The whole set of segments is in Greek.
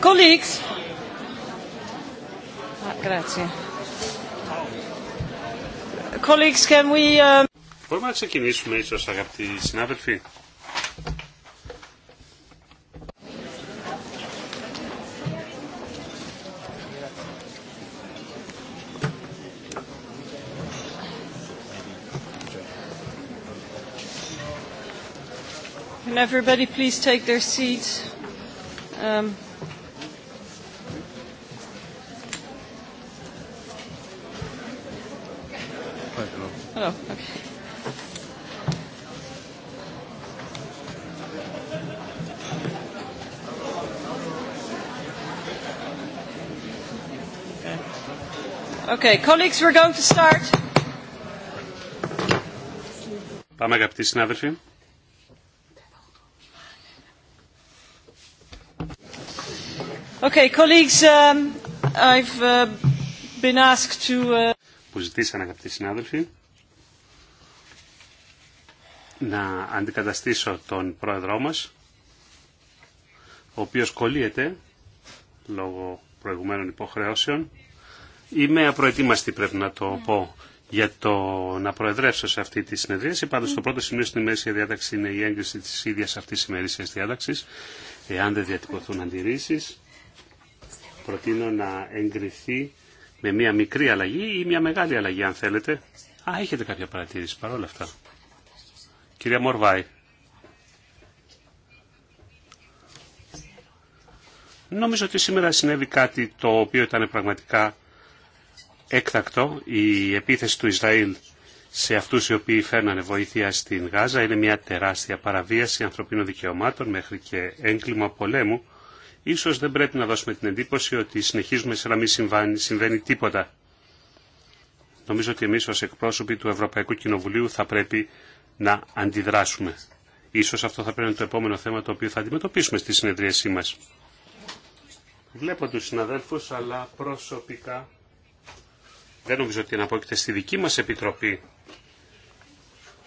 colleagues. Ah, grazie. Colleagues, can we, uh... Μπορούμε να ξεκινήσουμε ίσως αγαπητοί συνάδελφοι. Can everybody please take their seats? Um, hello. Okay. Okay, colleagues, we're going to start. Πάμε αγαπητοί συνάδελφοι. Okay, colleagues, um, I've uh, been uh, συνάδελφοι να αντικαταστήσω τον πρόεδρό μας ο οποίος κολλείεται λόγω προηγουμένων υποχρεώσεων. Είμαι απροετοίμαστη πρέπει να το πω για το να προεδρεύσω σε αυτή τη συνεδρίαση. Πάντως το πρώτο σημείο στην ημερήσια διάταξη είναι η έγκριση της ίδιας αυτής της ημερήσιας διάταξης. Εάν δεν διατυπωθούν αντιρρήσεις, προτείνω να εγκριθεί με μια μικρή αλλαγή ή μια μεγάλη αλλαγή αν θέλετε. Α, έχετε κάποια παρατήρηση παρόλα αυτά. Κυρία Μορβάη. Νομίζω ότι σήμερα συνέβη κάτι το οποίο ήταν πραγματικά έκτακτο. Η επίθεση του Ισραήλ σε αυτούς οι οποίοι φέρνανε βοήθεια στην Γάζα είναι μια τεράστια παραβίαση ανθρωπίνων δικαιωμάτων μέχρι και έγκλημα πολέμου Ίσως δεν πρέπει να δώσουμε την εντύπωση ότι συνεχίζουμε σε να μην συμβαίνει, συμβαίνει τίποτα. Νομίζω ότι εμείς ως εκπρόσωποι του Ευρωπαϊκού Κοινοβουλίου θα πρέπει να αντιδράσουμε. Ίσως αυτό θα πρέπει να είναι το επόμενο θέμα το οποίο θα αντιμετωπίσουμε στη συνεδρίασή μας. Βλέπω τους συναδέλφους, αλλά προσωπικά δεν νομίζω ότι αναπόκειται στη δική μας επιτροπή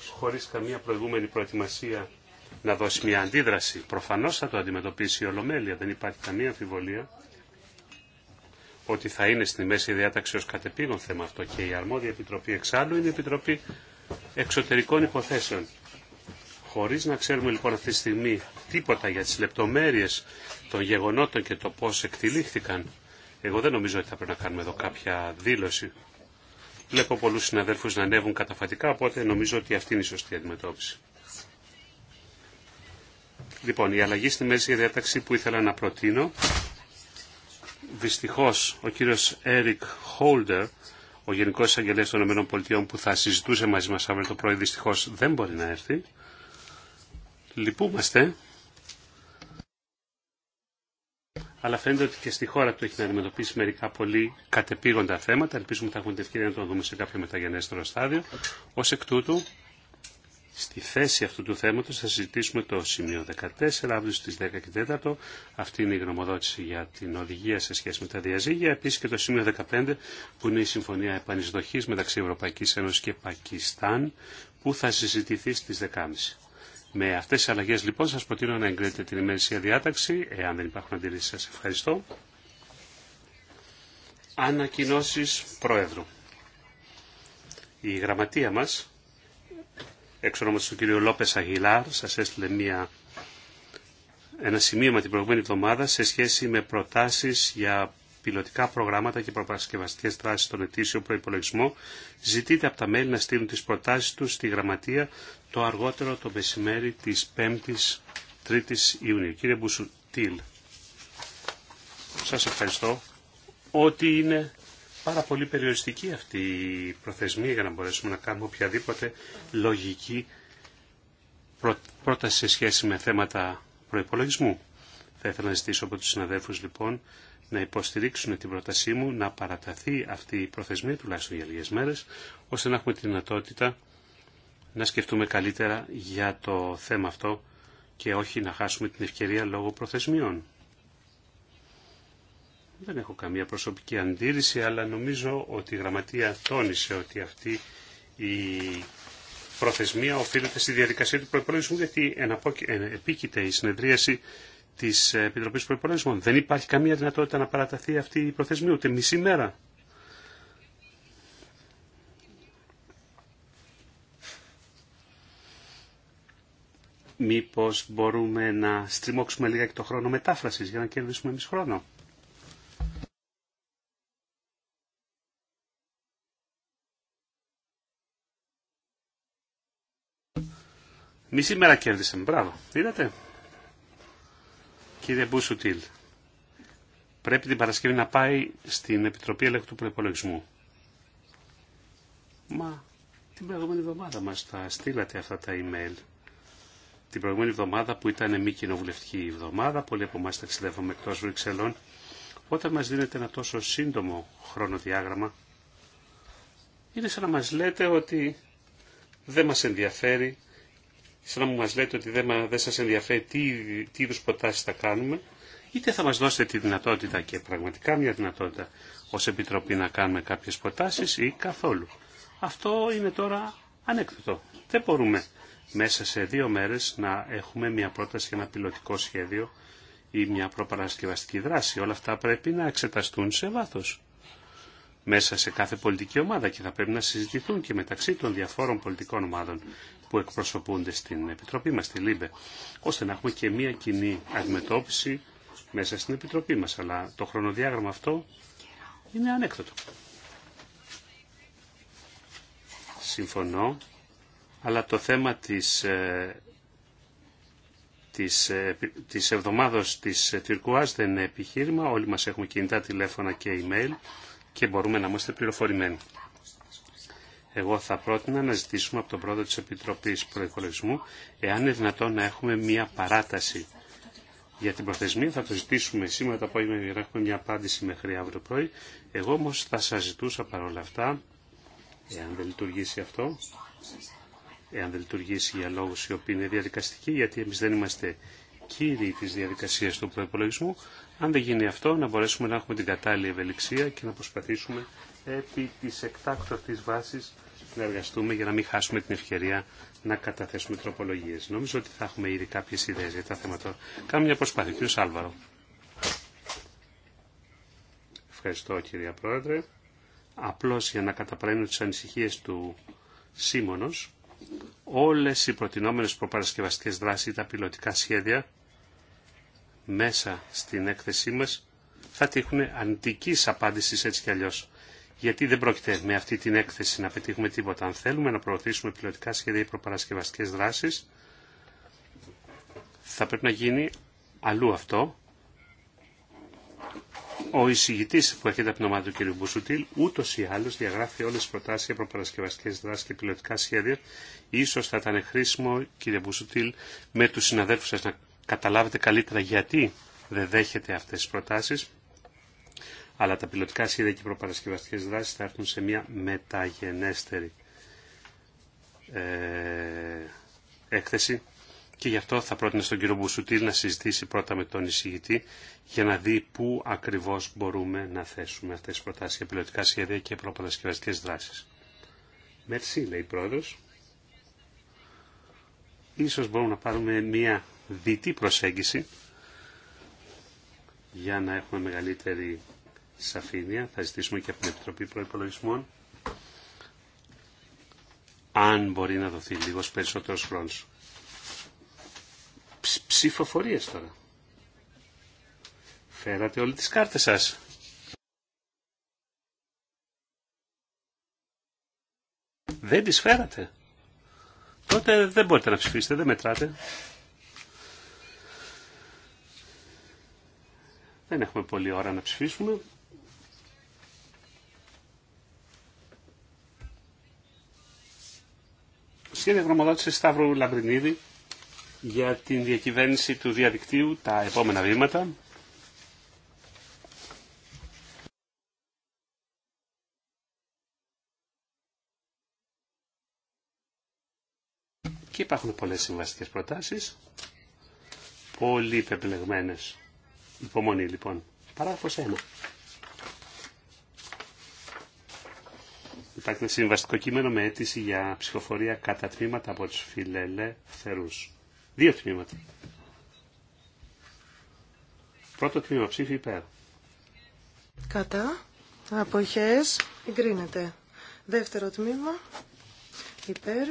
χωρίς καμία προηγούμενη προετοιμασία να δώσει μια αντίδραση. Προφανώς θα το αντιμετωπίσει η Ολομέλεια, δεν υπάρχει καμία αμφιβολία ότι θα είναι στη μέση διάταξη ως κατεπήγον θέμα αυτό και η αρμόδια επιτροπή εξάλλου είναι η Επιτροπή Εξωτερικών Υποθέσεων. Χωρίς να ξέρουμε λοιπόν αυτή τη στιγμή τίποτα για τις λεπτομέρειες των γεγονότων και το πώς εκτιλήχθηκαν, εγώ δεν νομίζω ότι θα πρέπει να κάνουμε εδώ κάποια δήλωση. Βλέπω πολλούς συναδέλφους να ανέβουν καταφατικά, οπότε νομίζω ότι αυτή είναι η σωστή αντιμετώπιση. Λοιπόν, η αλλαγή στη μέση διάταξη που ήθελα να προτείνω. Δυστυχώς, ο κύριος Έρικ Χόλτερ, ο Γενικός Εισαγγελέας των ΗΠΑ που θα συζητούσε μαζί μας αύριο το πρωί, δυστυχώς δεν μπορεί να έρθει. Λυπούμαστε. αλλά φαίνεται ότι και στη χώρα του έχει να αντιμετωπίσει μερικά πολύ κατεπήγοντα θέματα. Ελπίζουμε ότι θα έχουμε την ευκαιρία να το δούμε σε κάποιο μεταγενέστερο στάδιο. Ω εκ τούτου, στη θέση αυτού του θέματος θα συζητήσουμε το σημείο 14 αύριο στις 10 και Αυτή είναι η γνωμοδότηση για την οδηγία σε σχέση με τα διαζύγια. Επίσης και το σημείο 15 που είναι η Συμφωνία Επανεισδοχής μεταξύ Ευρωπαϊκής Ένωσης και Πακιστάν που θα συζητηθεί στις 10.30. Με αυτές τις αλλαγές λοιπόν σας προτείνω να εγκρίνετε την ημερησία διάταξη. Εάν δεν υπάρχουν αντιρρήσεις σας ευχαριστώ. Ανακοινώσει Πρόεδρου. Η γραμματεία μας εξ ονόματος του κ. Λόπες Αγιλάρ σας έστειλε μια, ένα σημείωμα την προηγούμενη εβδομάδα σε σχέση με προτάσεις για πιλωτικά προγράμματα και προπαρασκευαστικέ δράσει στον ετήσιο προπολογισμό, Ζητείτε από τα μέλη να στείλουν τι προτάσει του στη γραμματεία το αργότερο το μεσημέρι τη 5η 3η Ιουνίου. Κύριε Μπουσουτήλ, σα ευχαριστώ. Ό,τι είναι πάρα πολύ περιοριστική αυτή η προθεσμία για να μπορέσουμε να κάνουμε οποιαδήποτε λογική πρόταση σε σχέση με θέματα προϋπολογισμού. Θα ήθελα να ζητήσω από τους συναδέλφους λοιπόν να υποστηρίξουν την πρότασή μου να παραταθεί αυτή η προθεσμία τουλάχιστον για λίγες μέρες ώστε να έχουμε τη δυνατότητα να σκεφτούμε καλύτερα για το θέμα αυτό και όχι να χάσουμε την ευκαιρία λόγω προθεσμιών. Δεν έχω καμία προσωπική αντίρρηση, αλλά νομίζω ότι η Γραμματεία τόνισε ότι αυτή η προθεσμία οφείλεται στη διαδικασία του προπολογισμού, γιατί ε, επίκειται η συνεδρίαση τη Επιτροπή Προπολογισμών. Δεν υπάρχει καμία δυνατότητα να παραταθεί αυτή η προθεσμία, ούτε μισή μέρα. Μήπως μπορούμε να στριμώξουμε λίγα και το χρόνο μετάφρασης για να κερδίσουμε εμείς χρόνο. Μισή μέρα κέρδισε. Μπράβο. Είδατε. Κύριε Μπούσουτιλ, πρέπει την Παρασκευή να πάει στην Επιτροπή Ελέγχου του Προπολογισμού. Μα την προηγούμενη εβδομάδα μας τα στείλατε αυτά τα email. Την προηγούμενη εβδομάδα που ήταν μη κοινοβουλευτική εβδομάδα, πολλοί από εμάς ταξιδεύουμε εκτός Βρυξελών, όταν μας δίνετε ένα τόσο σύντομο χρονοδιάγραμμα, είναι σαν να μας λέτε ότι δεν μας ενδιαφέρει σαν να μου μας λέτε ότι δεν, δεν σας ενδιαφέρει τι, τι είδους προτάσεις θα κάνουμε, είτε θα μας δώσετε τη δυνατότητα και πραγματικά μια δυνατότητα ως Επιτροπή να κάνουμε κάποιες προτάσεις ή καθόλου. Αυτό είναι τώρα ανέκδοτο. Δεν μπορούμε μέσα σε δύο μέρες να έχουμε μια πρόταση για ένα πιλωτικό σχέδιο ή μια προπαρασκευαστική δράση. Όλα αυτά πρέπει να εξεταστούν σε βάθος μέσα σε κάθε πολιτική ομάδα και θα πρέπει να συζητηθούν και μεταξύ των διαφόρων πολιτικών ομάδων που εκπροσωπούνται στην Επιτροπή μας, στη ΛΥΜΠΕ, ώστε να έχουμε και μία κοινή αντιμετώπιση μέσα στην Επιτροπή μας. Αλλά το χρονοδιάγραμμα αυτό είναι ανέκδοτο. Συμφωνώ, αλλά το θέμα της ε, της, ε, της εβδομάδος της ε, Τυρκουάς δεν είναι επιχείρημα. Όλοι μας έχουμε κινητά τηλέφωνα και email και μπορούμε να είμαστε πληροφορημένοι. Εγώ θα πρότεινα να ζητήσουμε από τον πρόεδρο της Επιτροπής Προεκολογισμού εάν είναι δυνατόν να έχουμε μια παράταση για την προθεσμία. Θα το ζητήσουμε σήμερα το απόγευμα για να έχουμε μια απάντηση μέχρι αύριο πρωί. Εγώ όμω θα σας ζητούσα παρόλα αυτά, εάν δεν λειτουργήσει αυτό, εάν δεν λειτουργήσει για λόγους οι οποίοι είναι διαδικαστικοί, γιατί εμείς δεν είμαστε κύριοι της διαδικασίας του προπολογισμού, αν δεν γίνει αυτό, να μπορέσουμε να έχουμε την κατάλληλη ευελιξία και να προσπαθήσουμε επί της εκτάκτου αυτής βάσης να εργαστούμε για να μην χάσουμε την ευκαιρία να καταθέσουμε τροπολογίε. Νομίζω ότι θα έχουμε ήδη κάποιε ιδέε για τα θέματα. Κάνουμε μια προσπάθεια. Κύριο Σάλβαρο. Ευχαριστώ κυρία Πρόεδρε. Απλώ για να καταπραίνω τι ανησυχίε του Σίμωνο, όλε οι προτινόμενε προπαρασκευαστικέ δράσει ή τα πιλωτικά σχέδια μέσα στην έκθεσή μα θα τύχουν αντική απάντηση έτσι κι αλλιώς γιατί δεν πρόκειται με αυτή την έκθεση να πετύχουμε τίποτα. Αν θέλουμε να προωθήσουμε πιλωτικά σχέδια ή προπαρασκευαστικέ δράσει θα πρέπει να γίνει αλλού αυτό. Ο εισηγητή που έρχεται από την ομάδα του κ. Μπουσουτήλ ούτω ή άλλω διαγράφει όλε τι προτάσει για προπαρασκευαστικέ δράσει και πιλωτικά σχέδια. σω θα ήταν χρήσιμο, κ. Μπουσουτήλ, με του συναδέλφου σα να καταλάβετε καλύτερα γιατί δεν δέχεται αυτέ τι προτάσει αλλά τα πιλωτικά σχέδια και οι προπαρασκευαστικές δράσεις θα έρθουν σε μια μεταγενέστερη ε, έκθεση και γι' αυτό θα πρότεινε στον κύριο Μπουσουτήλ να συζητήσει πρώτα με τον εισηγητή για να δει πού ακριβώς μπορούμε να θέσουμε αυτές τις προτάσεις για πιλωτικά σχέδια και προπαρασκευαστικές δράσεις. Μερσή, λέει η πρόεδρος. Ίσως μπορούμε να πάρουμε μια διτή προσέγγιση για να έχουμε μεγαλύτερη σαφήνεια. Θα ζητήσουμε και από την Επιτροπή Προϋπολογισμών αν μπορεί να δοθεί λίγο περισσότερο χρόνο. Ψηφοφορίες τώρα. Φέρατε όλες τις κάρτες σας. Δεν τις φέρατε. Τότε δεν μπορείτε να ψηφίσετε, δεν μετράτε. Δεν έχουμε πολλή ώρα να ψηφίσουμε. Εκκλησία γνωμοδότηση Σταύρου Λαμπρινίδη για την διακυβέρνηση του διαδικτύου, τα επόμενα βήματα. Και υπάρχουν πολλές συμβαστικές προτάσεις, πολύ πεπλεγμένες. Υπομονή λοιπόν. Παράγραφος 1. υπάρχει ένα συμβαστικό κείμενο με αίτηση για ψηφοφορία κατά τμήματα από τους φιλελεύθερους. Δύο τμήματα. Πρώτο τμήμα ψήφι υπέρ. Κατά. Αποχές. Εγκρίνεται. Δεύτερο τμήμα. Υπέρ.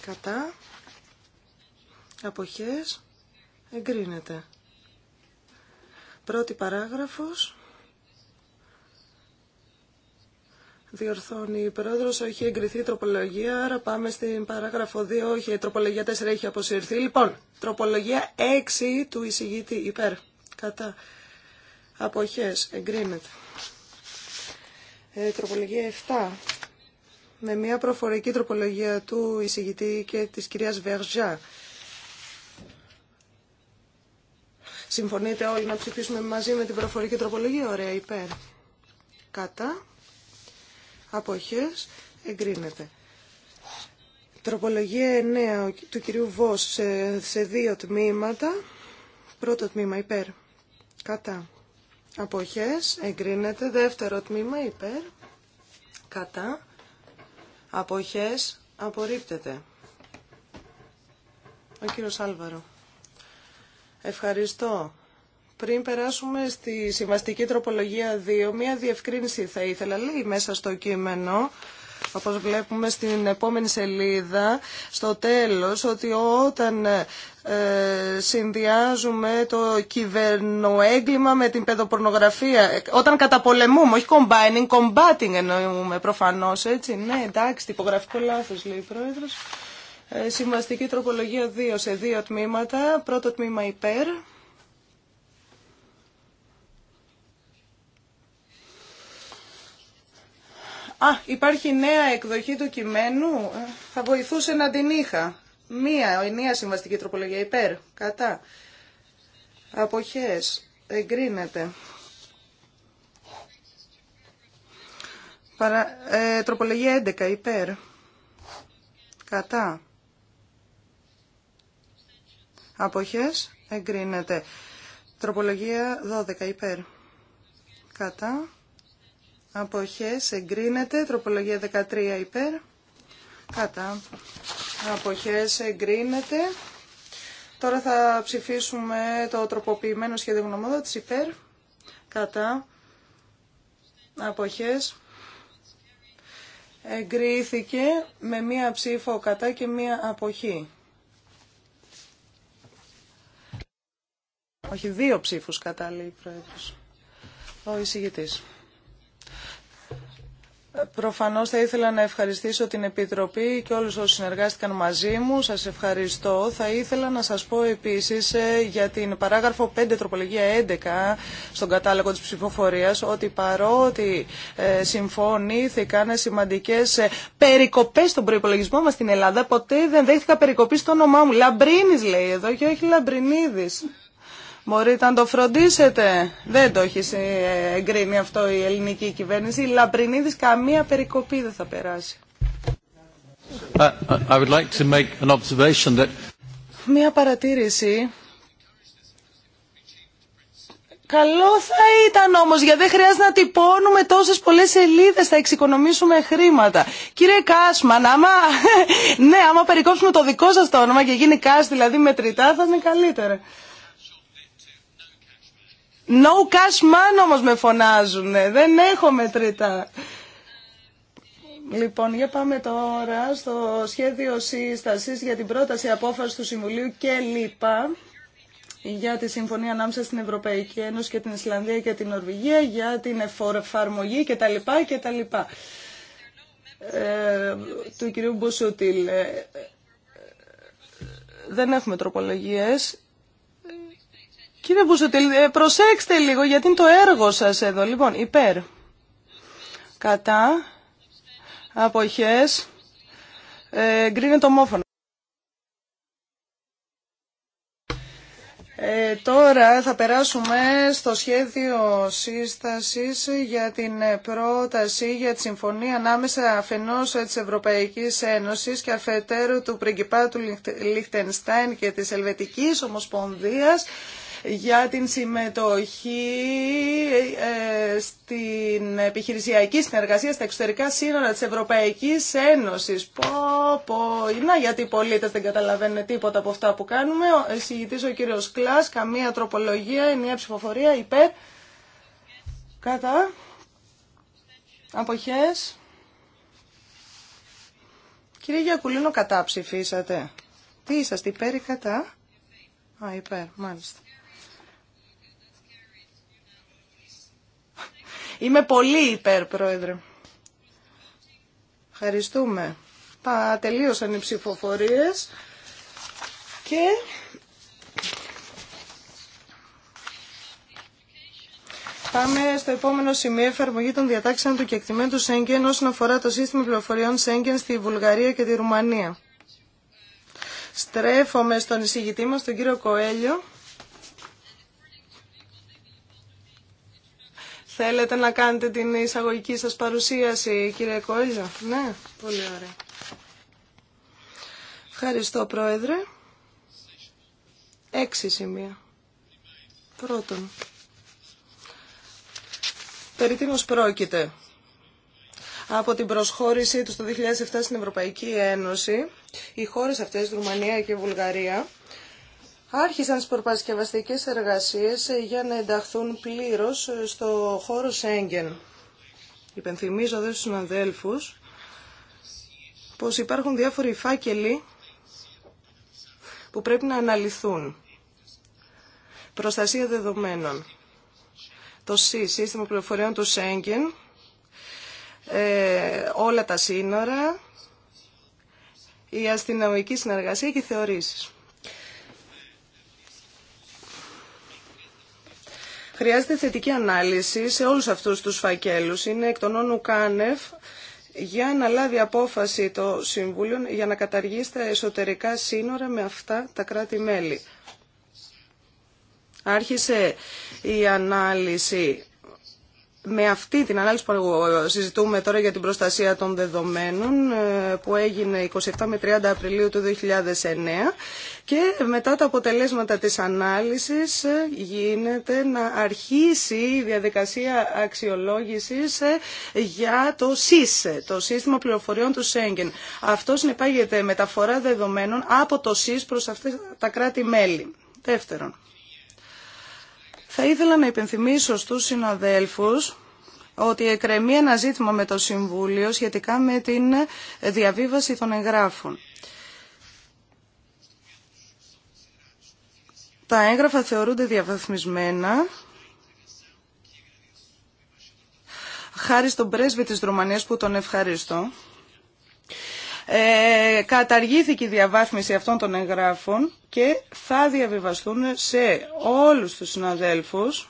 Κατά. Αποχές. Εγκρίνεται. Πρώτη παράγραφος. Διορθώνει η πρόεδρος, όχι εγκριθεί η τροπολογία, άρα πάμε στην παράγραφο 2, όχι η τροπολογία 4 έχει αποσυρθεί. Λοιπόν, τροπολογία 6 του εισηγητή υπέρ, κατά αποχές, εγκρίνεται. Ε, τροπολογία 7, με μια προφορική τροπολογία του εισηγητή και της κυρίας Βερζά. Συμφωνείτε όλοι να ψηφίσουμε μαζί με την προφορική τροπολογία, ωραία, υπέρ. Κατά αποχές εγκρίνεται. Τροπολογία 9 του κυρίου Βος σε, δύο τμήματα. Πρώτο τμήμα υπέρ. Κατά. Αποχές εγκρίνεται. Δεύτερο τμήμα υπέρ. Κατά. Αποχές απορρίπτεται. Ο κύριος Άλβαρο. Ευχαριστώ. Πριν περάσουμε στη συμβαστική τροπολογία 2, μία διευκρίνηση θα ήθελα. Λέει μέσα στο κείμενο, όπως βλέπουμε στην επόμενη σελίδα, στο τέλος, ότι όταν ε, συνδυάζουμε το κυβερνοέγκλημα με την παιδοπορνογραφία. Όταν καταπολεμούμε, όχι combining, combating εννοούμε προφανώς, έτσι. Ναι, εντάξει, τυπογραφικό λάθος λέει η Πρόεδρος. Ε, συμβαστική τροπολογία 2 σε δύο τμήματα. Πρώτο τμήμα υπέρ, Α, υπάρχει νέα εκδοχή του κειμένου. Ε, θα βοηθούσε να την είχα. Μία, η νέα συμβαστική τροπολογία υπέρ, κατά. Αποχές, εγκρίνεται. Ε, τροπολογία 11, υπέρ. Κατά. Αποχές, εγκρίνεται. Τροπολογία 12, υπέρ. Κατά αποχές εγκρίνεται. Τροπολογία 13 υπέρ. Κατά. Αποχές εγκρίνεται. Τώρα θα ψηφίσουμε το τροποποιημένο σχέδιο γνωμόδοτης υπέρ. Κατά. Αποχές εγκρίθηκε με μία ψήφο κατά και μία αποχή. Όχι, δύο ψήφους κατά, λέει η Πρόεδρος. Ο εισηγητής. Προφανώς θα ήθελα να ευχαριστήσω την Επιτροπή και όλους όσους συνεργάστηκαν μαζί μου. Σας ευχαριστώ. Θα ήθελα να σας πω επίσης ε, για την παράγραφο 5 τροπολογία 11 στον κατάλογο της ψηφοφορίας ότι παρότι ε, συμφωνήθηκαν σημαντικές ε, περικοπές στον προϋπολογισμό μας στην Ελλάδα ποτέ δεν δέχτηκα περικοπή στο όνομά μου. Λαμπρίνης λέει εδώ και όχι Λαμπρινίδης. Μπορείτε να το φροντίσετε. Δεν το έχει εγκρίνει αυτό η ελληνική κυβέρνηση. Η Λαμπρινίδης καμία περικοπή δεν θα περάσει. Uh, uh, Μια παρατήρηση. Καλό θα ήταν όμως, γιατί δεν χρειάζεται να τυπώνουμε τόσες πολλές σελίδε, θα εξοικονομήσουμε χρήματα. Κύριε Κάσμαν, άμα, ναι, άμα περικόψουμε το δικό σας το όνομα και γίνει Κάσ, δηλαδή μετρητά, θα είναι καλύτερα. No cash man όμως με φωνάζουν. Δεν έχω μετρητά. Λοιπόν, για πάμε τώρα στο σχέδιο σύστασης για την πρόταση απόφαση του Συμβουλίου και λοιπά για τη συμφωνία ανάμεσα στην Ευρωπαϊκή Ένωση και την Ισλανδία και την Νορβηγία για την εφαρμογή και τα λοιπά και τα λοιπά ε, του κυρίου Μπουσούτιλ. Ε, ε, δεν έχουμε τροπολογίες. Κύριε Μπουσουτήλ, ε, προσέξτε λίγο γιατί είναι το έργο σας εδώ. Λοιπόν, υπέρ. Κατά. Αποχές. Ε, το μόφωνο. Ε, τώρα θα περάσουμε στο σχέδιο σύστασης για την πρόταση για τη συμφωνία ανάμεσα αφενός της Ευρωπαϊκής Ένωσης και αφετέρου του Πριγκιπάτου Λιχτενστάιν και της Ελβετικής Ομοσπονδίας για την συμμετοχή ε, στην επιχειρησιακή συνεργασία στα εξωτερικά σύνορα της Ευρωπαϊκής Ένωσης. Πω, πω. Να γιατί οι πολίτες δεν καταλαβαίνουν τίποτα από αυτά που κάνουμε. Συγητής ο κύριος Κλάς, καμία τροπολογία, μια ψηφοφορία, υπέρ. Κατά. Αποχές. Κύριε Γιακουλίνο, κατά ψηφίσατε. Τι είσαστε, υπέρ ή κατά. Α, υπέρ, μάλιστα. Είμαι πολύ υπέρ, Πρόεδρε. Ευχαριστούμε. Πα, τελείωσαν οι ψηφοφορίες και... Πάμε στο επόμενο σημείο εφαρμογή των διατάξεων του κεκτημένου του Σέγγεν όσον αφορά το σύστημα πληροφοριών Σέγγεν στη Βουλγαρία και τη Ρουμανία. Στρέφομαι στον εισηγητή μας, τον κύριο Κοέλιο. Θέλετε να κάνετε την εισαγωγική σας παρουσίαση, κύριε Κόιζα. Ναι, πολύ ωραία. Ευχαριστώ, Πρόεδρε. Έξι σημεία. Πρώτον, περί τίνος πρόκειται. Από την προσχώρησή του το 2007 στην Ευρωπαϊκή Ένωση, οι χώρες αυτές, Ρουμανία και Βουλγαρία, Άρχισαν τις προπασκευαστικέ εργασίες για να ενταχθούν πλήρως στο χώρο Σέγγεν. Υπενθυμίζω εδώ στους συναδέλφους πως υπάρχουν διάφοροι φάκελοι που πρέπει να αναλυθούν. Προστασία δεδομένων. Το ΣΥ, Σύστημα Πληροφοριών του Σέγγεν, ε, όλα τα σύνορα, η αστυνομική συνεργασία και οι θεωρήσεις. Χρειάζεται θετική ανάλυση σε όλους αυτούς τους φακέλους. Είναι εκ των όνου Κάνεφ για να λάβει απόφαση το Συμβούλιο για να καταργήσει τα εσωτερικά σύνορα με αυτά τα κράτη-μέλη. Άρχισε η ανάλυση με αυτή την ανάλυση που συζητούμε τώρα για την προστασία των δεδομένων ε, που έγινε 27 με 30 Απριλίου του 2009 και μετά τα αποτελέσματα της ανάλυσης ε, γίνεται να αρχίσει η διαδικασία αξιολόγησης ε, για το ΣΥΣ, το Σύστημα Πληροφοριών του Σέγγεν. Αυτό συνεπάγεται μεταφορά δεδομένων από το ΣΥΣ προς αυτά τα κράτη-μέλη. Δεύτερον, θα ήθελα να υπενθυμίσω στους συναδέλφους ότι εκρεμεί ένα ζήτημα με το Συμβούλιο σχετικά με την διαβίβαση των εγγράφων. Τα έγγραφα θεωρούνται διαβαθμισμένα χάρη στον πρέσβη της Ρουμανίας που τον ευχαριστώ ε, καταργήθηκε η διαβάθμιση αυτών των εγγράφων και θα διαβιβαστούν σε όλους τους συναδέλφους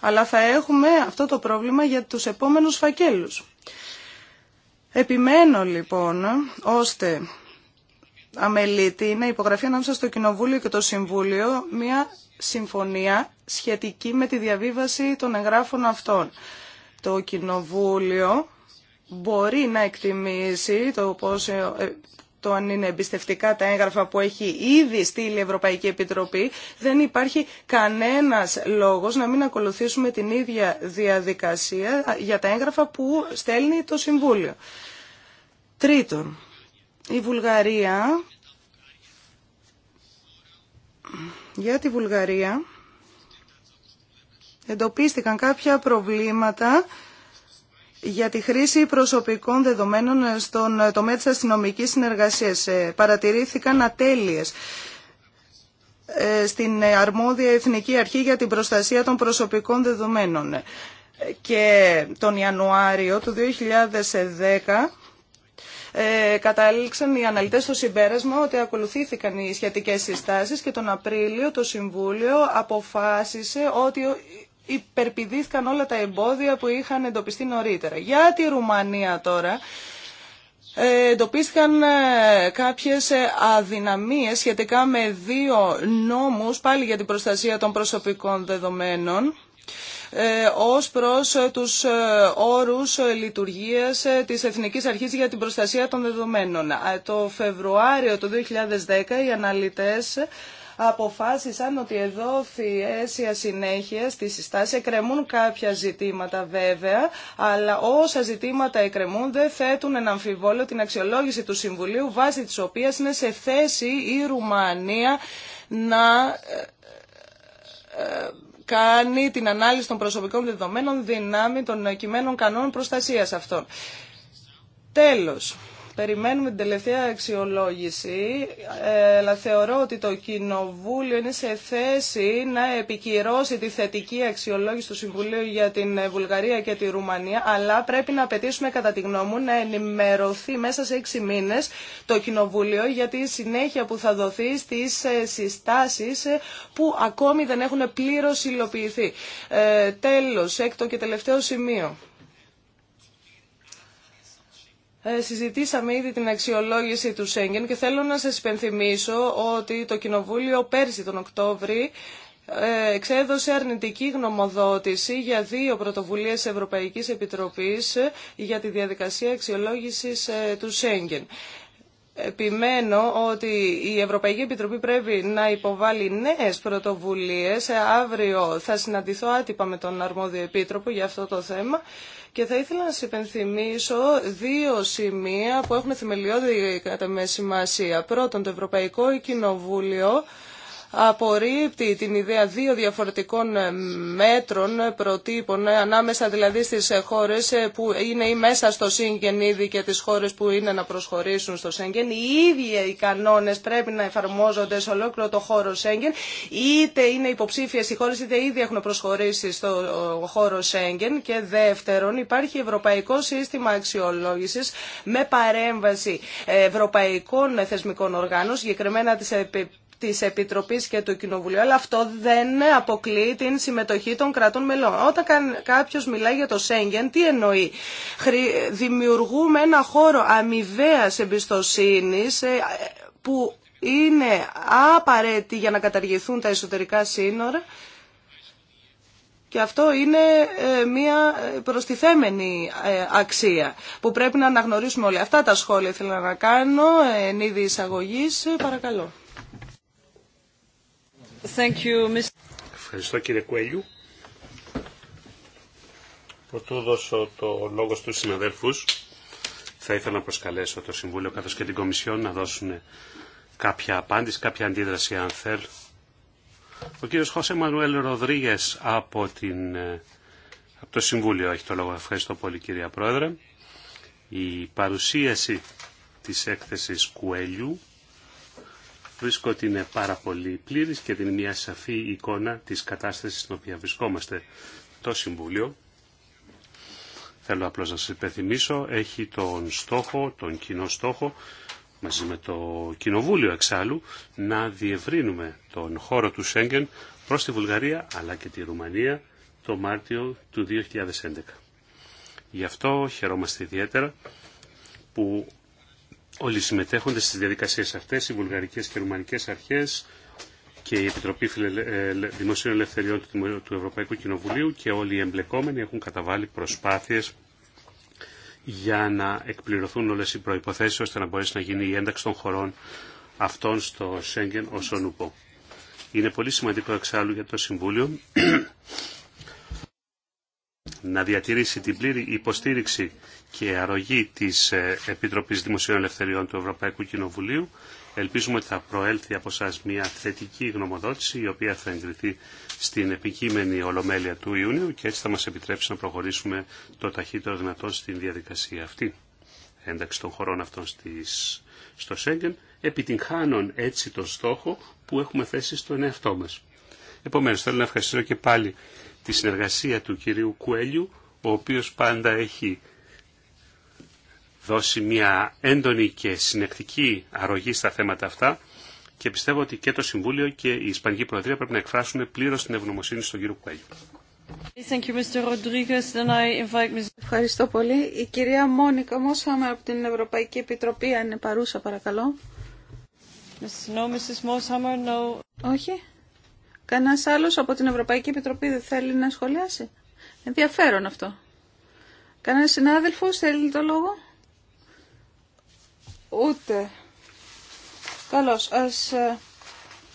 αλλά θα έχουμε αυτό το πρόβλημα για τους επόμενους φακέλους. Επιμένω λοιπόν ώστε αμελήτη η υπογραφή ανάμεσα στο Κοινοβούλιο και το Συμβούλιο μια συμφωνία σχετική με τη διαβίβαση των εγγράφων αυτών. Το Κοινοβούλιο μπορεί να εκτιμήσει το πώς ε, το αν είναι εμπιστευτικά τα έγγραφα που έχει ήδη στείλει η Ευρωπαϊκή Επιτροπή, δεν υπάρχει κανένας λόγος να μην ακολουθήσουμε την ίδια διαδικασία για τα έγγραφα που στέλνει το Συμβούλιο. Τρίτον, η Βουλγαρία... Για τη Βουλγαρία εντοπίστηκαν κάποια προβλήματα για τη χρήση προσωπικών δεδομένων στον τομέα της αστυνομικής συνεργασίας. Ε, παρατηρήθηκαν ατέλειες ε, στην αρμόδια Εθνική Αρχή για την Προστασία των Προσωπικών Δεδομένων. Ε, και τον Ιανουάριο του 2010 κατάληξαν οι αναλυτές στο συμπέρασμα ότι ακολουθήθηκαν οι σχετικές συστάσεις και τον Απρίλιο το Συμβούλιο αποφάσισε ότι υπερπηδήθηκαν όλα τα εμπόδια που είχαν εντοπιστεί νωρίτερα. Για τη Ρουμανία τώρα ε, εντοπίστηκαν ε, κάποιες ε, αδυναμίες σχετικά με δύο νόμους πάλι για την προστασία των προσωπικών δεδομένων ως προς τους όρους λειτουργίας της Εθνικής Αρχής για την Προστασία των Δεδομένων. Το Φεβρουάριο του 2010 οι αναλυτές αποφάσισαν ότι εδώ θιέσια συνέχεια στη συστάση. Εκκρεμούν κάποια ζητήματα βέβαια, αλλά όσα ζητήματα εκκρεμούν δεν θέτουν ένα αμφιβόλο την αξιολόγηση του Συμβουλίου βάσει της οποίας είναι σε θέση η Ρουμανία να ε, ε, κάνει την ανάλυση των προσωπικών δεδομένων δυνάμει των κειμένων κανόνων προστασίας αυτών. Τέλος, Περιμένουμε την τελευταία αξιολόγηση, ε, αλλά θεωρώ ότι το Κοινοβούλιο είναι σε θέση να επικυρώσει τη θετική αξιολόγηση του Συμβουλίου για την ε, Βουλγαρία και τη Ρουμανία, αλλά πρέπει να απαιτήσουμε κατά τη γνώμη μου να ενημερωθεί μέσα σε έξι μήνες το Κοινοβούλιο για τη συνέχεια που θα δοθεί στις ε, συστάσεις που ακόμη δεν έχουν πλήρως υλοποιηθεί. Τέλος, έκτο και τελευταίο σημείο. Ε, συζητήσαμε ήδη την αξιολόγηση του Σέγγεν και θέλω να σας υπενθυμίσω ότι το Κοινοβούλιο πέρσι τον Οκτώβρη ε, εξέδωσε αρνητική γνωμοδότηση για δύο πρωτοβουλίες Ευρωπαϊκής Επιτροπής ε, για τη διαδικασία αξιολόγησης του Σέγγεν. Επιμένω ότι η Ευρωπαϊκή Επιτροπή πρέπει να υποβάλει νέες πρωτοβουλίες. Αύριο θα συναντηθώ άτυπα με τον αρμόδιο επίτροπο για αυτό το θέμα και θα ήθελα να σα υπενθυμίσω δύο σημεία που έχουν θεμελιώδη κατά μεσημασία. σημασία. Πρώτον, το Ευρωπαϊκό Κοινοβούλιο απορρίπτει την ιδέα δύο διαφορετικών μέτρων προτύπων ε, ανάμεσα δηλαδή στις χώρες ε, που είναι ή μέσα στο Σέγγεν ήδη και τις χώρες που είναι να προσχωρήσουν στο Σέγγεν. Οι ίδιοι οι κανόνες πρέπει να εφαρμόζονται σε ολόκληρο το χώρο Σέγγεν είτε είναι υποψήφιες οι χώρες είτε ήδη έχουν προσχωρήσει στο χώρο Σέγγεν και δεύτερον υπάρχει ευρωπαϊκό σύστημα αξιολόγησης με παρέμβαση ευρωπαϊκών θεσμικών οργάνων συγκεκριμένα της της Επιτροπής και του Κοινοβουλίου, αλλά αυτό δεν αποκλεί την συμμετοχή των κρατών μελών. Όταν κάποιος μιλάει για το Σέγγεν, τι εννοεί. Δημιουργούμε ένα χώρο αμοιβαία εμπιστοσύνη ε, που είναι απαραίτητη για να καταργηθούν τα εσωτερικά σύνορα και αυτό είναι ε, μια προστιθέμενη ε, αξία που πρέπει να αναγνωρίσουμε όλοι. Αυτά τα σχόλια ήθελα να κάνω εν είδη εισαγωγής. Παρακαλώ. Ευχαριστώ κύριε Κουέλιου. Πρωτού δώσω το λόγο στους συναδέλφους, θα ήθελα να προσκαλέσω το Συμβούλιο καθώς και την Κομισιόν να δώσουν κάποια απάντηση, κάποια αντίδραση αν θέλουν. Ο κύριος Χωσέ Μανουέλ Ροδρίγες ε, από, το Συμβούλιο έχει το λόγο. Ευχαριστώ πολύ κυρία Πρόεδρε. Η παρουσίαση της έκθεσης Κουέλιου βρίσκω ότι είναι πάρα πολύ πλήρης και δίνει μια σαφή εικόνα της κατάστασης στην οποία βρισκόμαστε. Το Συμβούλιο, θέλω απλώς να σας υπενθυμίσω, έχει τον στόχο, τον κοινό στόχο, μαζί με το Κοινοβούλιο εξάλλου, να διευρύνουμε τον χώρο του Σέγγεν προς τη Βουλγαρία αλλά και τη Ρουμανία το Μάρτιο του 2011. Γι' αυτό χαιρόμαστε ιδιαίτερα που Όλοι οι συμμετέχοντες στις διαδικασίες αυτές, οι βουλγαρικές και ρουμανικές αρχές και η Επιτροπή ε, Δημοσίων Ελευθεριών του Ευρωπαϊκού Κοινοβουλίου και όλοι οι εμπλεκόμενοι έχουν καταβάλει προσπάθειες για να εκπληρωθούν όλες οι προϋποθέσεις ώστε να μπορέσει να γίνει η ένταξη των χωρών αυτών στο Σέγγεν ως ούπο. Είναι πολύ σημαντικό εξάλλου για το Συμβούλιο να διατηρήσει την πλήρη υποστήριξη και αρρωγή της ε, Επιτροπής Δημοσίων Ελευθεριών του Ευρωπαϊκού Κοινοβουλίου. Ελπίζουμε ότι θα προέλθει από εσά μια θετική γνωμοδότηση η οποία θα εγκριθεί στην επικείμενη Ολομέλεια του Ιούνιου και έτσι θα μας επιτρέψει να προχωρήσουμε το ταχύτερο δυνατό στην διαδικασία αυτή ένταξη των χωρών αυτών στις, στο Σέγγεν, επιτυγχάνων έτσι τον στόχο που έχουμε θέσει στον εαυτό μας. Επομένως, θέλω να ευχαριστήσω και πάλι τη συνεργασία του κυρίου Κουέλιου, ο οποίος πάντα έχει δώσει μια έντονη και συνεκτική αρρωγή στα θέματα αυτά και πιστεύω ότι και το Συμβούλιο και η Ισπανική Προεδρία πρέπει να εκφράσουν πλήρως την ευγνωμοσύνη στον κύριο Κουέλιου. Ευχαριστώ πολύ. Η κυρία Μόνικα Μόσχαμα από την Ευρωπαϊκή Επιτροπή, είναι παρούσα παρακαλώ. No, Mrs. Όχι. Κανένα άλλος από την Ευρωπαϊκή Επιτροπή δεν θέλει να σχολιάσει. Ενδιαφέρον αυτό. Κανένα συνάδελφος θέλει το λόγο. Ούτε. Καλώ. α ε,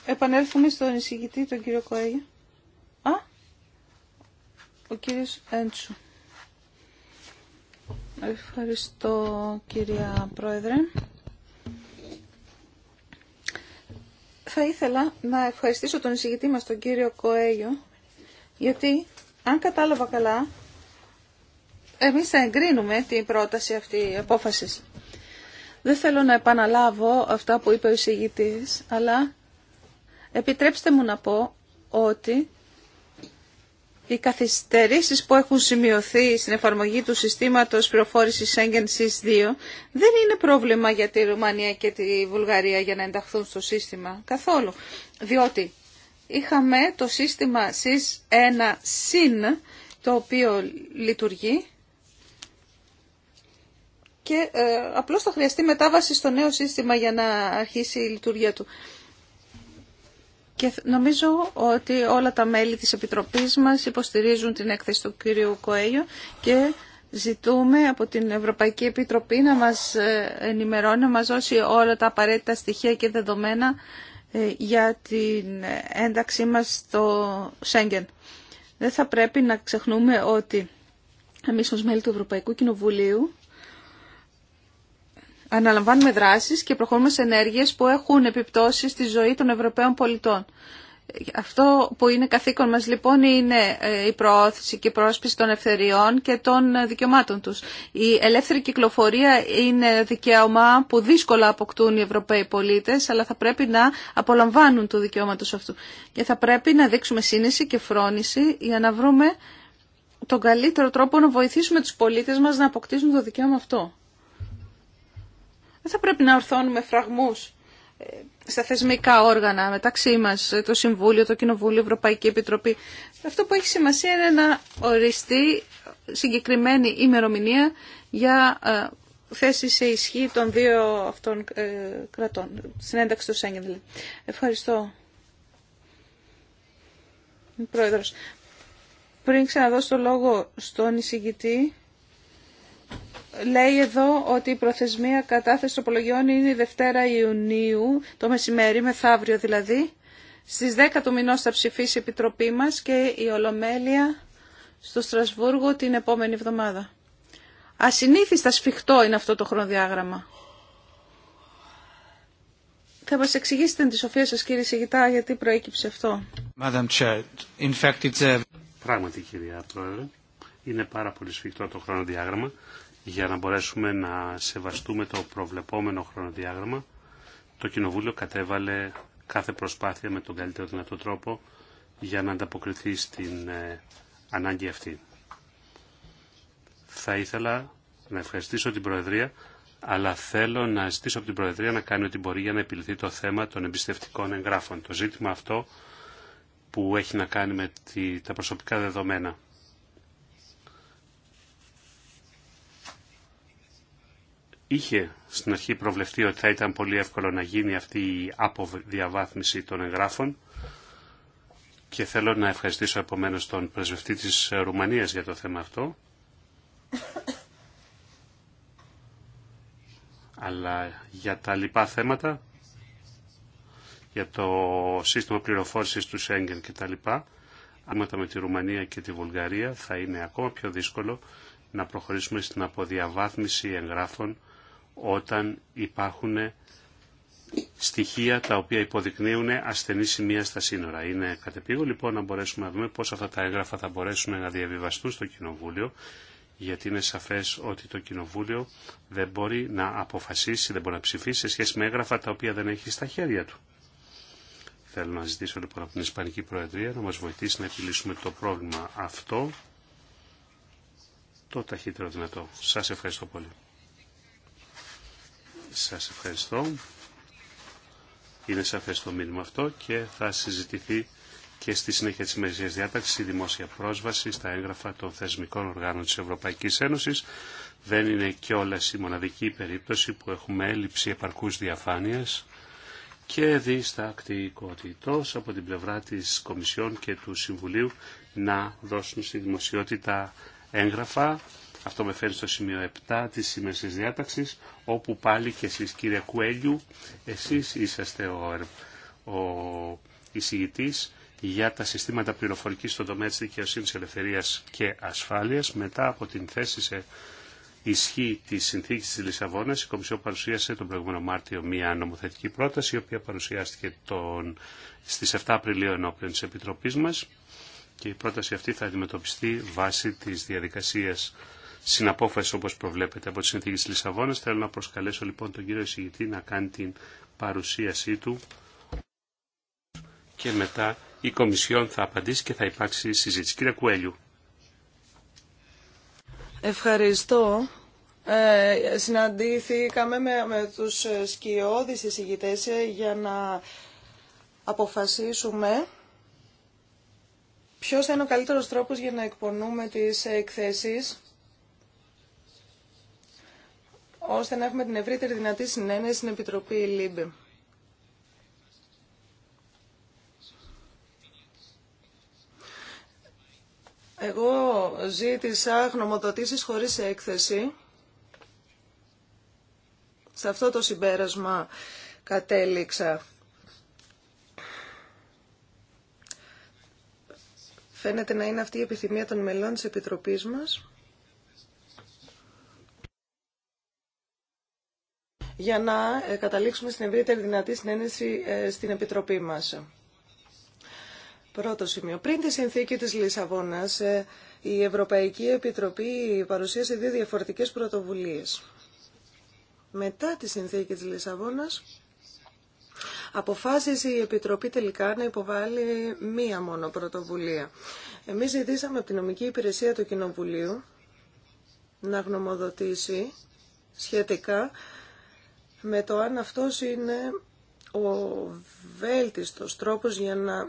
επανέλθουμε στον εισηγητή, τον κύριο Κοέγια. Α, ο κύριος Έντσου. Ευχαριστώ κυρία Πρόεδρε. Θα ήθελα να ευχαριστήσω τον εισηγητή μας, τον κύριο Κοέγιο, γιατί αν κατάλαβα καλά, εμείς θα εγκρίνουμε την πρόταση αυτή απόφαση. Δεν θέλω να επαναλάβω αυτά που είπε ο εισηγητής, αλλά επιτρέψτε μου να πω ότι οι καθυστερήσεις που έχουν σημειωθεί στην εφαρμογή του συστήματος πληροφόρησης Schengen SIS 2 δεν είναι πρόβλημα για τη Ρουμανία και τη Βουλγαρία για να ενταχθούν στο σύστημα καθόλου. Διότι είχαμε το σύστημα SIS 1 συν το οποίο λειτουργεί και ε, απλώς θα χρειαστεί μετάβαση στο νέο σύστημα για να αρχίσει η λειτουργία του. Και νομίζω ότι όλα τα μέλη της Επιτροπής μας υποστηρίζουν την έκθεση του κυρίου Κοέγιο και ζητούμε από την Ευρωπαϊκή Επιτροπή να μας ε, ενημερώνει, να μας δώσει όλα τα απαραίτητα στοιχεία και δεδομένα ε, για την ένταξή μας στο Σέγγεν. Δεν θα πρέπει να ξεχνούμε ότι εμείς ως μέλη του Ευρωπαϊκού Κοινοβουλίου αναλαμβάνουμε δράσεις και προχωρούμε σε ενέργειες που έχουν επιπτώσεις στη ζωή των Ευρωπαίων πολιτών. Αυτό που είναι καθήκον μας λοιπόν είναι ε, η προώθηση και η πρόσπιση των ευθεριών και των δικαιωμάτων τους. Η ελεύθερη κυκλοφορία είναι δικαίωμα που δύσκολα αποκτούν οι Ευρωπαίοι πολίτες, αλλά θα πρέπει να απολαμβάνουν το δικαιώματος αυτού. Και θα πρέπει να δείξουμε σύνεση και φρόνηση για να βρούμε τον καλύτερο τρόπο να βοηθήσουμε τους πολίτες μας να αποκτήσουν το δικαίωμα αυτό. Δεν θα πρέπει να ορθώνουμε φραγμούς ε, στα θεσμικά όργανα μεταξύ μας, το Συμβούλιο, το Κοινοβούλιο, Ευρωπαϊκή Επιτροπή. Αυτό που έχει σημασία είναι να οριστεί συγκεκριμένη ημερομηνία για ε, θέση σε ισχύ των δύο αυτών ε, κρατών. Συνένταξη του Σέγγεν δηλαδή. Ευχαριστώ. Πρόεδρος. Πριν ξαναδώσω το λόγο στον εισηγητή, λέει εδώ ότι η προθεσμία κατάθεση τροπολογιών είναι η Δευτέρα Ιουνίου, το μεσημέρι, μεθαύριο δηλαδή. Στις 10 του μηνός θα ψηφίσει η Επιτροπή μας και η Ολομέλεια στο Στρασβούργο την επόμενη εβδομάδα. Ασυνήθιστα σφιχτό είναι αυτό το χρονοδιάγραμμα. Θα μας εξηγήσετε τη σοφία σας κύριε Σιγητά γιατί προέκυψε αυτό. Madam Πράγματι κυρία Πρόεδρε, είναι πάρα πολύ σφιχτό το χρονοδιάγραμμα για να μπορέσουμε να σεβαστούμε το προβλεπόμενο χρονοδιάγραμμα, το Κοινοβούλιο κατέβαλε κάθε προσπάθεια με τον καλύτερο δυνατό τρόπο για να ανταποκριθεί στην ε, ανάγκη αυτή. Θα ήθελα να ευχαριστήσω την Προεδρία, αλλά θέλω να ζητήσω από την Προεδρία να κάνει ό,τι μπορεί για να επιληθεί το θέμα των εμπιστευτικών εγγράφων. Το ζήτημα αυτό που έχει να κάνει με τα προσωπικά δεδομένα. είχε στην αρχή προβλεφτεί ότι θα ήταν πολύ εύκολο να γίνει αυτή η αποδιαβάθμιση των εγγράφων και θέλω να ευχαριστήσω επομένως τον πρεσβευτή της Ρουμανίας για το θέμα αυτό. Αλλά για τα λοιπά θέματα, για το σύστημα πληροφόρησης του Σέγγεν και τα λοιπά, άμετα με τη Ρουμανία και τη Βουλγαρία θα είναι ακόμα πιο δύσκολο να προχωρήσουμε στην αποδιαβάθμιση εγγράφων όταν υπάρχουν στοιχεία τα οποία υποδεικνύουν ασθενή σημεία στα σύνορα. Είναι κατεπίγω. λοιπόν να μπορέσουμε να δούμε πώς αυτά τα έγγραφα θα μπορέσουν να διαβιβαστούν στο Κοινοβούλιο γιατί είναι σαφές ότι το Κοινοβούλιο δεν μπορεί να αποφασίσει, δεν μπορεί να ψηφίσει σε σχέση με έγγραφα τα οποία δεν έχει στα χέρια του. Θέλω να ζητήσω λοιπόν από την Ισπανική Προεδρία να μας βοηθήσει να επιλύσουμε το πρόβλημα αυτό το ταχύτερο δυνατό. Σας ευχαριστώ πολύ. Σας ευχαριστώ. Είναι σαφές το μήνυμα αυτό και θα συζητηθεί και στη συνέχεια της μερισίας διάταξης η δημόσια πρόσβαση στα έγγραφα των θεσμικών οργάνων της Ευρωπαϊκής Ένωσης. Δεν είναι και όλα η μοναδική περίπτωση που έχουμε έλλειψη επαρκούς διαφάνειας και διστακτικότητος από την πλευρά της Κομισιόν και του Συμβουλίου να δώσουν στη δημοσιότητα έγγραφα αυτό με φέρει στο σημείο 7 της σημερινής διάταξης, όπου πάλι και εσείς κύριε Κουέλιου, εσείς είσαστε ο, ο εισηγητής για τα συστήματα πληροφορικής στον τομέα της δικαιοσύνης, ελευθερίας και ασφάλειας. Μετά από την θέση σε ισχύ της συνθήκης της Λισαβόνας, η Κομισιό παρουσίασε τον προηγούμενο Μάρτιο μια νομοθετική πρόταση, η οποία παρουσιάστηκε τον... στις 7 Απριλίου ενώπιον της Επιτροπής μας και η πρόταση αυτή θα αντιμετωπιστεί βάσει της διαδικασίας συναπόφαση όπως προβλέπεται από τη συνθήκη της Λισαβόνας. Θέλω να προσκαλέσω λοιπόν τον κύριο εισηγητή να κάνει την παρουσίασή του και μετά η Κομισιόν θα απαντήσει και θα υπάρξει συζήτηση. Κύριε Κουέλιου. Ευχαριστώ. Ε, συναντήθηκαμε με, με τους σκιώδεις εισηγητές για να αποφασίσουμε ποιος θα είναι ο καλύτερος τρόπος για να εκπονούμε τις εκθέσεις ώστε να έχουμε την ευρύτερη δυνατή συνένεση στην Επιτροπή ΛΥΜΠΕ. Εγώ ζήτησα γνωμοδοτήσεις χωρίς έκθεση. Σε αυτό το συμπέρασμα κατέληξα. Φαίνεται να είναι αυτή η επιθυμία των μελών της Επιτροπής μας. για να ε, καταλήξουμε στην ευρύτερη δυνατή συνένεση ε, στην Επιτροπή μας. Πρώτο σημείο. Πριν τη συνθήκη της Λισαβόνας, ε, η Ευρωπαϊκή Επιτροπή παρουσίασε δύο διαφορετικές πρωτοβουλίες. Μετά τη συνθήκη της Λισαβόνας, αποφάσισε η Επιτροπή τελικά να υποβάλει μία μόνο πρωτοβουλία. Εμείς ζητήσαμε από την νομική υπηρεσία του Κοινοβουλίου να γνωμοδοτήσει σχετικά με το αν αυτός είναι ο βέλτιστος τρόπος για να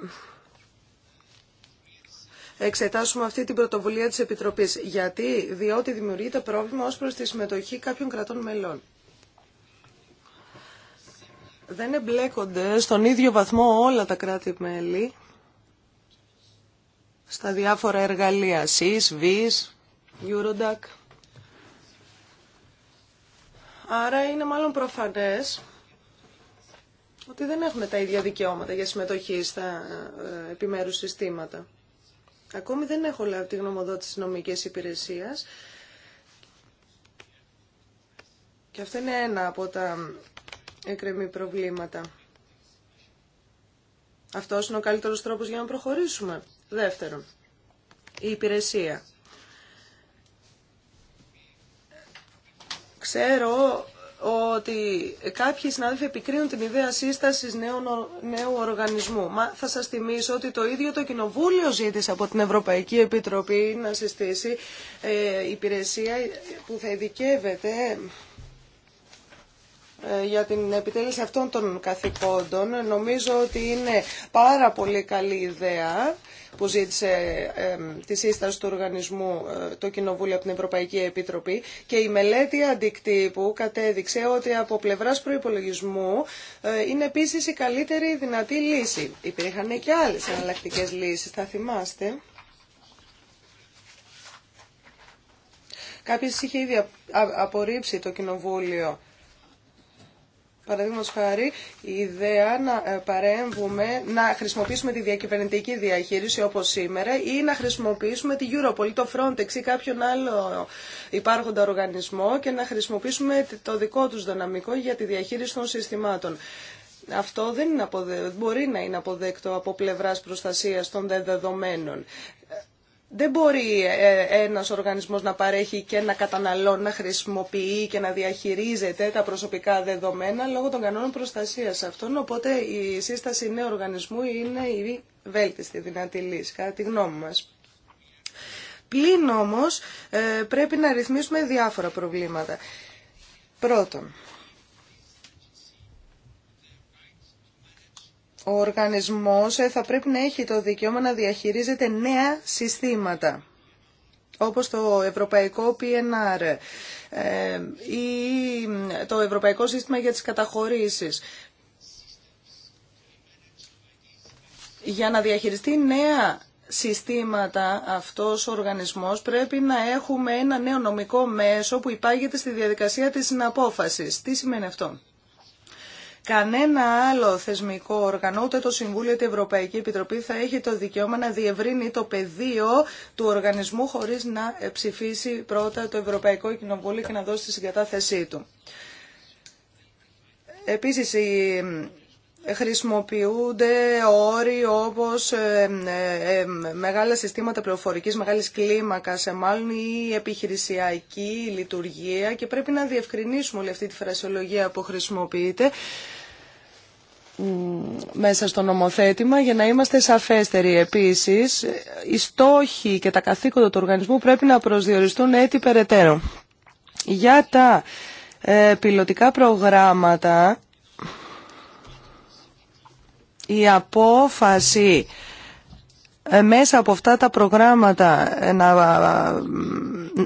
εξετάσουμε αυτή την πρωτοβουλία της Επιτροπής. Γιατί, διότι δημιουργείται πρόβλημα ως προς τη συμμετοχή κάποιων κρατών μελών. Δεν εμπλέκονται στον ίδιο βαθμό όλα τα κράτη-μέλη στα διάφορα εργαλεία, ΣΥΣ, ΒΙΣ, Eurodac. Άρα είναι μάλλον προφανές ότι δεν έχουμε τα ίδια δικαιώματα για συμμετοχή στα ε, επιμέρους συστήματα. Ακόμη δεν έχω λάβει τη γνωμοδότηση της νομικής υπηρεσίας και αυτό είναι ένα από τα εκρεμή προβλήματα. Αυτός είναι ο καλύτερος τρόπος για να προχωρήσουμε. Δεύτερον, η υπηρεσία Ξέρω ότι κάποιοι συνάδελφοι επικρίνουν την ιδέα σύστασης νέου, νέου οργανισμού. Μα θα σας θυμίσω ότι το ίδιο το Κοινοβούλιο ζήτησε από την Ευρωπαϊκή Επιτροπή να συστήσει ε, υπηρεσία που θα ειδικεύεται ε, για την επιτέλεση αυτών των καθηκόντων. Νομίζω ότι είναι πάρα πολύ καλή ιδέα που ζήτησε ε, ε, τη σύσταση του οργανισμού το Κοινοβούλιο από την Ευρωπαϊκή Επίτροπη και η μελέτη αντικτύπου κατέδειξε ότι από πλευράς προϋπολογισμού είναι επίσης η καλύτερη δυνατή λύση. Υπήρχαν και άλλες εναλλακτικέ λύσεις, θα θυμάστε. Κάποιες είχε ήδη απορρίψει το Κοινοβούλιο Παραδείγματο χάρη, η ιδέα να ε, παρέμβουμε, να χρησιμοποιήσουμε τη διακυβερνητική διαχείριση όπω σήμερα ή να χρησιμοποιήσουμε τη Europol, το Frontex ή κάποιον άλλο υπάρχοντα οργανισμό και να χρησιμοποιήσουμε το δικό του δυναμικό για τη διαχείριση των συστημάτων. Αυτό δεν αποδε... μπορεί να είναι αποδέκτο από πλευράς προστασίας των δεδομένων. Δεν μπορεί ε, ένας οργανισμός να παρέχει και να καταναλώνει, να χρησιμοποιεί και να διαχειρίζεται τα προσωπικά δεδομένα λόγω των κανόνων προστασίας αυτών. Οπότε η σύσταση νέου οργανισμού είναι η βέλτιστη δυνατή λύση, κατά τη γνώμη μας. Πλην όμως ε, πρέπει να ρυθμίσουμε διάφορα προβλήματα. Πρώτον, ο οργανισμός ε, θα πρέπει να έχει το δικαίωμα να διαχειρίζεται νέα συστήματα όπως το Ευρωπαϊκό PNR ε, ή το Ευρωπαϊκό Σύστημα για τις Καταχωρήσεις. Για να διαχειριστεί νέα συστήματα αυτός ο οργανισμός πρέπει να έχουμε ένα νέο νομικό μέσο που υπάγεται στη διαδικασία της συναπόφασης. Τι σημαίνει αυτό. Κανένα άλλο θεσμικό όργανο, ούτε το Συμβούλιο, ούτε η Ευρωπαϊκή Επιτροπή θα έχει το δικαίωμα να διευρύνει το πεδίο του οργανισμού χωρίς να ψηφίσει πρώτα το Ευρωπαϊκό Κοινοβούλιο και να δώσει τη συγκατάθεσή του. Επίσης, ε, χρησιμοποιούνται όροι όπως ε, ε, μεγάλα συστήματα πληροφορικής, μεγάλης κλίμακας, ε, μάλλον η επιχειρησιακή λειτουργία και πρέπει να διευκρινίσουμε όλη αυτή τη φρασιολογία που χρησιμοποιείται μέσα στο νομοθέτημα για να είμαστε σαφέστεροι. Επίσης, οι στόχοι και τα καθήκοντα του οργανισμού πρέπει να προσδιοριστούν έτσι περαιτέρω. Για τα ε, πιλωτικά προγράμματα, η απόφαση ε, μέσα από αυτά τα προγράμματα, ε, να, ε,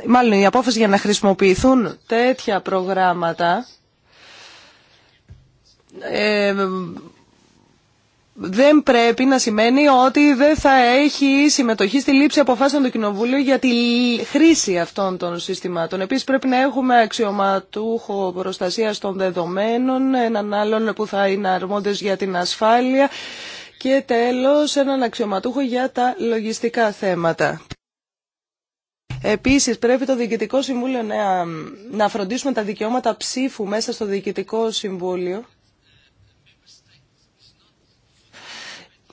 μάλλον η απόφαση για να χρησιμοποιηθούν τέτοια προγράμματα ε, δεν πρέπει να σημαίνει ότι δεν θα έχει συμμετοχή στη λήψη αποφάσεων του Κοινοβούλιο για τη χρήση αυτών των συστημάτων. Επίσης πρέπει να έχουμε αξιωματούχο προστασία των δεδομένων, έναν άλλον που θα είναι αρμόδιος για την ασφάλεια και τέλος έναν αξιωματούχο για τα λογιστικά θέματα. Επίσης πρέπει το Διοικητικό Συμβούλιο να, να φροντίσουμε τα δικαιώματα ψήφου μέσα στο Διοικητικό Συμβούλιο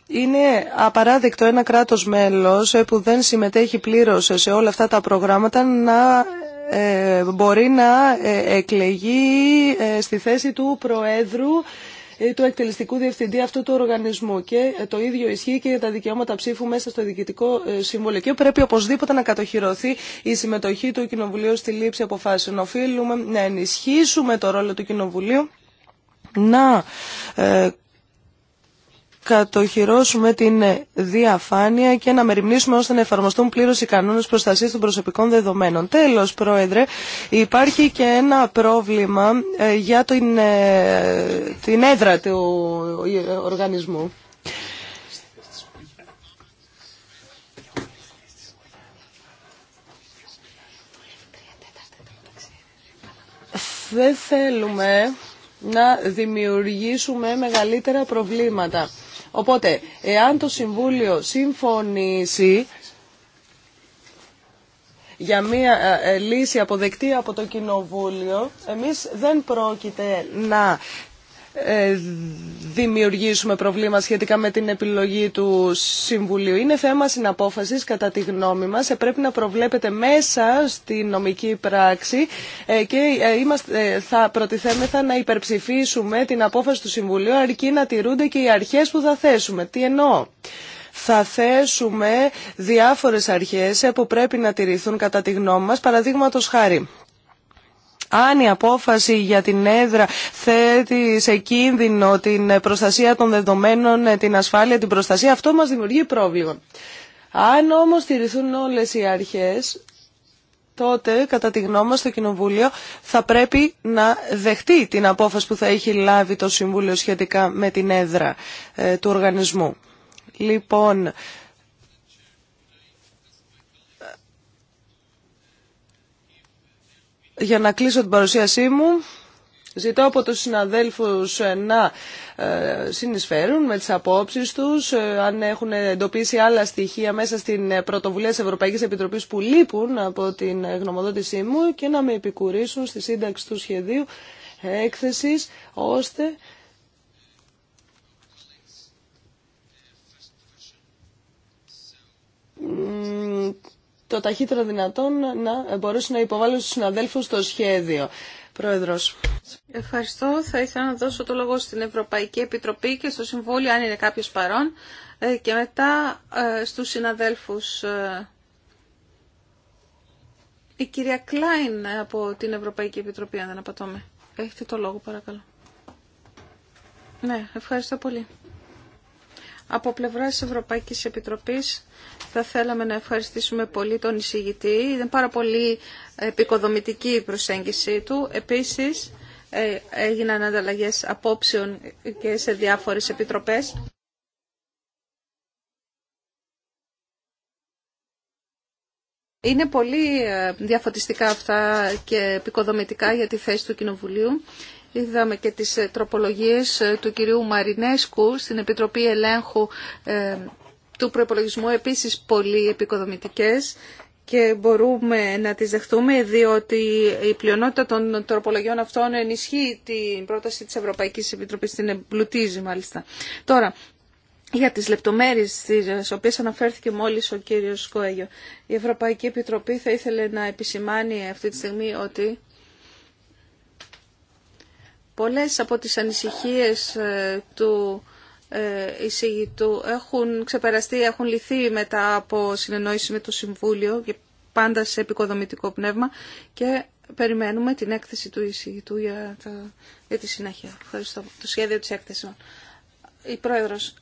Είναι απαράδεκτο ένα κράτος μέλος ε, που δεν συμμετέχει πλήρως σε όλα αυτά τα προγράμματα να ε, μπορεί να ε, εκλεγεί στη θέση του Προέδρου του εκτελεστικού διευθυντή αυτού του οργανισμού. Και το ίδιο ισχύει και για τα δικαιώματα ψήφου μέσα στο Διοικητικό Συμβούλιο. Και πρέπει οπωσδήποτε να κατοχυρωθεί η συμμετοχή του Κοινοβουλίου στη λήψη αποφάσεων. Οφείλουμε να ενισχύσουμε το ρόλο του Κοινοβουλίου να κατοχυρώσουμε την διαφάνεια και να μεριμνήσουμε ώστε να εφαρμοστούν πλήρω οι κανόνε προστασία των προσωπικών δεδομένων. Τέλο, Πρόεδρε, υπάρχει και ένα πρόβλημα ε, για την, ε, την έδρα του ε, οργανισμού. Δεν θέλουμε να δημιουργήσουμε μεγαλύτερα προβλήματα. Οπότε, εάν το Συμβούλιο συμφωνήσει για μία ε, ε, λύση αποδεκτή από το Κοινοβούλιο, εμείς δεν πρόκειται να ε, δημιουργήσουμε προβλήματα σχετικά με την επιλογή του Συμβουλίου. Είναι θέμα συναπόφασης κατά τη γνώμη μας. Ε, πρέπει να προβλέπετε μέσα στη νομική πράξη ε, και είμαστε, θα προτιθέμεθα να υπερψηφίσουμε την απόφαση του Συμβουλίου αρκεί να τηρούνται και οι αρχές που θα θέσουμε. Τι εννοώ. Θα θέσουμε διάφορες αρχές που πρέπει να τηρηθούν κατά τη γνώμη μας, παραδείγματος χάρη αν η απόφαση για την έδρα θέτει σε κίνδυνο την προστασία των δεδομένων, την ασφάλεια, την προστασία, αυτό μας δημιουργεί πρόβλημα. Αν όμως στηριθούν όλες οι αρχές, τότε, κατά τη γνώμη μας, το Κοινοβούλιο θα πρέπει να δεχτεί την απόφαση που θα έχει λάβει το Συμβούλιο σχετικά με την έδρα ε, του οργανισμού. Λοιπόν, Για να κλείσω την παρουσίασή μου, ζητώ από τους συναδέλφους ε, να ε, συνεισφέρουν με τις απόψεις τους, ε, αν έχουν εντοπίσει άλλα στοιχεία μέσα στην πρωτοβουλία της Ευρωπαϊκής Επιτροπής που λείπουν από την γνωμοδότησή μου και να με επικουρήσουν στη σύνταξη του σχεδίου έκθεσης, ώστε το ταχύτερο δυνατόν να μπορέσουν να υποβάλουν στους συναδέλφους το σχέδιο. Πρόεδρος. Ευχαριστώ. Θα ήθελα να δώσω το λόγο στην Ευρωπαϊκή Επιτροπή και στο Συμβούλιο, αν είναι κάποιος παρόν, ε, και μετά ε, στους συναδέλφους. Ε. Η κυρία Κλάιν από την Ευρωπαϊκή Επιτροπή, αν δεν απατώμε. Έχετε το λόγο, παρακαλώ. Ναι, ευχαριστώ πολύ. Από πλευρά τη Ευρωπαϊκής Επιτροπής θα θέλαμε να ευχαριστήσουμε πολύ τον εισηγητή. Ήταν πάρα πολύ επικοδομητική η προσέγγιση του. Επίσης ε, έγιναν ανταλλαγέ απόψεων και σε διάφορε επιτροπές. Είναι πολύ ε, διαφωτιστικά αυτά και επικοδομητικά για τη θέση του Κοινοβουλίου. Είδαμε και τις ε, τροπολογίες ε, του κυρίου Μαρινέσκου στην Επιτροπή Ελέγχου ε, του Προϋπολογισμού, επίσης πολύ επικοδομητικές και μπορούμε να τις δεχτούμε διότι η πλειονότητα των τροπολογιών αυτών ενισχύει την πρόταση της Ευρωπαϊκής Επιτροπής, την εμπλουτίζει μάλιστα. Τώρα, για τις λεπτομέρειες στις οποίες αναφέρθηκε μόλις ο κύριος Σκοέγιο, η Ευρωπαϊκή Επιτροπή θα ήθελε να επισημάνει αυτή τη στιγμή ότι Πολλές από τις ανησυχίες ε, του ε, εισηγητού έχουν ξεπεραστεί, έχουν λυθεί μετά από συνεννόηση με το Συμβούλιο και πάντα σε επικοδομητικό πνεύμα και περιμένουμε την έκθεση του εισηγητού για, για τη συνέχεια. Ευχαριστώ. Το σχέδιο της έκθεσης. Η Πρόεδρος,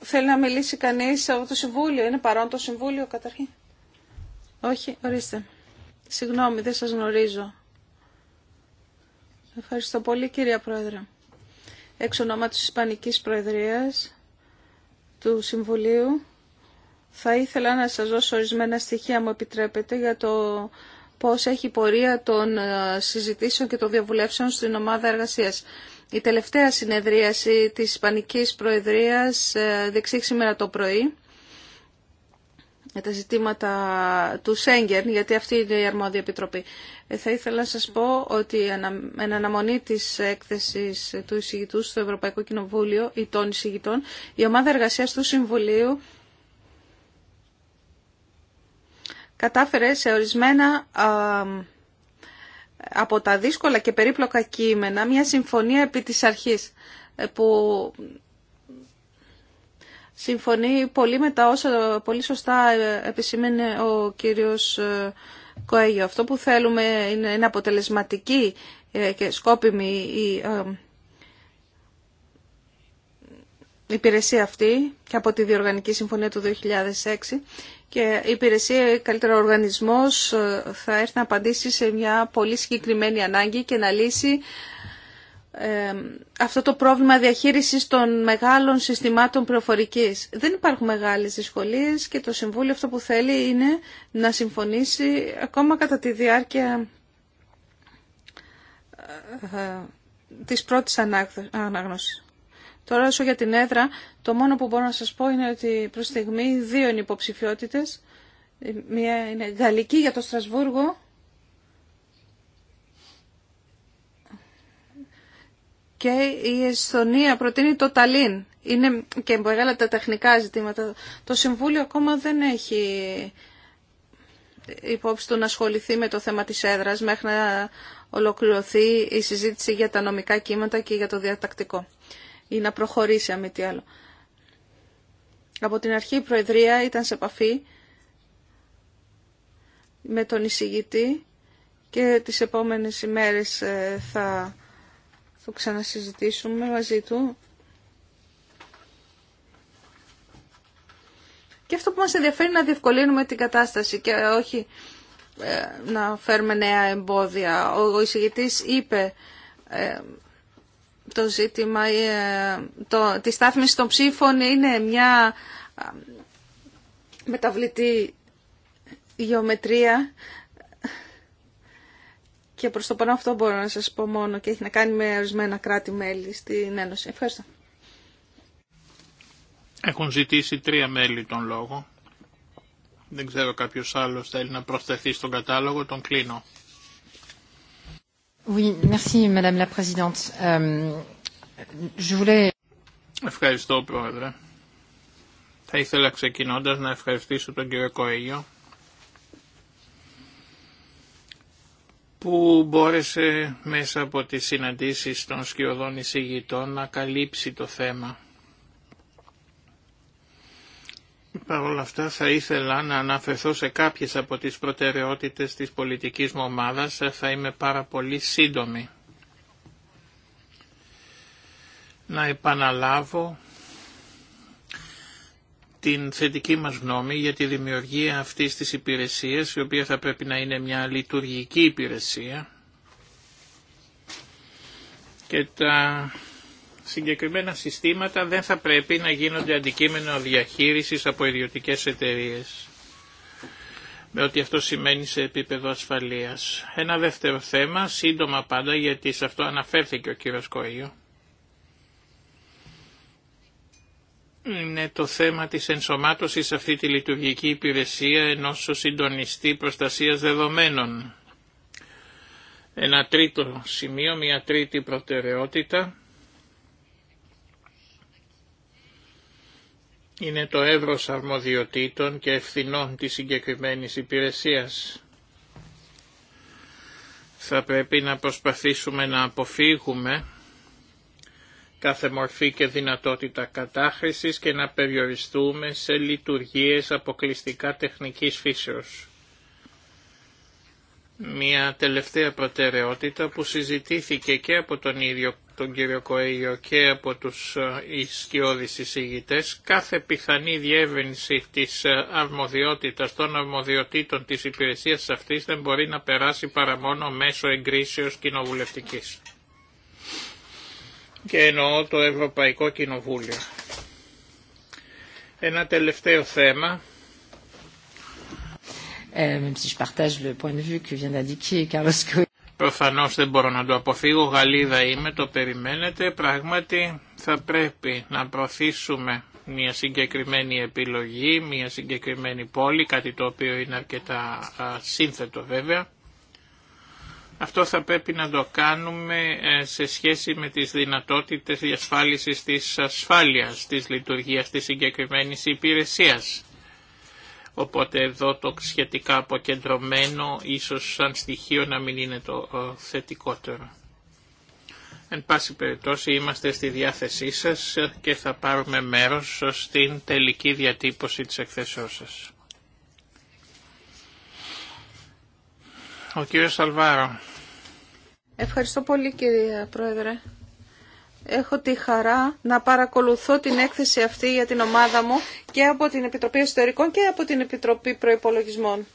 θέλει να μιλήσει κανείς από το Συμβούλιο. Είναι παρόν το Συμβούλιο καταρχήν. Όχι, ορίστε. Συγγνώμη, δεν σας γνωρίζω. Ευχαριστώ πολύ κυρία Πρόεδρε. Εξ ονόματος της Ισπανικής Προεδρίας του Συμβουλίου θα ήθελα να σας δώσω ορισμένα στοιχεία μου επιτρέπετε για το πώς έχει η πορεία των ε, συζητήσεων και των διαβουλεύσεων στην ομάδα εργασίας. Η τελευταία συνεδρίαση της Ισπανικής Προεδρίας ε, διεξήχθη σήμερα το πρωί για τα ζητήματα του Σέγγερν, γιατί αυτή είναι η αρμόδια επιτροπή. Ε, θα ήθελα να σας πω ότι με αναμονή της έκθεσης του εισηγητού στο Ευρωπαϊκό Κοινοβούλιο ή των εισηγητών, η ομάδα εργασίας του Συμβουλίου κατάφερε σε ορισμένα από τα δύσκολα και περίπλοκα κείμενα μια συμφωνία επί της αρχής ε, που συμφωνεί πολύ με τα όσα πολύ σωστά ε, επισήμενε ο κύριος ε, Κοέγιο. Αυτό που θέλουμε είναι, ένα αποτελεσματική ε, και σκόπιμη η υπηρεσία αυτή και από τη Διοργανική Συμφωνία του 2006 και η υπηρεσία, καλύτερα ο οργανισμός, θα έρθει να απαντήσει σε μια πολύ συγκεκριμένη ανάγκη και να λύσει ε, αυτό το πρόβλημα διαχείρισης των μεγάλων συστημάτων προφορικής. Δεν υπάρχουν μεγάλες δυσκολίες και το Συμβούλιο αυτό που θέλει είναι να συμφωνήσει ακόμα κατά τη διάρκεια ε, της πρώτης ανάγνωσης. Τώρα όσο για την έδρα, το μόνο που μπορώ να σας πω είναι ότι προς στιγμή δύο είναι υποψηφιότητες. Μία είναι γαλλική για το Στρασβούργο και η Εσθονία προτείνει το Ταλίν. Είναι και μεγάλα τα τεχνικά ζητήματα. Το Συμβούλιο ακόμα δεν έχει υπόψη του να ασχοληθεί με το θέμα της έδρας μέχρι να ολοκληρωθεί η συζήτηση για τα νομικά κύματα και για το διατακτικό ή να προχωρήσει αν τι άλλο. Από την αρχή η Προεδρία ήταν σε επαφή με τον εισηγητή και τις επόμενες ημέρες ε, θα ξανασυζητήσουμε μαζί του. Και αυτό που μας ενδιαφέρει να διευκολύνουμε την κατάσταση και όχι ε, να φέρουμε νέα εμπόδια. Ο εισηγητής είπε ε, το ζήτημα ε, το, της των ψήφων είναι μια μεταβλητή γεωμετρία και προς το πάνω αυτό μπορώ να σας πω μόνο και έχει να κάνει με ορισμένα κράτη-μέλη στην Ένωση. Ευχαριστώ. Έχουν ζητήσει τρία μέλη τον λόγο. Δεν ξέρω κάποιος άλλος θέλει να προσθεθεί στον κατάλογο, τον κλείνω. Oui, merci, Madame la Présidente. Euh, je voulais... Ευχαριστώ, Πρόεδρε. Θα ήθελα ξεκινώντας να ευχαριστήσω τον κύριο Κοέγιο που μπόρεσε μέσα από τις συναντήσεις των σκιωδών εισηγητών να καλύψει το θέμα. Παρ' όλα αυτά θα ήθελα να αναφερθώ σε κάποιες από τις προτεραιότητες της πολιτικής μου ομάδας, θα είμαι πάρα πολύ σύντομη. Να επαναλάβω την θετική μας γνώμη για τη δημιουργία αυτής της υπηρεσίας, η οποία θα πρέπει να είναι μια λειτουργική υπηρεσία και τα συγκεκριμένα συστήματα δεν θα πρέπει να γίνονται αντικείμενο διαχείρισης από ιδιωτικές εταιρείες με ό,τι αυτό σημαίνει σε επίπεδο ασφαλείας. Ένα δεύτερο θέμα, σύντομα πάντα, γιατί σε αυτό αναφέρθηκε ο κύριος Κοΐο, είναι το θέμα της ενσωμάτωσης σε αυτή τη λειτουργική υπηρεσία ενός συντονιστή προστασίας δεδομένων. Ένα τρίτο σημείο, μια τρίτη προτεραιότητα είναι το εύρος αρμοδιοτήτων και ευθυνών της συγκεκριμένης υπηρεσίας. Θα πρέπει να προσπαθήσουμε να αποφύγουμε κάθε μορφή και δυνατότητα κατάχρησης και να περιοριστούμε σε λειτουργίες αποκλειστικά τεχνικής φύσεως. Μια τελευταία προτεραιότητα που συζητήθηκε και από τον ίδιο τον κύριο Κοέγιο και από τους ε, ισχυώδεις εισηγητές, κάθε πιθανή διεύρυνση της ε, αρμοδιότητας των αρμοδιοτήτων της υπηρεσίας αυτής δεν μπορεί να περάσει παρά μόνο μέσω εγκρίσεως κοινοβουλευτικής και εννοώ το Ευρωπαϊκό Κοινοβούλιο. Ένα τελευταίο θέμα. Ε, Προφανώ δεν μπορώ να το αποφύγω, Γαλλίδα είμαι, το περιμένετε. Πράγματι θα πρέπει να προωθήσουμε μια συγκεκριμένη επιλογή, μια συγκεκριμένη πόλη, κάτι το οποίο είναι αρκετά σύνθετο βέβαια. Αυτό θα πρέπει να το κάνουμε ε, σε σχέση με τις δυνατότητες διασφάλισης της ασφάλειας της λειτουργίας της συγκεκριμένης υπηρεσίας. Οπότε εδώ το σχετικά αποκεντρωμένο ίσως σαν στοιχείο να μην είναι το ε, θετικότερο. Εν πάση περιπτώσει είμαστε στη διάθεσή σας και θα πάρουμε μέρος στην τελική διατύπωση της εκθέσεώς σας. Ο κύριος Αλβάρο. Ευχαριστώ πολύ κυρία Πρόεδρε. Έχω τη χαρά να παρακολουθώ την έκθεση αυτή για την ομάδα μου και από την Επιτροπή εσωτερικών και από την Επιτροπή Προϋπολογισμών.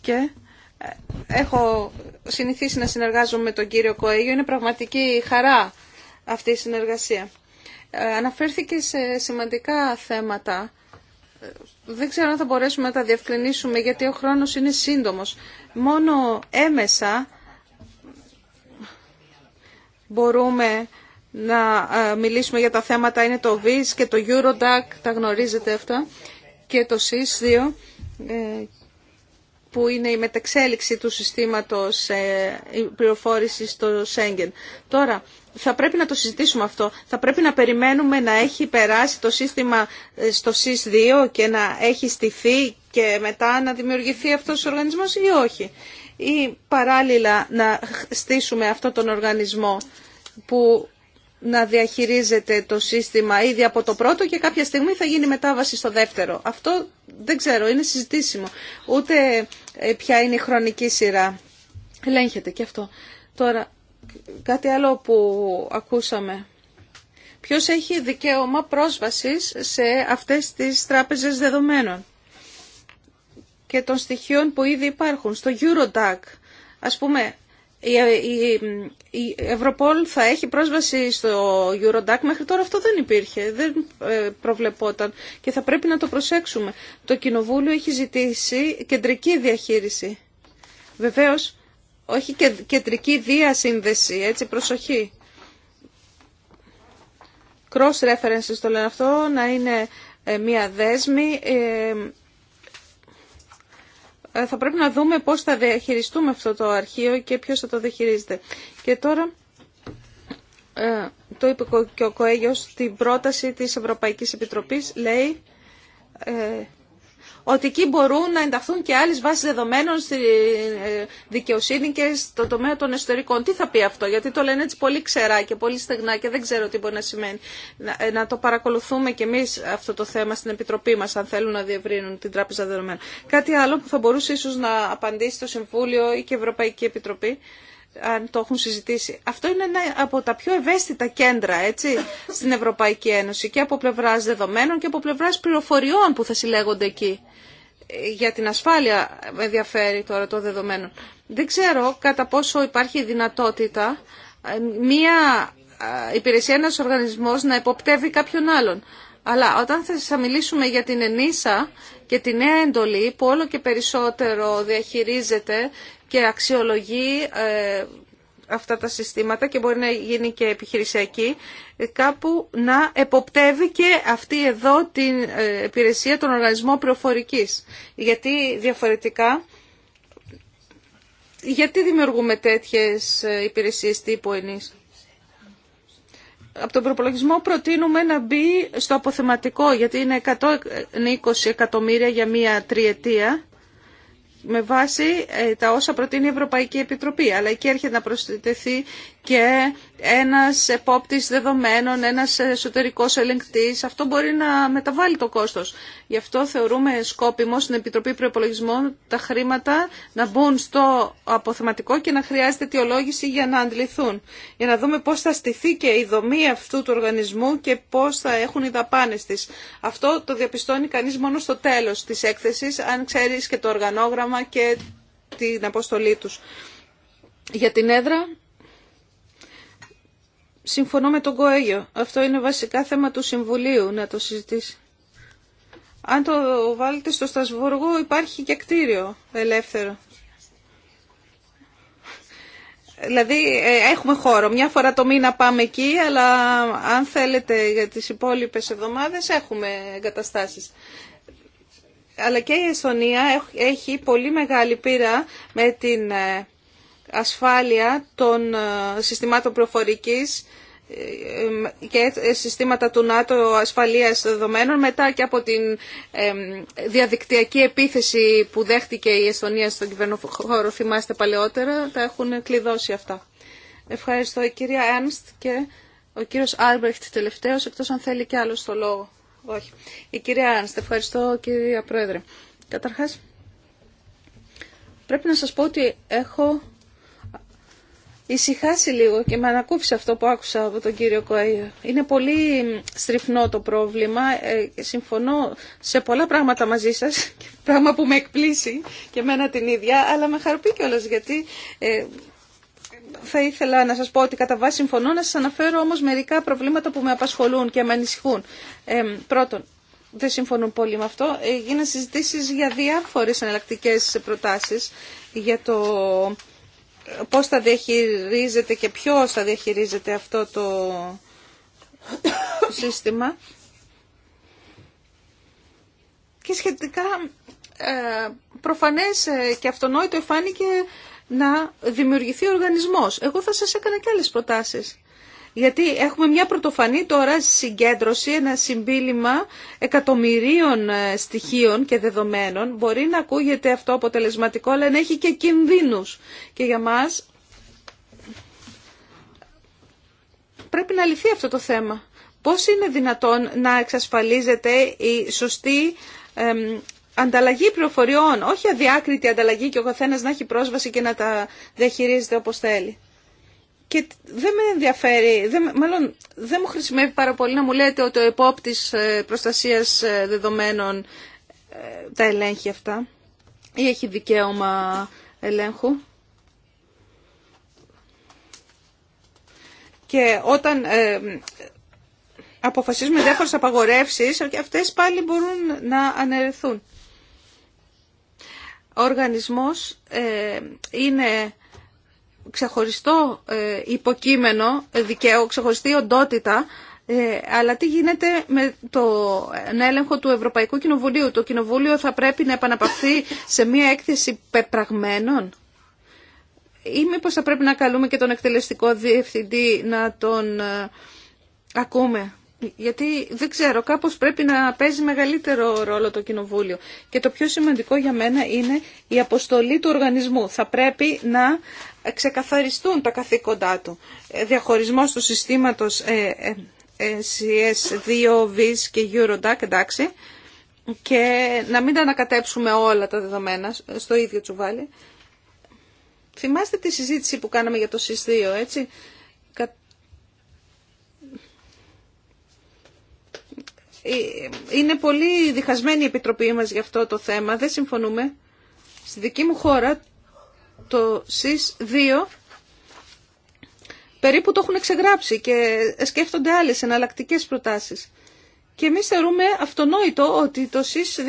Και ε, έχω συνηθίσει να συνεργάζομαι με τον κύριο Κοέγιο. Είναι πραγματική χαρά αυτή η συνεργασία. Ε, αναφέρθηκε σε σημαντικά θέματα. Δεν ξέρω αν θα μπορέσουμε να τα διευκρινίσουμε γιατί ο χρόνος είναι σύντομος. Μόνο έμεσα μπορούμε να ε, μιλήσουμε για τα θέματα είναι το ΒΙΣ και το Eurodac, τα γνωρίζετε αυτά, και το SIS2, ε, που είναι η μετεξέλιξη του συστήματος ε, πληροφόρησης στο Schengen. Τώρα, θα πρέπει να το συζητήσουμε αυτό. Θα πρέπει να περιμένουμε να έχει περάσει το σύστημα στο SIS2 και να έχει στηθεί και μετά να δημιουργηθεί αυτός ο οργανισμός ή όχι ή παράλληλα να στήσουμε αυτό τον οργανισμό που να διαχειρίζεται το σύστημα ήδη από το πρώτο και κάποια στιγμή θα γίνει μετάβαση στο δεύτερο. Αυτό δεν ξέρω, είναι συζητήσιμο. Ούτε ε, ποια είναι η χρονική σειρά. Ελέγχεται και αυτό. Τώρα, κάτι άλλο που ακούσαμε. Ποιος έχει δικαίωμα πρόσβασης σε αυτές τις τράπεζες δεδομένων και των στοιχείων που ήδη υπάρχουν στο Eurodac. Ας πούμε, η Ευρωπόλ θα έχει πρόσβαση στο Eurodac. Μέχρι τώρα αυτό δεν υπήρχε, δεν ε, προβλεπόταν και θα πρέπει να το προσέξουμε. Το Κοινοβούλιο έχει ζητήσει κεντρική διαχείριση. Βεβαίως, όχι κεντρική διασύνδεση, έτσι, προσοχή. Cross references το λένε αυτό, να είναι ε, μια δέσμη ε, ε, θα πρέπει να δούμε πώς θα διαχειριστούμε αυτό το αρχείο και ποιος θα το διαχειρίζεται. Και τώρα ε, το είπε και ο Κοέγιος στην πρόταση της Ευρωπαϊκής Επιτροπής λέει ε, ότι εκεί μπορούν να ενταχθούν και άλλες βάσεις δεδομένων στη ε, δικαιοσύνη και στο τομέα των εσωτερικών. Τι θα πει αυτό, γιατί το λένε έτσι πολύ ξερά και πολύ στεγνά και δεν ξέρω τι μπορεί να σημαίνει. Ε, να, το παρακολουθούμε κι εμείς αυτό το θέμα στην Επιτροπή μας, αν θέλουν να διευρύνουν την Τράπεζα Δεδομένων. Κάτι άλλο που θα μπορούσε ίσως να απαντήσει το Συμβούλιο ή και η Ευρωπαϊκή Επιτροπή αν το έχουν συζητήσει. Αυτό είναι ένα από τα πιο ευαίσθητα κέντρα έτσι, στην Ευρωπαϊκή Ένωση και από πλευρά δεδομένων και από πλευρά πληροφοριών που θα συλλέγονται εκεί. Για την ασφάλεια με ενδιαφέρει τώρα το δεδομένο. Δεν ξέρω κατά πόσο υπάρχει δυνατότητα ε, μία ε, υπηρεσία, ένας οργανισμός να υποπτεύει κάποιον άλλον. Αλλά όταν θα μιλήσουμε για την ΕΝΗΣΑ και τη νέα εντολή που όλο και περισσότερο διαχειρίζεται και αξιολογεί ε, αυτά τα συστήματα και μπορεί να γίνει και επιχειρησιακή, ε, κάπου να εποπτεύει και αυτή εδώ την ε, υπηρεσία των οργανισμών πληροφορικής. Γιατί διαφορετικά, γιατί δημιουργούμε τέτοιες υπηρεσίες τύπου ενίσα από τον προπολογισμό προτείνουμε να μπει στο αποθεματικό, γιατί είναι 120 εκατομμύρια για μία τριετία, με βάση ε, τα όσα προτείνει η Ευρωπαϊκή Επιτροπή. Αλλά εκεί έρχεται να προσθεθεί και ένας επόπτης δεδομένων, ένας εσωτερικός ελεγκτής, αυτό μπορεί να μεταβάλει το κόστος. Γι' αυτό θεωρούμε σκόπιμο στην Επιτροπή Προπολογισμών τα χρήματα να μπουν στο αποθεματικό και να χρειάζεται αιτιολόγηση για να αντιληθούν. Για να δούμε πώς θα στηθεί και η δομή αυτού του οργανισμού και πώς θα έχουν οι δαπάνες της. Αυτό το διαπιστώνει κανείς μόνο στο τέλος της έκθεσης, αν ξέρεις και το οργανόγραμμα και την αποστολή τους. Για την έδρα συμφωνώ με τον Κοέγιο. Αυτό είναι βασικά θέμα του Συμβουλίου να το συζητήσει. Αν το βάλετε στο Στασβούργο υπάρχει και κτίριο ελεύθερο. Δηλαδή ε, έχουμε χώρο. Μια φορά το μήνα πάμε εκεί, αλλά αν θέλετε για τις υπόλοιπες εβδομάδες έχουμε εγκαταστάσεις. Αλλά και η Εσθονία έχει πολύ μεγάλη πείρα με την ε, ασφάλεια των ε, συστημάτων προφορικής ε, και ε, συστήματα του ΝΑΤΟ ασφαλείας δεδομένων μετά και από την διαδικτυακή επίθεση που δέχτηκε η Εστονία στον κυβερνοχώρο, θυμάστε παλαιότερα, τα έχουν κλειδώσει αυτά. Ευχαριστώ η κυρία Ένστ και ο κύριος Άλμπρεχτ τελευταίος, εκτός αν θέλει κι άλλο το λόγο. Όχι. Η κυρία Ένστ, ευχαριστώ κυρία Πρόεδρε. Καταρχάς, πρέπει να σας πω ότι έχω ησυχάσει λίγο και με ανακούφισε αυτό που άκουσα από τον κύριο Κοαΐα. Είναι πολύ στριφνό το πρόβλημα. Ε, συμφωνώ σε πολλά πράγματα μαζί σας, πράγμα που με εκπλήσει και μένα την ίδια, αλλά με χαροποιεί κιόλας γιατί ε, θα ήθελα να σας πω ότι κατά βάση συμφωνώ να σας αναφέρω όμως μερικά προβλήματα που με απασχολούν και με ανησυχούν. Ε, πρώτον, δεν συμφωνούν πολύ με αυτό. Έγιναν ε, συζητήσεις για διάφορες εναλλακτικέ προτάσεις για το πώς θα διαχειρίζεται και ποιος θα διαχειρίζεται αυτό το σύστημα. Και σχετικά ε, προφανές ε, και αυτονόητο φάνηκε να δημιουργηθεί ο οργανισμός. Εγώ θα σας έκανα και άλλες προτάσεις. Γιατί έχουμε μια πρωτοφανή τώρα συγκέντρωση, ένα συμπίλημα εκατομμυρίων ε, στοιχείων και δεδομένων. Μπορεί να ακούγεται αυτό αποτελεσματικό, αλλά να έχει και κινδύνους. Και για μας πρέπει να λυθεί αυτό το θέμα. Πώς είναι δυνατόν να εξασφαλίζεται η σωστή ανταλλαγή πληροφοριών, όχι αδιάκριτη ανταλλαγή και ο καθένας να έχει πρόσβαση και να τα διαχειρίζεται όπως θέλει. Και δεν με ενδιαφέρει, δεν, μάλλον δεν μου χρησιμεύει πάρα πολύ να μου λέτε ότι ο επόπτης ε, προστασίας ε, δεδομένων ε, τα ελέγχει αυτά ή έχει δικαίωμα ελέγχου. Και όταν ε, αποφασίζουμε διάφορες απαγορεύσεις, αυτές πάλι μπορούν να αναιρεθούν. Ο οργανισμός είναι ξεχωριστό ε, υποκείμενο ε, δικαίου, ξεχωριστή οντότητα, ε, αλλά τι γίνεται με τον έλεγχο του Ευρωπαϊκού Κοινοβουλίου. Το Κοινοβούλιο θα πρέπει να επαναπαυθεί σε μια έκθεση πεπραγμένων ή μήπως θα πρέπει να καλούμε και τον εκτελεστικό διευθυντή να τον ακούμε. Γιατί δεν ξέρω, κάπως πρέπει να παίζει μεγαλύτερο ρόλο το Κοινοβούλιο. Και το πιο σημαντικό για μένα είναι η αποστολή του οργανισμού. Θα πρέπει να ξεκαθαριστούν τα καθήκοντά του. Ε, διαχωρισμός του συστηματος ε, ε, cs SES2, VIS και Eurodac, εντάξει, και να μην τα ανακατέψουμε όλα τα δεδομένα στο ίδιο τσουβάλι. Θυμάστε τη συζήτηση που κάναμε για το SIS2, έτσι. Είναι πολύ διχασμένη η Επιτροπή μας για αυτό το θέμα. Δεν συμφωνούμε. Στη δική μου χώρα το ΣΥΣ 2 περίπου το έχουν εξεγράψει και σκέφτονται άλλες εναλλακτικές προτάσεις. Και εμείς θεωρούμε αυτονόητο ότι το ΣΥΣ 2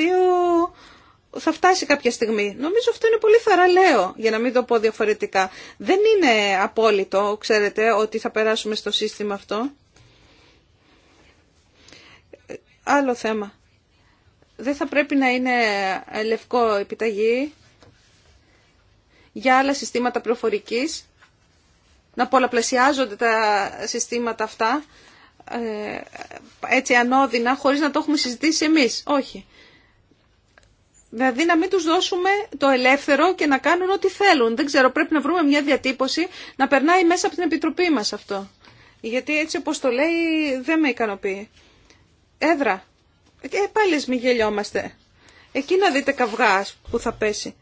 θα φτάσει κάποια στιγμή. Νομίζω αυτό είναι πολύ θαραλέο, για να μην το πω διαφορετικά. Δεν είναι απόλυτο, ξέρετε, ότι θα περάσουμε στο σύστημα αυτό. Άλλο θέμα. Δεν θα πρέπει να είναι λευκό επιταγή για άλλα συστήματα πληροφορικής, να πολλαπλασιάζονται τα συστήματα αυτά ε, έτσι ανώδυνα χωρίς να το έχουμε συζητήσει εμείς. Όχι. Δηλαδή να μην τους δώσουμε το ελεύθερο και να κάνουν ό,τι θέλουν. Δεν ξέρω, πρέπει να βρούμε μια διατύπωση να περνάει μέσα από την Επιτροπή μας αυτό. Γιατί έτσι όπως το λέει δεν με ικανοποιεί. Έδρα. Ε, πάλι μη γελιόμαστε. Εκεί να δείτε καυγάς που θα πέσει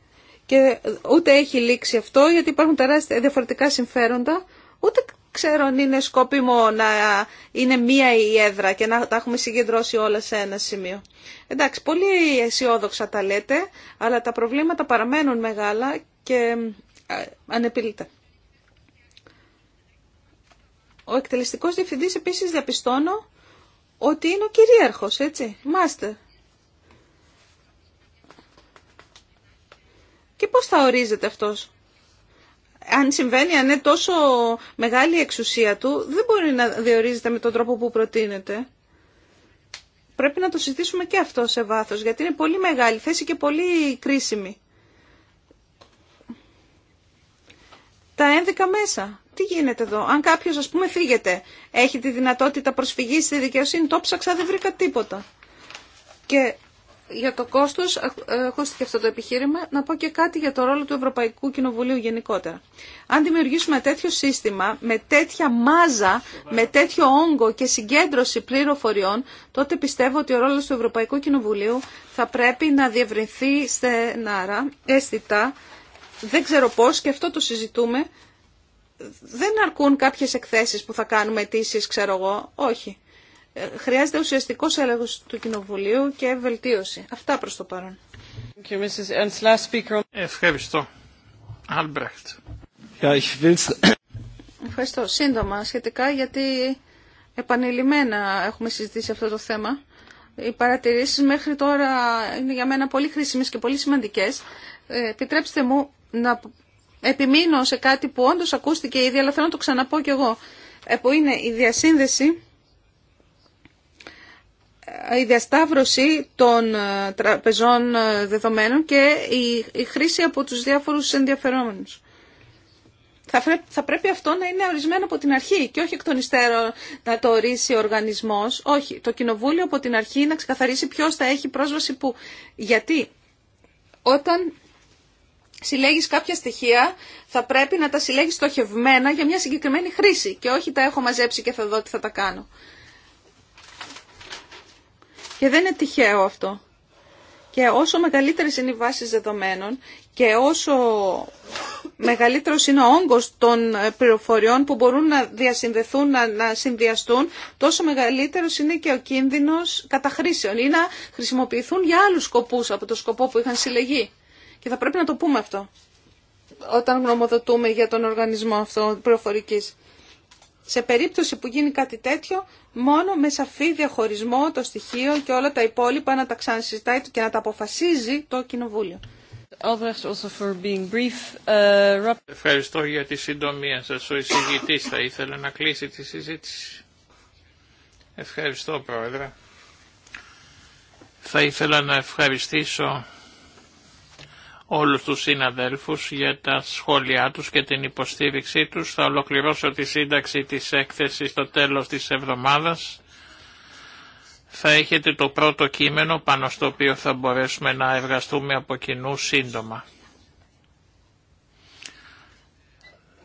και ούτε έχει λήξει αυτό γιατί υπάρχουν τεράστια διαφορετικά συμφέροντα, ούτε ξέρω αν είναι σκόπιμο να είναι μία η έδρα και να τα έχουμε συγκεντρώσει όλα σε ένα σημείο. Εντάξει, πολύ αισιόδοξα τα λέτε, αλλά τα προβλήματα παραμένουν μεγάλα και ε, ανεπιλήτα. Ο εκτελεστικός διευθυντής επίσης διαπιστώνω ότι είναι ο κυρίαρχος, έτσι, μάστερ. Και πώς θα ορίζεται αυτός. Αν συμβαίνει, αν είναι τόσο μεγάλη η εξουσία του, δεν μπορεί να διορίζεται με τον τρόπο που προτείνεται. Πρέπει να το συζητήσουμε και αυτό σε βάθος, γιατί είναι πολύ μεγάλη θέση και πολύ κρίσιμη. Τα ένδικα μέσα. Τι γίνεται εδώ. Αν κάποιο, α πούμε, φύγεται, έχει τη δυνατότητα προσφυγής στη δικαιοσύνη, το ψάξα, δεν βρήκα τίποτα. Και για το κόστος, ε, ε, ακούστηκε αυτό το επιχείρημα, να πω και κάτι για το ρόλο του Ευρωπαϊκού Κοινοβουλίου γενικότερα. Αν δημιουργήσουμε τέτοιο σύστημα, με τέτοια μάζα, με τέτοιο όγκο και συγκέντρωση πληροφοριών, τότε πιστεύω ότι ο ρόλος του Ευρωπαϊκού Κοινοβουλίου θα πρέπει να διευρυνθεί στενάρα, αίσθητα, δεν ξέρω πώς και αυτό το συζητούμε, δεν αρκούν κάποιες εκθέσεις που θα κάνουμε αιτήσει, ξέρω εγώ, όχι. Χρειάζεται ουσιαστικός έλεγχο του Κοινοβουλίου και βελτίωση. Αυτά προς το παρόν. Ευχαριστώ. Albrecht. Ευχαριστώ. Σύντομα σχετικά γιατί επανειλημμένα έχουμε συζητήσει αυτό το θέμα. Οι παρατηρήσεις μέχρι τώρα είναι για μένα πολύ χρήσιμες και πολύ σημαντικές. Ε, επιτρέψτε μου να επιμείνω σε κάτι που όντως ακούστηκε ήδη, αλλά θέλω να το ξαναπώ κι εγώ, ε, που είναι η διασύνδεση η διασταύρωση των ε, τραπεζών ε, δεδομένων και η χρήση από τους διάφορους ενδιαφερόμενους. Θα πρέπει αυτό να είναι ορισμένο από την αρχή και όχι εκ των υστέρων να το ορίσει ο οργανισμός. Όχι, το κοινοβούλιο από την αρχή να ξεκαθαρίσει ποιος θα έχει πρόσβαση που. Γιατί όταν συλλέγεις κάποια στοιχεία θα πρέπει να τα συλλέγεις στοχευμένα για μια συγκεκριμένη χρήση και όχι τα έχω μαζέψει και θα δω τι θα τα κάνω. Και δεν είναι τυχαίο αυτό. Και όσο μεγαλύτερε είναι οι βάσει δεδομένων και όσο μεγαλύτερο είναι ο όγκος των πληροφοριών που μπορούν να διασυνδεθούν, να, να συνδυαστούν, τόσο μεγαλύτερος είναι και ο κίνδυνος καταχρήσεων ή να χρησιμοποιηθούν για άλλους σκοπούς από το σκοπό που είχαν συλλεγεί. Και θα πρέπει να το πούμε αυτό όταν γνωμοδοτούμε για τον οργανισμό αυτό πληροφορικής σε περίπτωση που γίνει κάτι τέτοιο, μόνο με σαφή διαχωρισμό το στοιχείο και όλα τα υπόλοιπα να τα ξανασυζητάει και να τα αποφασίζει το Κοινοβούλιο. Uh, Ευχαριστώ για τη συντομία σα Ο εισηγητής θα ήθελε να κλείσει τη συζήτηση. Ευχαριστώ Πρόεδρε. Θα ήθελα να ευχαριστήσω όλους τους συναδέλφους για τα σχόλιά τους και την υποστήριξή τους. Θα ολοκληρώσω τη σύνταξη της έκθεσης στο τέλος της εβδομάδας. Θα έχετε το πρώτο κείμενο πάνω στο οποίο θα μπορέσουμε να εργαστούμε από κοινού σύντομα.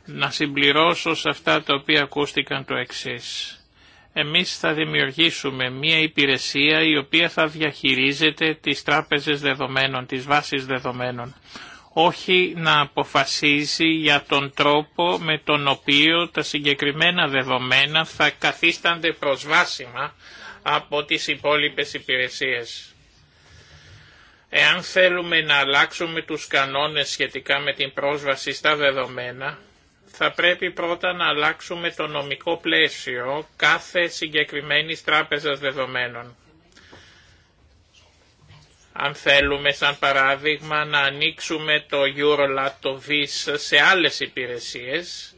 Να συμπληρώσω σε αυτά τα οποία ακούστηκαν το εξής εμείς θα δημιουργήσουμε μία υπηρεσία η οποία θα διαχειρίζεται τις τράπεζες δεδομένων, τις βάσεις δεδομένων. Όχι να αποφασίζει για τον τρόπο με τον οποίο τα συγκεκριμένα δεδομένα θα καθίστανται προσβάσιμα από τις υπόλοιπες υπηρεσίες. Εάν θέλουμε να αλλάξουμε τους κανόνες σχετικά με την πρόσβαση στα δεδομένα, θα πρέπει πρώτα να αλλάξουμε το νομικό πλαίσιο κάθε συγκεκριμένης τράπεζας δεδομένων. Αν θέλουμε σαν παράδειγμα να ανοίξουμε το Eurolat, το VIS σε άλλες υπηρεσίες,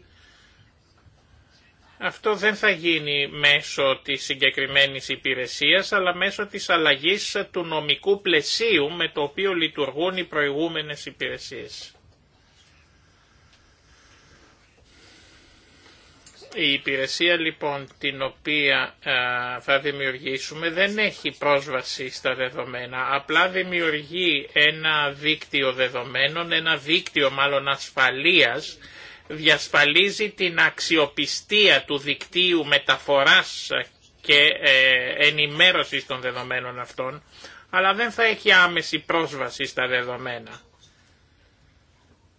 αυτό δεν θα γίνει μέσω της συγκεκριμένης υπηρεσίας, αλλά μέσω της αλλαγής του νομικού πλαισίου με το οποίο λειτουργούν οι προηγούμενες υπηρεσίες. Η υπηρεσία λοιπόν την οποία θα δημιουργήσουμε δεν έχει πρόσβαση στα δεδομένα, απλά δημιουργεί ένα δίκτυο δεδομένων, ένα δίκτυο μάλλον ασφαλείας, διασφαλίζει την αξιοπιστία του δικτύου μεταφοράς και ε, ενημέρωσης των δεδομένων αυτών, αλλά δεν θα έχει άμεση πρόσβαση στα δεδομένα.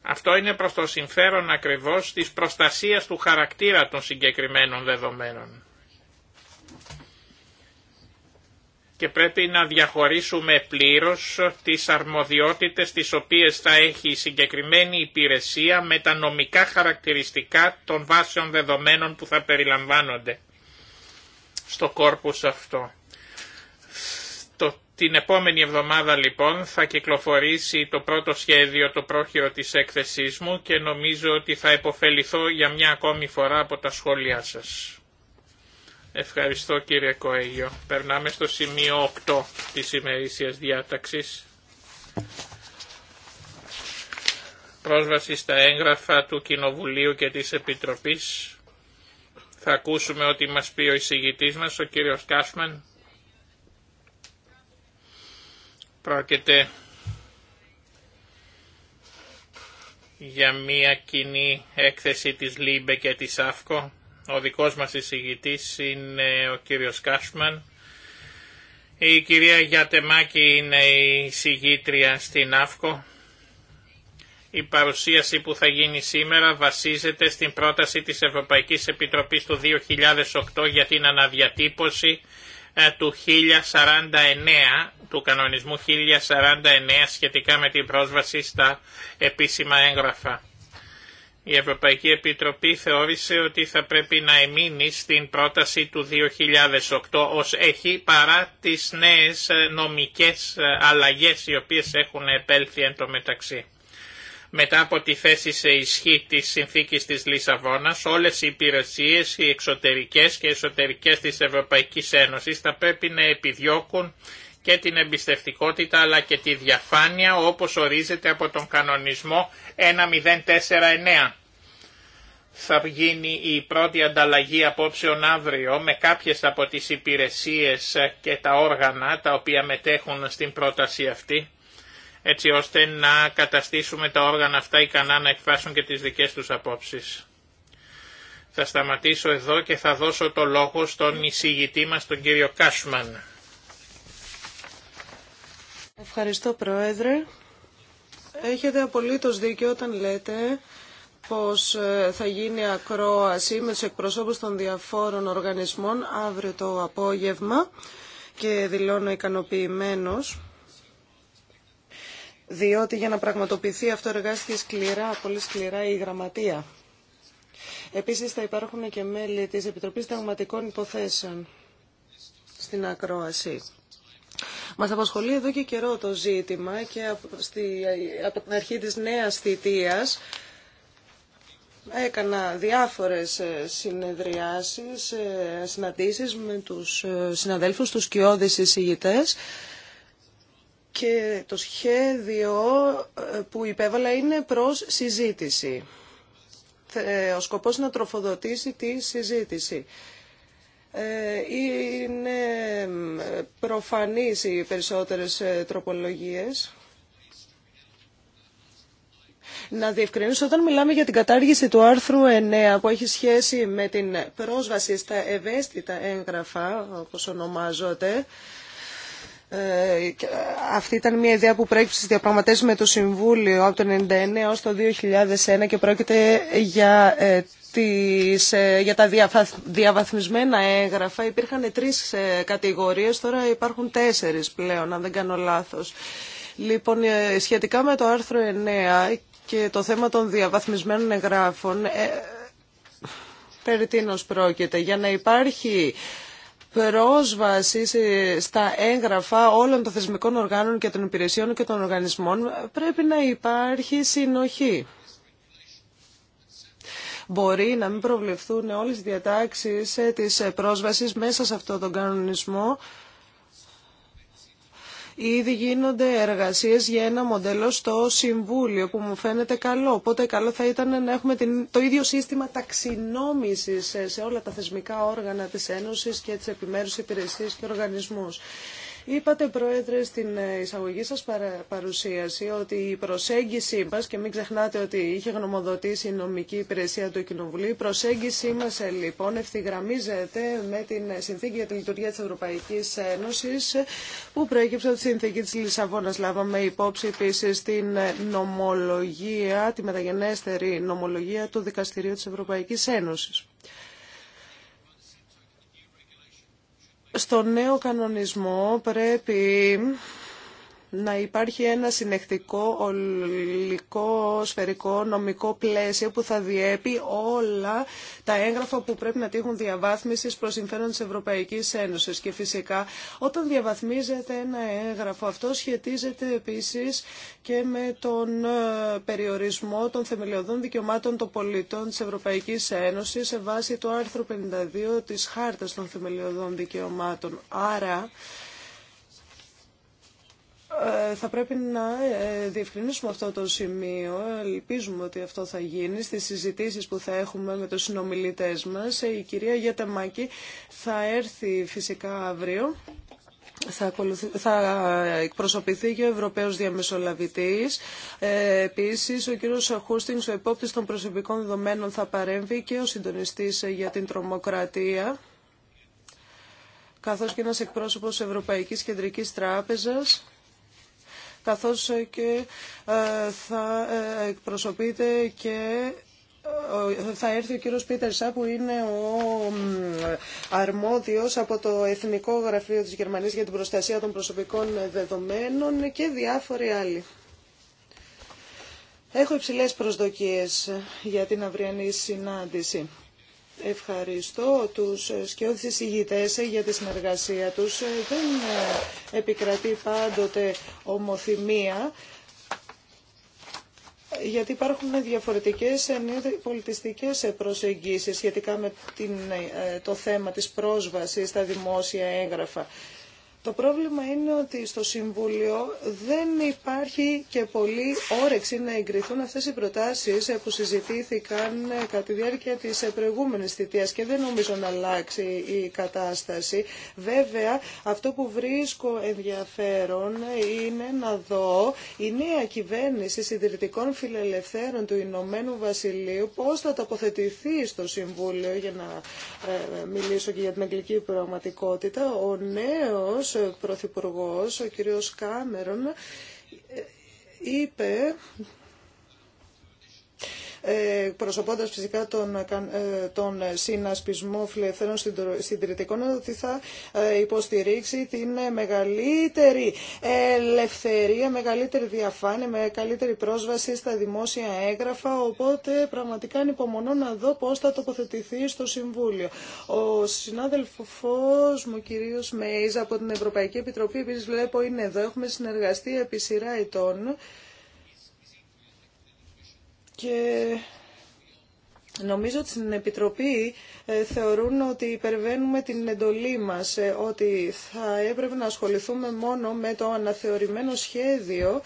Αυτό είναι προς το συμφέρον ακριβώς της προστασίας του χαρακτήρα των συγκεκριμένων δεδομένων. και πρέπει να διαχωρίσουμε πλήρως τις αρμοδιότητες τις οποίες θα έχει η συγκεκριμένη υπηρεσία με τα νομικά χαρακτηριστικά των βάσεων δεδομένων που θα περιλαμβάνονται στο κόρπους αυτό. Την επόμενη εβδομάδα λοιπόν θα κυκλοφορήσει το πρώτο σχέδιο, το πρόχειρο της έκθεσής μου και νομίζω ότι θα υποφεληθώ για μια ακόμη φορά από τα σχόλιά σας. Ευχαριστώ κύριε Κοέγιο. Περνάμε στο σημείο 8 της ημερήσιας διάταξης. Πρόσβαση στα έγγραφα του Κοινοβουλίου και της Επιτροπής. Θα ακούσουμε ότι μας πει ο εισηγητής μας, ο κύριος Κάσμαν. Πρόκειται για μια κοινή έκθεση της ΛΥΜΠΕ και της ΑΦΚΟ. Ο δικός μας εισηγητής είναι ο κύριος Κάσμαν. Η κυρία Γιατεμάκη είναι η εισηγήτρια στην ΑΦΚΟ. Η παρουσίαση που θα γίνει σήμερα βασίζεται στην πρόταση της Ευρωπαϊκής Επιτροπής του 2008 για την αναδιατύπωση ε, του 1049, του κανονισμού 1049 σχετικά με την πρόσβαση στα επίσημα έγγραφα. Η Ευρωπαϊκή Επιτροπή θεώρησε ότι θα πρέπει να εμείνει στην πρόταση του 2008 ως έχει παρά τις νέες νομικές αλλαγές οι οποίες έχουν επέλθει εν τω μεταξύ μετά από τη θέση σε ισχύ της συνθήκης της Λισαβόνας, όλες οι υπηρεσίες, οι εξωτερικές και εσωτερικές της Ευρωπαϊκής Ένωσης θα πρέπει να επιδιώκουν και την εμπιστευτικότητα αλλά και τη διαφάνεια όπως ορίζεται από τον κανονισμό 1049. Θα γίνει η πρώτη ανταλλαγή απόψεων αύριο με κάποιες από τις υπηρεσίες και τα όργανα τα οποία μετέχουν στην πρόταση αυτή έτσι ώστε να καταστήσουμε τα όργανα αυτά ικανά να εκφράσουν και τις δικές τους απόψεις. Θα σταματήσω εδώ και θα δώσω το λόγο στον εισηγητή μας, τον κύριο Κάσμαν. Ευχαριστώ Πρόεδρε. Έχετε απολύτως δίκιο όταν λέτε πως ε, θα γίνει ακρόαση με τους εκπροσώπους των διαφόρων οργανισμών αύριο το απόγευμα και δηλώνω ικανοποιημένος διότι για να πραγματοποιηθεί αυτό εργάστηκε σκληρά, πολύ σκληρά η γραμματεία. Επίσης θα υπάρχουν και μέλη της Επιτροπής Ταγματικών Υποθέσεων στην ακρόαση. Μας απασχολεί εδώ και καιρό το ζήτημα και από την αρχή της νέας θητείας Έκανα διάφορες ε, συνεδριάσεις, ε, συναντήσεις με τους ε, συναδέλφους, τους κοιόδης εισηγητές και το σχέδιο ε, που υπέβαλα είναι προς συζήτηση. Ο σκοπός να τροφοδοτήσει τη συζήτηση. Ε, είναι ε, προφανής οι περισσότερες τροπολογίες. Να διευκρινίσω, όταν μιλάμε για την κατάργηση του άρθρου 9 που έχει σχέση με την πρόσβαση στα ευαίσθητα έγγραφα, όπως ονομάζονται, ε, αυτή ήταν μια ιδέα που προέκυψε στις διαπραγματεύσεις με το Συμβούλιο από το 1999 έως το 2001 και πρόκειται για, ε, τις, ε, για τα διαβαθμισμένα έγγραφα. Υπήρχαν τρεις κατηγορίες, τώρα υπάρχουν τέσσερις πλέον, αν δεν κάνω λάθος. Λοιπόν, σχετικά με το άρθρο 9 και το θέμα των διαβαθμισμένων εγγράφων, ε, περί πρόκειται. Για να υπάρχει πρόσβαση στα έγγραφα όλων των θεσμικών οργάνων και των υπηρεσιών και των οργανισμών πρέπει να υπάρχει συνοχή. Μπορεί να μην προβλεφθούν όλες οι διατάξεις ε, της ε, πρόσβασης μέσα σε αυτό τον κανονισμό Ήδη γίνονται εργασίες για ένα μοντέλο στο Συμβούλιο που μου φαίνεται καλό. Οπότε καλό θα ήταν να έχουμε το ίδιο σύστημα ταξινόμησης σε όλα τα θεσμικά όργανα της Ένωσης και τις επιμέρους υπηρεσίες και οργανισμούς. Είπατε, Πρόεδρε, στην ε, εισαγωγή σας παρουσίαση ότι η προσέγγιση μας, και μην ξεχνάτε ότι είχε γνωμοδοτήσει η νομική υπηρεσία του Κοινοβουλίου, η προσέγγιση μας ε, λοιπόν ευθυγραμμίζεται με την Συνθήκη για τη Λειτουργία της Ευρωπαϊκής Ένωσης που προέκυψε από τη Συνθήκη της Λισαβόνας. Λάβαμε υπόψη επίση την νομολογία, τη μεταγενέστερη νομολογία του Δικαστηρίου της Ευρωπαϊκής Ένωσης. Στο νέο κανονισμό πρέπει να υπάρχει ένα συνεχτικό, ολικό, σφαιρικό, νομικό πλαίσιο που θα διέπει όλα τα έγγραφα που πρέπει να τύχουν διαβάθμιση προ συμφέρον τη Ευρωπαϊκή Ένωση. Και φυσικά, όταν διαβαθμίζεται ένα έγγραφο, αυτό σχετίζεται επίση και με τον ε, περιορισμό των θεμελιωδών δικαιωμάτων των πολιτών τη Ευρωπαϊκή Ένωση σε βάση του άρθρου 52 τη Χάρτα των Θεμελιωδών Δικαιωμάτων. Άρα, ε, θα πρέπει να ε, διευκρινίσουμε αυτό το σημείο. Ελπίζουμε ότι αυτό θα γίνει στις συζητήσεις που θα έχουμε με τους συνομιλητές μας. Ε, η κυρία Γιατεμάκη θα έρθει φυσικά αύριο. Θα, θα εκπροσωπηθεί και ο Ευρωπαίος Διαμεσολαβητής. Ε, επίσης, ο κύριος Χούστινγκς, ο επόπτης των προσωπικών δεδομένων, θα παρέμβει και ο συντονιστής για την τρομοκρατία καθώς και ένας εκπρόσωπος Ευρωπαϊκής Κεντρικής Τράπεζας καθώς και ε, θα ε, εκπροσωπείται και ε, θα έρθει ο κύριος Πίτερσα που είναι ο αρμόδιος από το Εθνικό Γραφείο της Γερμανίας για την Προστασία των Προσωπικών Δεδομένων και διάφοροι άλλοι. Έχω υψηλές προσδοκίες για την αυριανή συνάντηση. Ευχαριστώ τους σκιώδεις εισηγητές για τη συνεργασία τους. Δεν επικρατεί πάντοτε ομοθυμία γιατί υπάρχουν διαφορετικές πολιτιστικές προσεγγίσεις σχετικά με ε, το θέμα της πρόσβασης στα δημόσια έγγραφα. Το πρόβλημα είναι ότι στο Συμβούλιο δεν υπάρχει και πολύ όρεξη να εγκριθούν αυτές οι προτάσεις που συζητήθηκαν κατά τη διάρκεια της προηγούμενης θητείας και δεν νομίζω να αλλάξει η κατάσταση. Βέβαια, αυτό που βρίσκω ενδιαφέρον είναι να δω η νέα κυβέρνηση συντηρητικών φιλελευθέρων του Ηνωμένου Βασιλείου πώς θα τοποθετηθεί στο Συμβούλιο για να ε, μιλήσω και για την αγγλική πραγματικότητα. Ο νέος ο Πρωθυπουργός, ο κύριος Κάμερον, είπε ε, προσωπώντας φυσικά τον, ε, τον συνασπισμό φιλελευθέρων συντηρητικών, ότι θα ε, υποστηρίξει την μεγαλύτερη ελευθερία, μεγαλύτερη διαφάνεια, με καλύτερη πρόσβαση στα δημόσια έγγραφα, οπότε πραγματικά ανυπομονώ να δω πώς θα τοποθετηθεί στο Συμβούλιο. Ο συνάδελφος μου, κυρίως Μέιζα από την Ευρωπαϊκή Επιτροπή, επίσης βλέπω είναι εδώ, έχουμε συνεργαστεί επί σειρά ετών και Νομίζω ότι στην Επιτροπή ε, θεωρούν ότι υπερβαίνουμε την εντολή μας, ε, ότι θα έπρεπε να ασχοληθούμε μόνο με το αναθεωρημένο σχέδιο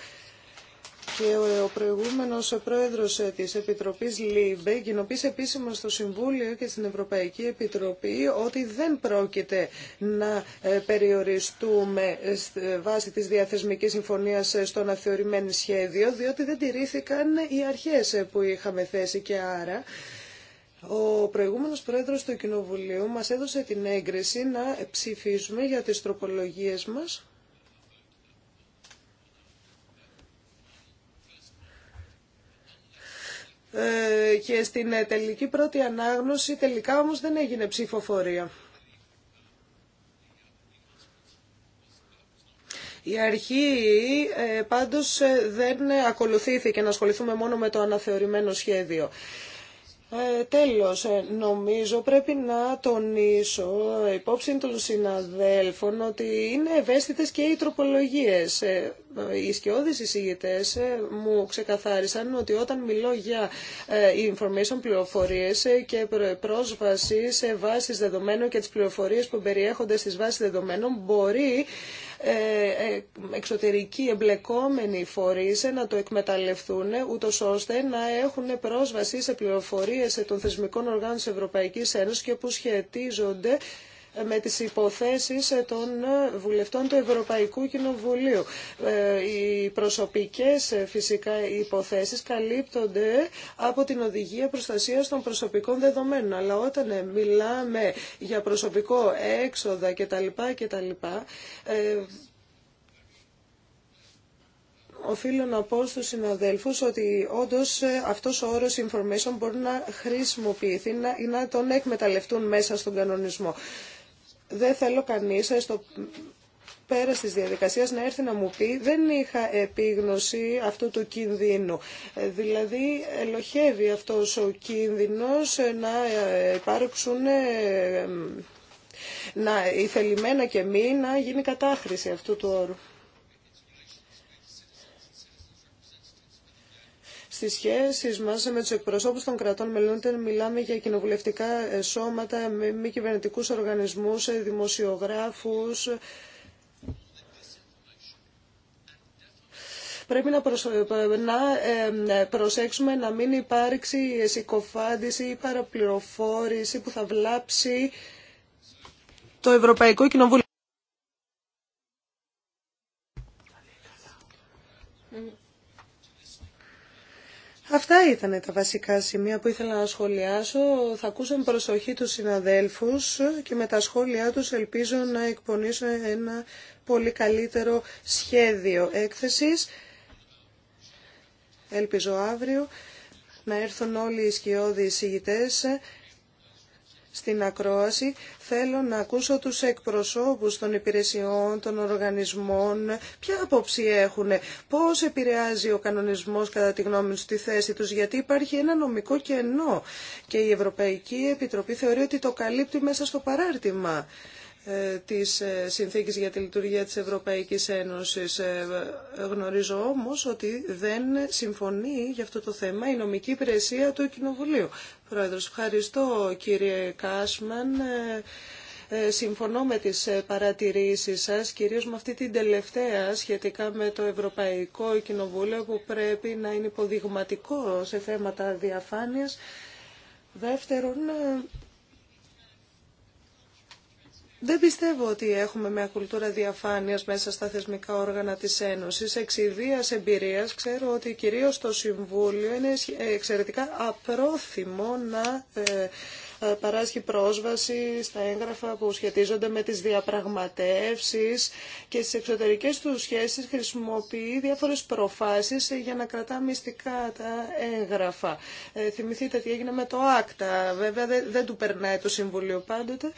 και ο προηγούμενος πρόεδρος της Επιτροπή ΛΥΜΠΕ κοινοποίησε επίσημα στο Συμβούλιο και στην Ευρωπαϊκή Επιτροπή ότι δεν πρόκειται να ε, περιοριστούμε ε, βάσει της διαθεσμική συμφωνίας στο αναθεωρημένο σχέδιο, διότι δεν τηρήθηκαν οι αρχές που είχαμε θέσει και άρα ο προηγούμενος πρόεδρος του Κοινοβουλίου μας έδωσε την έγκριση να ψηφίσουμε για τις τροπολογίες μας Ε, και στην ε, τελική πρώτη ανάγνωση τελικά όμως δεν έγινε ψηφοφορία. Η αρχή ε, πάντως δεν ακολουθήθηκε να ασχοληθούμε μόνο με το αναθεωρημένο σχέδιο. Ε, τέλος, ε, νομίζω πρέπει να τονίσω υπόψη των συναδέλφων ότι είναι ευαίσθητες και οι τροπολογίες. Ε, οι σκιώδεις εισηγητές ε, μου ξεκαθάρισαν ότι όταν μιλώ για information πληροφορίες και πρόσβαση σε βάσεις δεδομένων και τις πληροφορίες που περιέχονται στις βάσεις δεδομένων μπορεί ε, ε, εξωτερικοί εμπλεκόμενοι φορείς να το εκμεταλλευτούν, ούτω ώστε να έχουν πρόσβαση σε πληροφορίες των θεσμικών οργάνων της Ευρωπαϊκής Ένωσης και που σχετίζονται με τις υποθέσεις των βουλευτών του Ευρωπαϊκού Κοινοβουλίου. Ε, οι προσωπικές ε, φυσικά υποθέσεις καλύπτονται από την Οδηγία Προστασίας των Προσωπικών Δεδομένων. Αλλά όταν ε, μιλάμε για προσωπικό έξοδα κτλ. κτλ οφείλω να πω στους συναδέλφους ότι όντως αυτός ο όρος information μπορεί να χρησιμοποιηθεί ή να τον εκμεταλλευτούν μέσα στον κανονισμό δεν θέλω κανείς στο πέρα της διαδικασίας να έρθει να μου πει δεν είχα επίγνωση αυτού του κινδύνου. Ε, δηλαδή ελοχεύει αυτός ο κίνδυνος ε, να ε, υπάρξουν να, θελημένα και μη να γίνει κατάχρηση αυτού του όρου. Στις σχέσεις μας με τους εκπροσώπους των κρατών μελών, μιλάμε για κοινοβουλευτικά σώματα, μη κυβερνητικού οργανισμούς, ε, δημοσιογράφους, ε, πρέπει να, ε, προσέξουμε να μην υπάρξει συκοφάντηση ή παραπληροφόρηση που θα βλάψει το Ευρωπαϊκό Κοινοβούλιο. Αυτά ήταν τα βασικά σημεία που ήθελα να σχολιάσω. Θα ακούσω προσοχή τους συναδέλφους και με τα σχόλιά τους ελπίζω να εκπονήσω ένα πολύ καλύτερο σχέδιο έκθεσης. Ελπίζω αύριο να έρθουν όλοι οι σκιώδη στην ακρόαση. Θέλω να ακούσω τους εκπροσώπους των υπηρεσιών, των οργανισμών, ποια άποψη έχουν, πώς επηρεάζει ο κανονισμός κατά τη γνώμη του τη θέση τους, γιατί υπάρχει ένα νομικό κενό και η Ευρωπαϊκή Επιτροπή θεωρεί ότι το καλύπτει μέσα στο παράρτημα ε, της ε, Συνθήκης για τη Λειτουργία της Ευρωπαϊκής Ένωσης. Ε, γνωρίζω όμως ότι δεν συμφωνεί για αυτό το θέμα η νομική υπηρεσία του Κοινοβουλίου. Πρόεδρος, ευχαριστώ κύριε Κάσμαν. Ε, ε, συμφωνώ με τις ε, παρατηρήσεις σας, κυρίως με αυτή την τελευταία σχετικά με το Ευρωπαϊκό Κοινοβούλιο που πρέπει να είναι υποδειγματικό σε θέματα διαφάνειας. Δεύτερον, δεν πιστεύω ότι έχουμε μια κουλτούρα διαφάνειας μέσα στα θεσμικά όργανα της Ένωσης. ιδίας εμπειρίας ξέρω ότι κυρίως το Συμβούλιο είναι ε, εξαιρετικά απρόθυμο να ε, ε, παράσχει πρόσβαση στα έγγραφα που σχετίζονται με τις διαπραγματεύσεις και στις εξωτερικές του σχέσεις χρησιμοποιεί διάφορες προφάσεις για να κρατά μυστικά τα έγγραφα. θυμηθείτε τι έγινε με το άκτα. Βέβαια δεν του περνάει το Συμβούλιο πάντοτε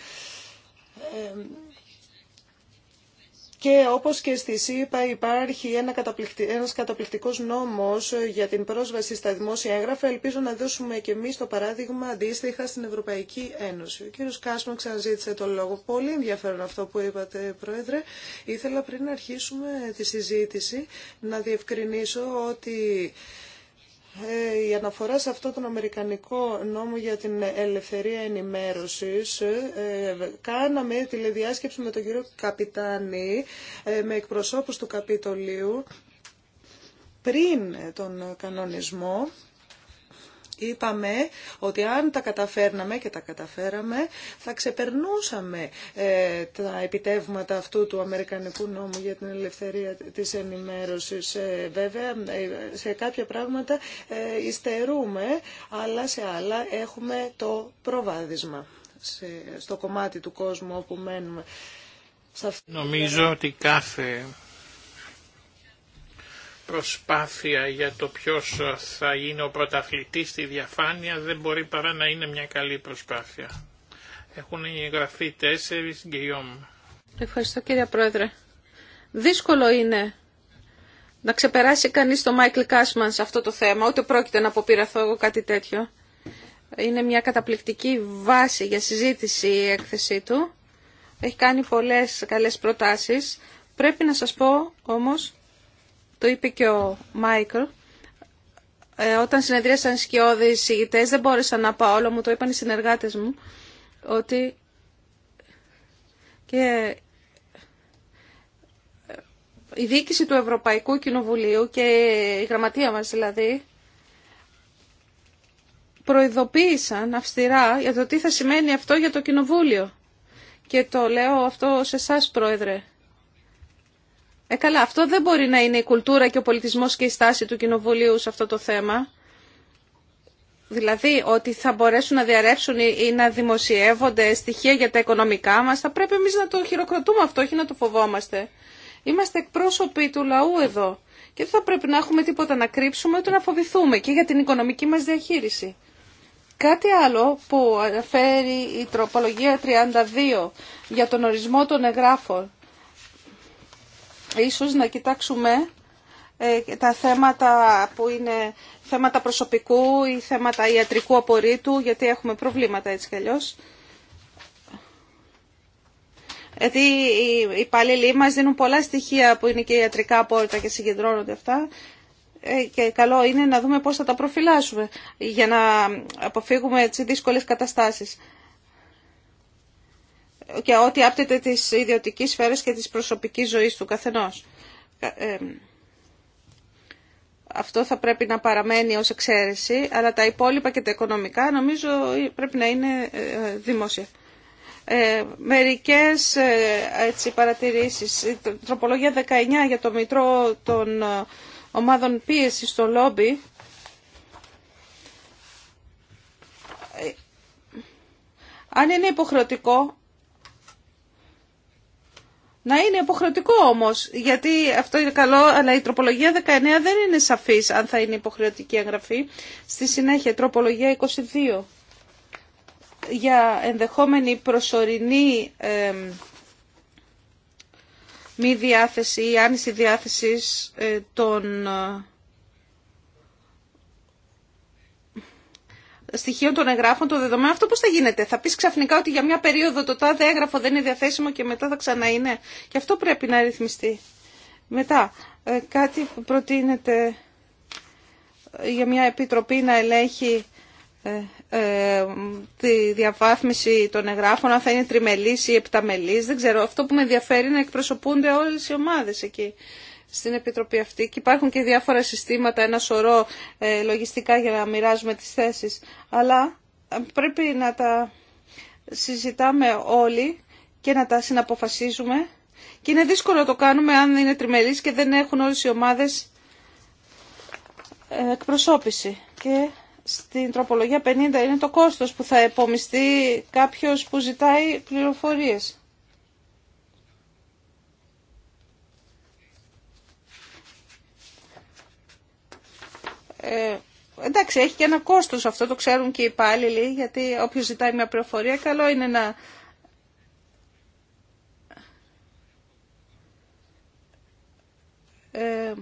και όπως και στη ΣΥΠΑ υπάρχει ένα καταπληκτι... ένας καταπληκτικός νόμος για την πρόσβαση στα δημόσια έγγραφα. Ελπίζω να δώσουμε και εμείς το παράδειγμα αντίστοιχα στην Ευρωπαϊκή Ένωση. Ο κύριος Κάσμα ξαναζήτησε το λόγο. Πολύ ενδιαφέρον αυτό που είπατε, Πρόεδρε. Ήθελα πριν αρχίσουμε τη συζήτηση να διευκρινίσω ότι... Ε, η αναφορά σε αυτό τον Αμερικανικό νόμο για την ελευθερία ενημέρωσης ε, κάναμε τηλεδιάσκεψη με τον κύριο Καπιτάνη ε, με εκπροσώπους του Καπιτολίου πριν τον κανονισμό Είπαμε ότι αν τα καταφέρναμε και τα καταφέραμε θα ξεπερνούσαμε ε, τα επιτεύγματα αυτού του Αμερικανικού νόμου για την ελευθερία της ενημέρωσης. Ε, βέβαια ε, σε κάποια πράγματα ε, αλλά σε άλλα έχουμε το προβάδισμα στο κομμάτι του κόσμου όπου μένουμε. Νομίζω ότι κάθε προσπάθεια για το ποιος ε, θα είναι ο πρωταθλητής στη διαφάνεια δεν μπορεί παρά να είναι μια καλή προσπάθεια. Έχουν εγγραφεί τέσσερις γκυόμ. Ευχαριστώ κύριε Πρόεδρε. Δύσκολο είναι να ξεπεράσει κανείς το Μάικλ Κάσμαν σε αυτό το θέμα, ούτε πρόκειται να αποπειραθώ εγώ κάτι τέτοιο. Είναι μια καταπληκτική βάση για συζήτηση η έκθεσή του. Έχει κάνει πολλές καλές προτάσεις. Πρέπει να σας πω όμως το είπε και ο Μάικλ, ε, όταν συνεδρίασαν οι ηγητές, δεν μπόρεσα να πάω όλο μου, το είπαν οι συνεργάτες μου, ότι και ε, η διοίκηση του Ευρωπαϊκού Κοινοβουλίου και η γραμματεία μας δηλαδή, προειδοποίησαν αυστηρά για το τι θα σημαίνει αυτό για το Κοινοβούλιο. Και το λέω αυτό σε εσά, Πρόεδρε. Ε, καλά, αυτό δεν μπορεί να είναι η κουλτούρα και ο πολιτισμός και η στάση του Κοινοβουλίου σε αυτό το θέμα. Δηλαδή ότι θα μπορέσουν να διαρρεύσουν ή να δημοσιεύονται στοιχεία για τα οικονομικά μας. Θα πρέπει εμείς να το χειροκροτούμε αυτό, όχι να το φοβόμαστε. Είμαστε εκπρόσωποι του λαού εδώ και δεν θα πρέπει να έχουμε τίποτα να κρύψουμε ούτε να φοβηθούμε και για την οικονομική μας διαχείριση. Κάτι άλλο που αναφέρει η τροπολογία 32 για τον ορισμό των εγγράφων ίσως να κοιτάξουμε ε, τα θέματα που είναι θέματα προσωπικού ή θέματα ιατρικού απορρίτου, γιατί έχουμε προβλήματα έτσι κι αλλιώς. Γιατί οι υπαλλήλοι μας δίνουν πολλά στοιχεία που είναι και ιατρικά απόρριτα και συγκεντρώνονται αυτά ε, και καλό είναι να δούμε πώς θα τα προφυλάσσουμε για να αποφύγουμε έτσι δύσκολες καταστάσεις και ό,τι άπτεται της ιδιωτικής σφαίρας και της προσωπικής ζωής του καθενός. Αυτό θα πρέπει να παραμένει ως εξαίρεση, αλλά τα υπόλοιπα και τα οικονομικά νομίζω ε, πρέπει να είναι ε, δημόσια. Ε, μερικές ε, έτσι, παρατηρήσεις. τροπολογία 19 για το Μητρό των Ομάδων Πίεσης στο Λόμπι αν είναι υποχρεωτικό να είναι υποχρεωτικό όμως, γιατί αυτό είναι καλό, αλλά η τροπολογία 19 δεν είναι σαφής αν θα είναι υποχρεωτική εγγραφή. Στη συνέχεια, τροπολογία 22 για ενδεχόμενη προσωρινή μη διάθεση ή άνηση διάθεσης ε, των ε, στοιχείων των εγγράφων, το δεδομένο αυτό πώς θα γίνεται. Θα πεις ξαφνικά ότι για μια περίοδο το τάδε έγγραφο δεν είναι διαθέσιμο και μετά θα ξανά είναι. Και αυτό πρέπει να ρυθμιστεί. Μετά, ε, κάτι που προτείνεται ε, για μια επιτροπή να ελέγχει ε, ε, τη διαβάθμιση των εγγράφων, αν θα είναι τριμελής ή επταμελής, δεν ξέρω. Αυτό που με ενδιαφέρει είναι να εκπροσωπούνται όλες οι ομάδες εκεί στην Επιτροπή αυτή και υπάρχουν και διάφορα συστήματα, ένα σωρό ε, λογιστικά για να μοιράζουμε τις θέσεις. Αλλά ε, πρέπει να τα συζητάμε όλοι και να τα συναποφασίζουμε και είναι δύσκολο να το κάνουμε αν είναι τριμελής και δεν έχουν όλες οι ομάδες ε, εκπροσώπηση. Και στην τροπολογία 50 είναι το κόστος που θα επομιστεί κάποιος που ζητάει πληροφορίες. Ε, εντάξει, έχει και ένα κόστος αυτό, το ξέρουν και οι υπάλληλοι, γιατί όποιο ζητάει μια πληροφορία, καλό είναι να... Ε,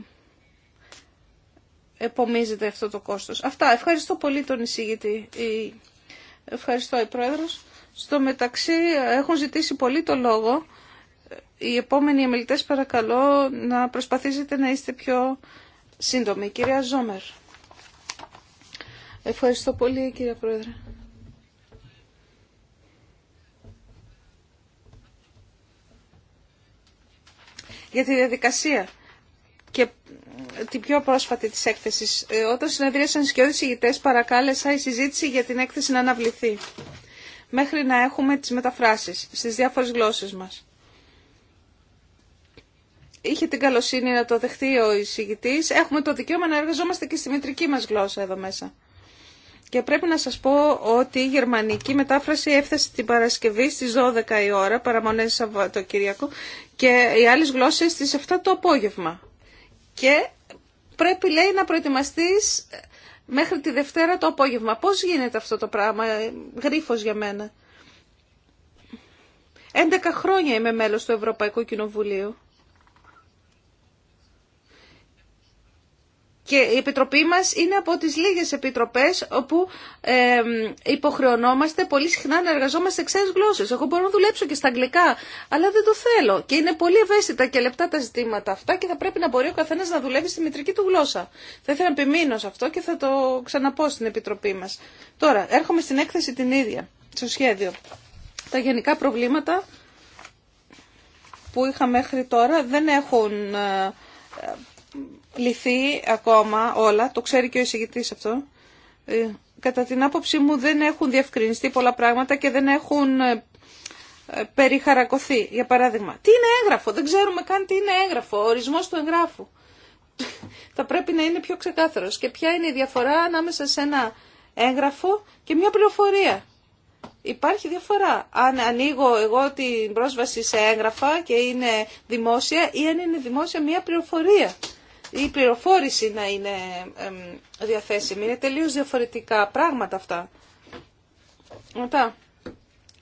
επομίζεται αυτό το κόστος. Αυτά. Ευχαριστώ πολύ τον εισηγητή. Ευχαριστώ η Πρόεδρος. Στο μεταξύ έχουν ζητήσει πολύ το λόγο. Οι επόμενοι εμιλητές παρακαλώ να προσπαθήσετε να είστε πιο σύντομοι. Κυρία Ζόμερ. Ευχαριστώ πολύ κύριε Πρόεδρε. Για τη διαδικασία και την πιο πρόσφατη της έκθεσης. Ε, όταν συνεδρίασαν οι σκιώδεις ηγητές παρακάλεσα η συζήτηση για την έκθεση να αναβληθεί μέχρι να έχουμε τις μεταφράσεις στις διάφορες γλώσσες μας. Είχε την καλοσύνη να το δεχτεί ο εισηγητής. Έχουμε το δικαίωμα να εργαζόμαστε και στη μητρική μας γλώσσα εδώ μέσα. Και πρέπει να σας πω ότι η γερμανική μετάφραση έφτασε την Παρασκευή στις 12 η ώρα, παραμονές Σαββατοκύριακο, και οι άλλες γλώσσες στις 7 το απόγευμα. Και πρέπει, λέει, να προετοιμαστείς μέχρι τη Δευτέρα το απόγευμα. Πώς γίνεται αυτό το πράγμα, ε, γρίφος για μένα. 11 χρόνια είμαι μέλος του Ευρωπαϊκού Κοινοβουλίου. Και η Επιτροπή μας είναι από τις λίγες επιτροπές όπου ε, υποχρεωνόμαστε πολύ συχνά να εργαζόμαστε σε ξένες γλώσσες. Εγώ μπορώ να δουλέψω και στα αγγλικά, αλλά δεν το θέλω. Και είναι πολύ ευαίσθητα και λεπτά τα ζητήματα αυτά και θα πρέπει να μπορεί ο καθένας να δουλεύει στη μητρική του γλώσσα. Θα ήθελα να επιμείνω σε αυτό και θα το ξαναπώ στην Επιτροπή μας. Τώρα, έρχομαι στην έκθεση την ίδια, στο σχέδιο. Τα γενικά προβλήματα που είχα μέχρι τώρα δεν έχουν ε, λυθεί ακόμα όλα, το ξέρει και ο εισηγητής αυτό. Ε, κατά την άποψή μου δεν έχουν διευκρινιστεί πολλά πράγματα και δεν έχουν ε, ε, περιχαρακωθεί. Για παράδειγμα, τι είναι έγγραφο, δεν ξέρουμε καν τι είναι έγγραφο, ο ορισμός του εγγράφου. Θα πρέπει να είναι πιο ξεκάθαρος. Και ποια είναι η διαφορά ανάμεσα σε ένα έγγραφο και μια πληροφορία. Υπάρχει διαφορά. Αν ανοίγω εγώ την πρόσβαση σε έγγραφα και είναι δημόσια ή αν είναι δημόσια μια πληροφορία η πληροφόρηση να είναι διαθέσιμη. Είναι τελείως διαφορετικά πράγματα αυτά. Μετά,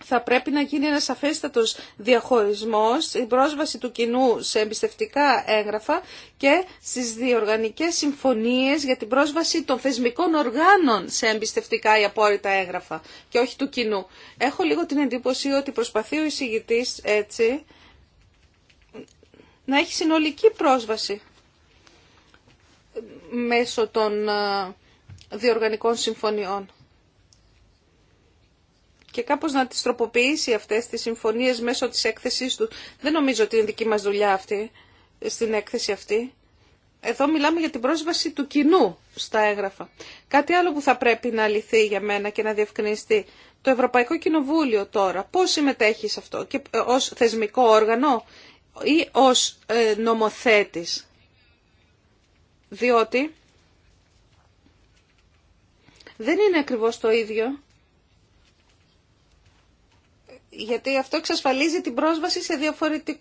θα πρέπει να γίνει ένας αφέστατος διαχωρισμός, η πρόσβαση του κοινού σε εμπιστευτικά έγγραφα και στις διοργανικές συμφωνίες για την πρόσβαση των θεσμικών οργάνων σε εμπιστευτικά ή απόρριτα έγγραφα και όχι του κοινού. Έχω λίγο την εντύπωση ότι προσπαθεί ο εισηγητής έτσι να έχει συνολική πρόσβαση μέσω των ε, διοργανικών συμφωνιών. Και κάπως να τις τροποποιήσει αυτές τις συμφωνίες μέσω της έκθεσής του. Δεν νομίζω ότι είναι δική μας δουλειά αυτή, στην έκθεση αυτή. Εδώ μιλάμε για την πρόσβαση του κοινού στα έγγραφα. Κάτι άλλο που θα πρέπει να λυθεί για μένα και να διευκρινιστεί. Το Ευρωπαϊκό Κοινοβούλιο τώρα πώς συμμετέχει σε αυτό και ε, ως θεσμικό όργανο ή ως ε, νομοθέτης διότι δεν είναι ακριβώς το ίδιο γιατί αυτό εξασφαλίζει την πρόσβαση σε διαφορετικά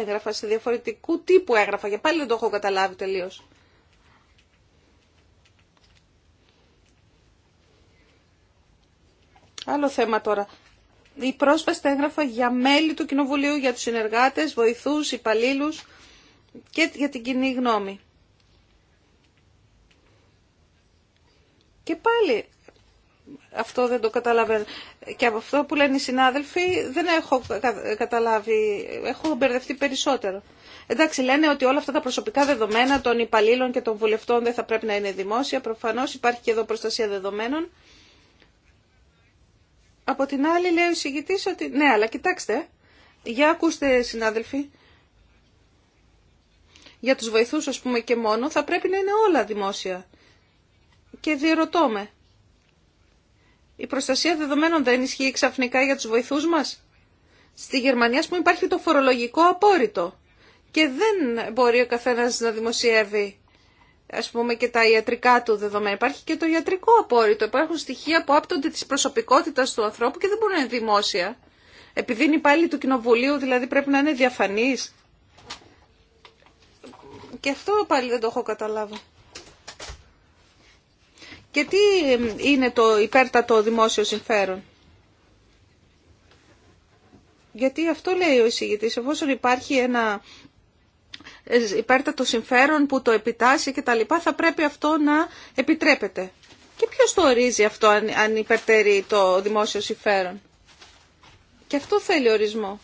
έγγραφα, σε διαφορετικού τύπου έγγραφα. Για πάλι δεν το έχω καταλάβει τελείως. Άλλο θέμα τώρα. Η πρόσβαση στα έγγραφα για μέλη του Κοινοβουλίου, για τους συνεργάτες, βοηθούς, υπαλλήλους και για την κοινή γνώμη. Και πάλι αυτό δεν το καταλαβαίνω. Και από αυτό που λένε οι συνάδελφοι δεν έχω καταλάβει, έχω μπερδευτεί περισσότερο. Εντάξει, λένε ότι όλα αυτά τα προσωπικά δεδομένα των υπαλλήλων και των βουλευτών δεν θα πρέπει να είναι δημόσια. Προφανώ υπάρχει και εδώ προστασία δεδομένων. Από την άλλη λέει ο εισηγητή ότι. Ναι, αλλά κοιτάξτε. Για ακούστε, συνάδελφοι. Για τους βοηθούς, ας πούμε, και μόνο, θα πρέπει να είναι όλα δημόσια και διερωτώ με. Η προστασία δεδομένων δεν ισχύει ξαφνικά για τους βοηθούς μας. Στη Γερμανία, που υπάρχει το φορολογικό απόρριτο και δεν μπορεί ο καθένας να δημοσιεύει ας πούμε και τα ιατρικά του δεδομένα. Υπάρχει και το ιατρικό απόρριτο. Υπάρχουν στοιχεία που άπτονται της προσωπικότητας του ανθρώπου και δεν μπορούν να είναι δημόσια. Επειδή είναι υπάλληλοι του κοινοβουλίου, δηλαδή πρέπει να είναι διαφανείς. Και αυτό πάλι δεν το έχω καταλάβει. Και τι είναι το υπέρτατο δημόσιο συμφέρον. Γιατί αυτό λέει ο εισηγητής, εφόσον υπάρχει ένα ε, υπέρτατο συμφέρον που το επιτάσσει και τα λοιπά, θα πρέπει αυτό να επιτρέπεται. Και ποιος το ορίζει αυτό αν υπερτερεί το δημόσιο συμφέρον. Και αυτό θέλει ορισμό.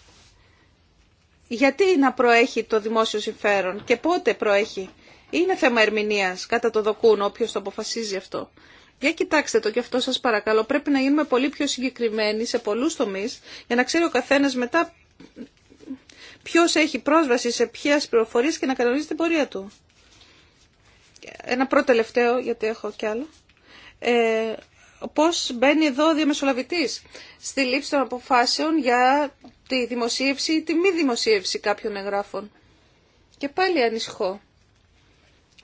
Γιατί να προέχει το δημόσιο συμφέρον και πότε προέχει. Είναι θέμα ερμηνεία κατά το δοκούν όποιο το αποφασίζει αυτό. Για κοιτάξτε το και αυτό σα παρακαλώ. Πρέπει να γίνουμε πολύ πιο συγκεκριμένοι σε πολλού τομεί για να ξέρει ο καθένα μετά ποιο έχει πρόσβαση σε ποιε πληροφορίε και να κανονίζει την πορεία του. Ένα πρώτο τελευταίο, γιατί έχω κι άλλο. Ε, πώς μπαίνει εδώ ο διαμεσολαβητή στη λήψη των αποφάσεων για τη δημοσίευση ή τη μη δημοσίευση κάποιων εγγράφων. Και πάλι ανησυχώ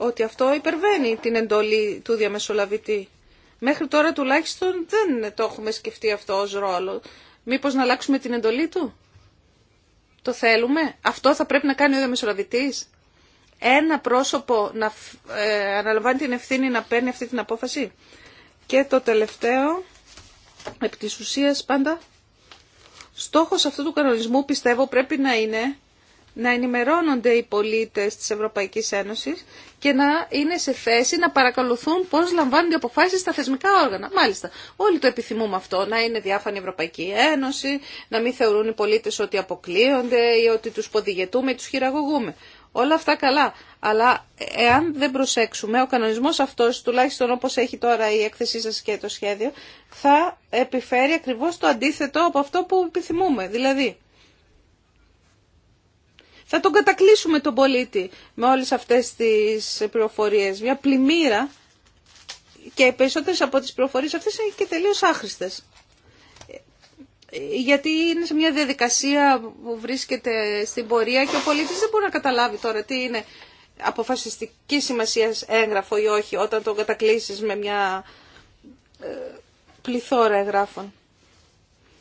ότι αυτό υπερβαίνει την εντολή του διαμεσολαβητή. Μέχρι τώρα τουλάχιστον δεν το έχουμε σκεφτεί αυτό ως ρόλο. Μήπως να αλλάξουμε την εντολή του. Το θέλουμε. Αυτό θα πρέπει να κάνει ο διαμεσολαβητής. Ένα πρόσωπο να ε, αναλαμβάνει την ευθύνη να παίρνει αυτή την απόφαση. Και το τελευταίο, επί της ουσίας πάντα, στόχος αυτού του κανονισμού πιστεύω πρέπει να είναι να ενημερώνονται οι πολίτες της Ευρωπαϊκής Ένωσης και να είναι σε θέση να παρακολουθούν πώς λαμβάνονται οι αποφάσεις στα θεσμικά όργανα. Μάλιστα, όλοι το επιθυμούμε αυτό, να είναι διάφανη η Ευρωπαϊκή Ένωση, να μην θεωρούν οι πολίτες ότι αποκλείονται ή ότι τους ποδηγετούμε ή τους χειραγωγούμε. Όλα αυτά καλά, αλλά εάν δεν προσέξουμε, ο κανονισμός αυτός, τουλάχιστον όπως έχει τώρα η έκθεσή σας και το σχέδιο, θα επιφέρει ακριβώς το αντίθετο από αυτό που επιθυμούμε. Δηλαδή, θα τον κατακλείσουμε τον πολίτη με όλες αυτές τις πληροφορίες. Μια πλημμύρα και οι από τις πληροφορίες αυτές είναι και τελείως άχρηστες. Γιατί είναι σε μια διαδικασία που βρίσκεται στην πορεία και ο πολίτης δεν μπορεί να καταλάβει τώρα τι είναι αποφασιστική σημασία έγγραφο ή όχι όταν τον κατακλείσεις με μια ε, πληθώρα εγγράφων.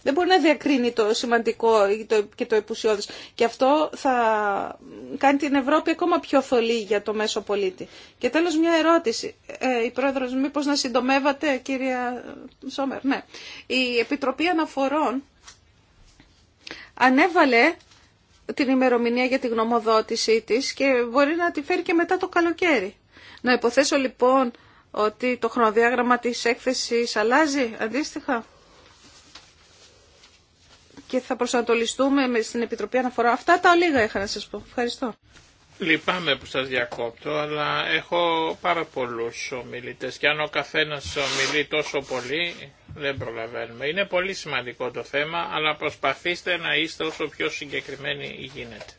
Δεν μπορεί να διακρίνει το σημαντικό και το επουσιώδης. Και αυτό θα κάνει την Ευρώπη ακόμα πιο θολή για το μέσο πολίτη. Και τέλος μια ερώτηση. Ε, η πρόεδρος, μήπως να συντομεύατε, κυρία Σόμερ. Ναι. Η Επιτροπή Αναφορών ανέβαλε την ημερομηνία για τη γνωμοδότησή της και μπορεί να τη φέρει και μετά το καλοκαίρι. Να υποθέσω λοιπόν ότι το χρονοδιάγραμμα της έκθεσης αλλάζει αντίστοιχα και θα προσανατολιστούμε στην Επιτροπή Αναφορά. Αυτά τα λίγα είχα να σας πω. Ευχαριστώ. Λυπάμαι που σας διακόπτω, αλλά έχω πάρα πολλούς ομιλητές και αν ο καθένας ομιλεί τόσο πολύ δεν προλαβαίνουμε. Είναι πολύ σημαντικό το θέμα, αλλά προσπαθήστε να είστε όσο πιο συγκεκριμένοι γίνεται.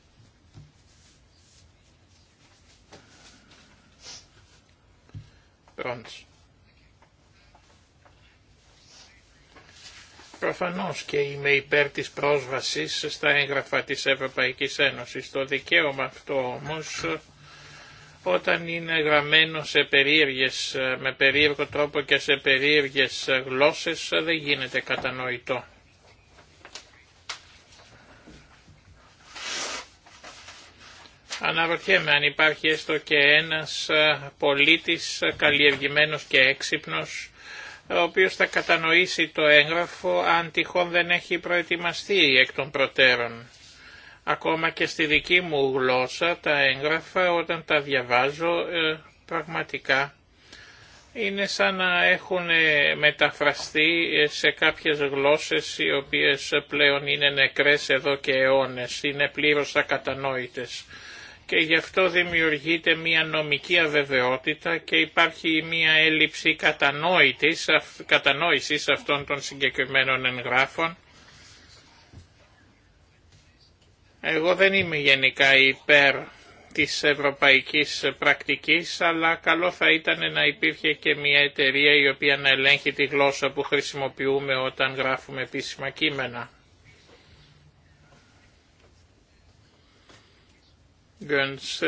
Πρόντς. Προφανώς και είμαι υπέρ της πρόσβασης στα έγγραφα της Ευρωπαϊκής Ένωσης. Το δικαίωμα αυτό όμως όταν είναι γραμμένο σε περίεργες, με περίεργο τρόπο και σε περίεργες γλώσσες δεν γίνεται κατανοητό. Αναρωτιέμαι αν υπάρχει έστω και ένας πολίτης καλλιεργημένος και έξυπνος ο οποίος θα κατανοήσει το έγγραφο αν τυχόν δεν έχει προετοιμαστεί εκ των προτέρων. Ακόμα και στη δική μου γλώσσα τα έγγραφα όταν τα διαβάζω ε, πραγματικά είναι σαν να έχουν ε, μεταφραστεί ε, σε κάποιες γλώσσες οι οποίες πλέον είναι νεκρές εδώ και αιώνες, είναι πλήρως ακατανόητες και γι' αυτό δημιουργείται μια νομική αβεβαιότητα και υπάρχει μια έλλειψη κατανόησης αυτών των συγκεκριμένων εγγράφων. Εγώ δεν είμαι γενικά υπέρ της ευρωπαϊκής πρακτικής, αλλά καλό θα ήταν να υπήρχε και μια εταιρεία η οποία να ελέγχει τη γλώσσα που χρησιμοποιούμε όταν γράφουμε επίσημα κείμενα.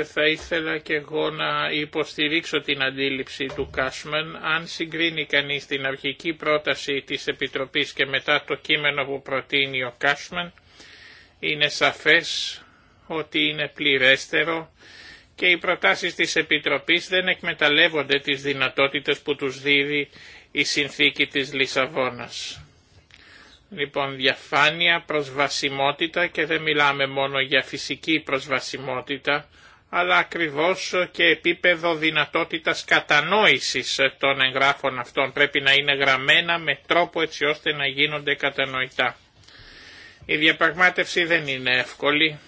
θα ήθελα και εγώ να υποστηρίξω την αντίληψη του Κάσμαν. Αν συγκρίνει κανείς την αρχική πρόταση της Επιτροπής και μετά το κείμενο που προτείνει ο Κάσμαν, είναι σαφές ότι είναι πληρέστερο και οι προτάσεις της Επιτροπής δεν εκμεταλλεύονται τις δυνατότητες που τους δίδει η συνθήκη της Λισαβόνας. Λοιπόν, διαφάνεια, προσβασιμότητα και δεν μιλάμε μόνο για φυσική προσβασιμότητα, αλλά ακριβώς και επίπεδο δυνατότητας κατανόησης των εγγράφων αυτών πρέπει να είναι γραμμένα με τρόπο έτσι ώστε να γίνονται κατανοητά. Η διαπραγμάτευση δεν είναι εύκολη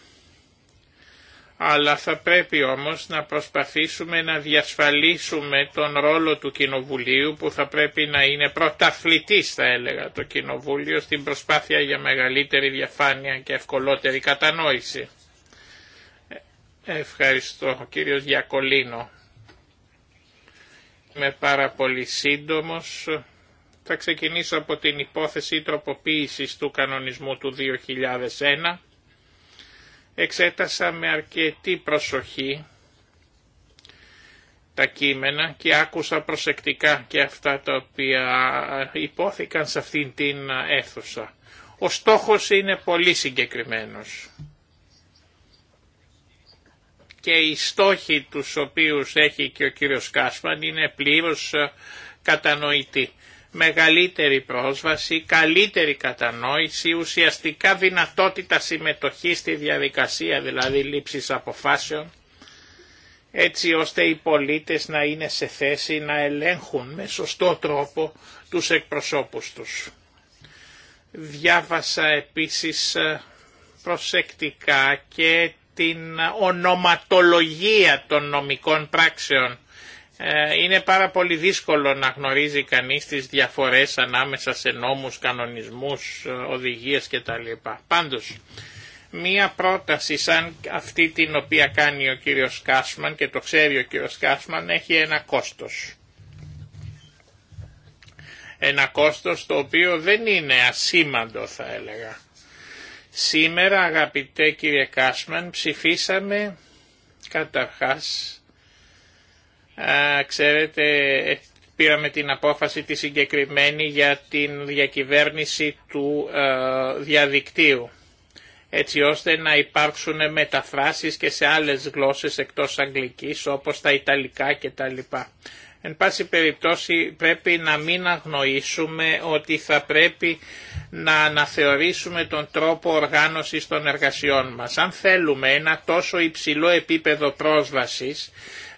αλλά θα πρέπει όμως να προσπαθήσουμε να διασφαλίσουμε τον ρόλο του Κοινοβουλίου που θα πρέπει να είναι πρωταθλητής θα έλεγα το Κοινοβούλιο στην προσπάθεια για μεγαλύτερη διαφάνεια και ευκολότερη κατανόηση. Ευχαριστώ κύριος Γιακολίνο. Είμαι πάρα πολύ σύντομος. Θα ξεκινήσω από την υπόθεση τροποποίησης του κανονισμού του 2001 εξέτασα με αρκετή προσοχή τα κείμενα και άκουσα προσεκτικά και αυτά τα οποία υπόθηκαν σε αυτήν την αίθουσα. Ο στόχος είναι πολύ συγκεκριμένος και οι στόχοι τους οποίους έχει και ο κύριος Κάσμαν είναι πλήρως κατανοητοί μεγαλύτερη πρόσβαση, καλύτερη κατανόηση, ουσιαστικά δυνατότητα συμμετοχής στη διαδικασία, δηλαδή λήψης αποφάσεων, έτσι ώστε οι πολίτες να είναι σε θέση να ελέγχουν με σωστό τρόπο τους εκπροσώπους τους. Διάβασα επίσης ε, προσεκτικά και την ονοματολογία των νομικών πράξεων ε, είναι πάρα πολύ δύσκολο να γνωρίζει κανείς τις διαφορές ανάμεσα σε νόμους, κανονισμούς, ε, οδηγίες κτλ. Πάντως, μία πρόταση σαν αυτή την οποία κάνει ο κύριος Κάσμαν και το ξέρει ο κύριος Κάσμαν έχει ένα κόστος. Ένα κόστος το οποίο δεν είναι ασήμαντο θα έλεγα. Σήμερα αγαπητέ κύριε Κάσμαν ψηφίσαμε καταρχάς Ξέρετε, πήραμε την απόφαση τη συγκεκριμένη για την διακυβέρνηση του ε, διαδικτύου έτσι ώστε να υπάρξουν μεταφράσεις και σε άλλες γλώσσες εκτός αγγλικής όπως τα Ιταλικά κτλ. Εν πάση περιπτώσει πρέπει να μην αγνοήσουμε ότι θα πρέπει να αναθεωρήσουμε τον τρόπο οργάνωσης των εργασιών μας. Αν θέλουμε ένα τόσο υψηλό επίπεδο πρόσβασης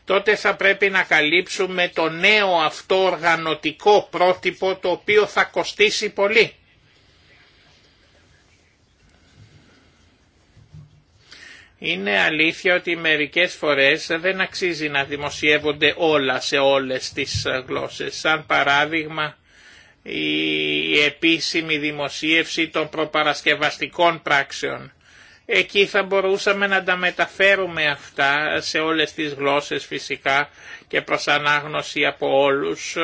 τότε θα πρέπει να καλύψουμε το νέο αυτό οργανωτικό πρότυπο το οποίο θα κοστίσει πολύ. Είναι αλήθεια ότι μερικές φορές δεν αξίζει να δημοσιεύονται όλα σε όλες τις γλώσσες. Σαν παράδειγμα η επίσημη δημοσίευση των προπαρασκευαστικών πράξεων Εκεί θα μπορούσαμε να τα μεταφέρουμε αυτά σε όλες τις γλώσσες φυσικά και προς ανάγνωση από όλους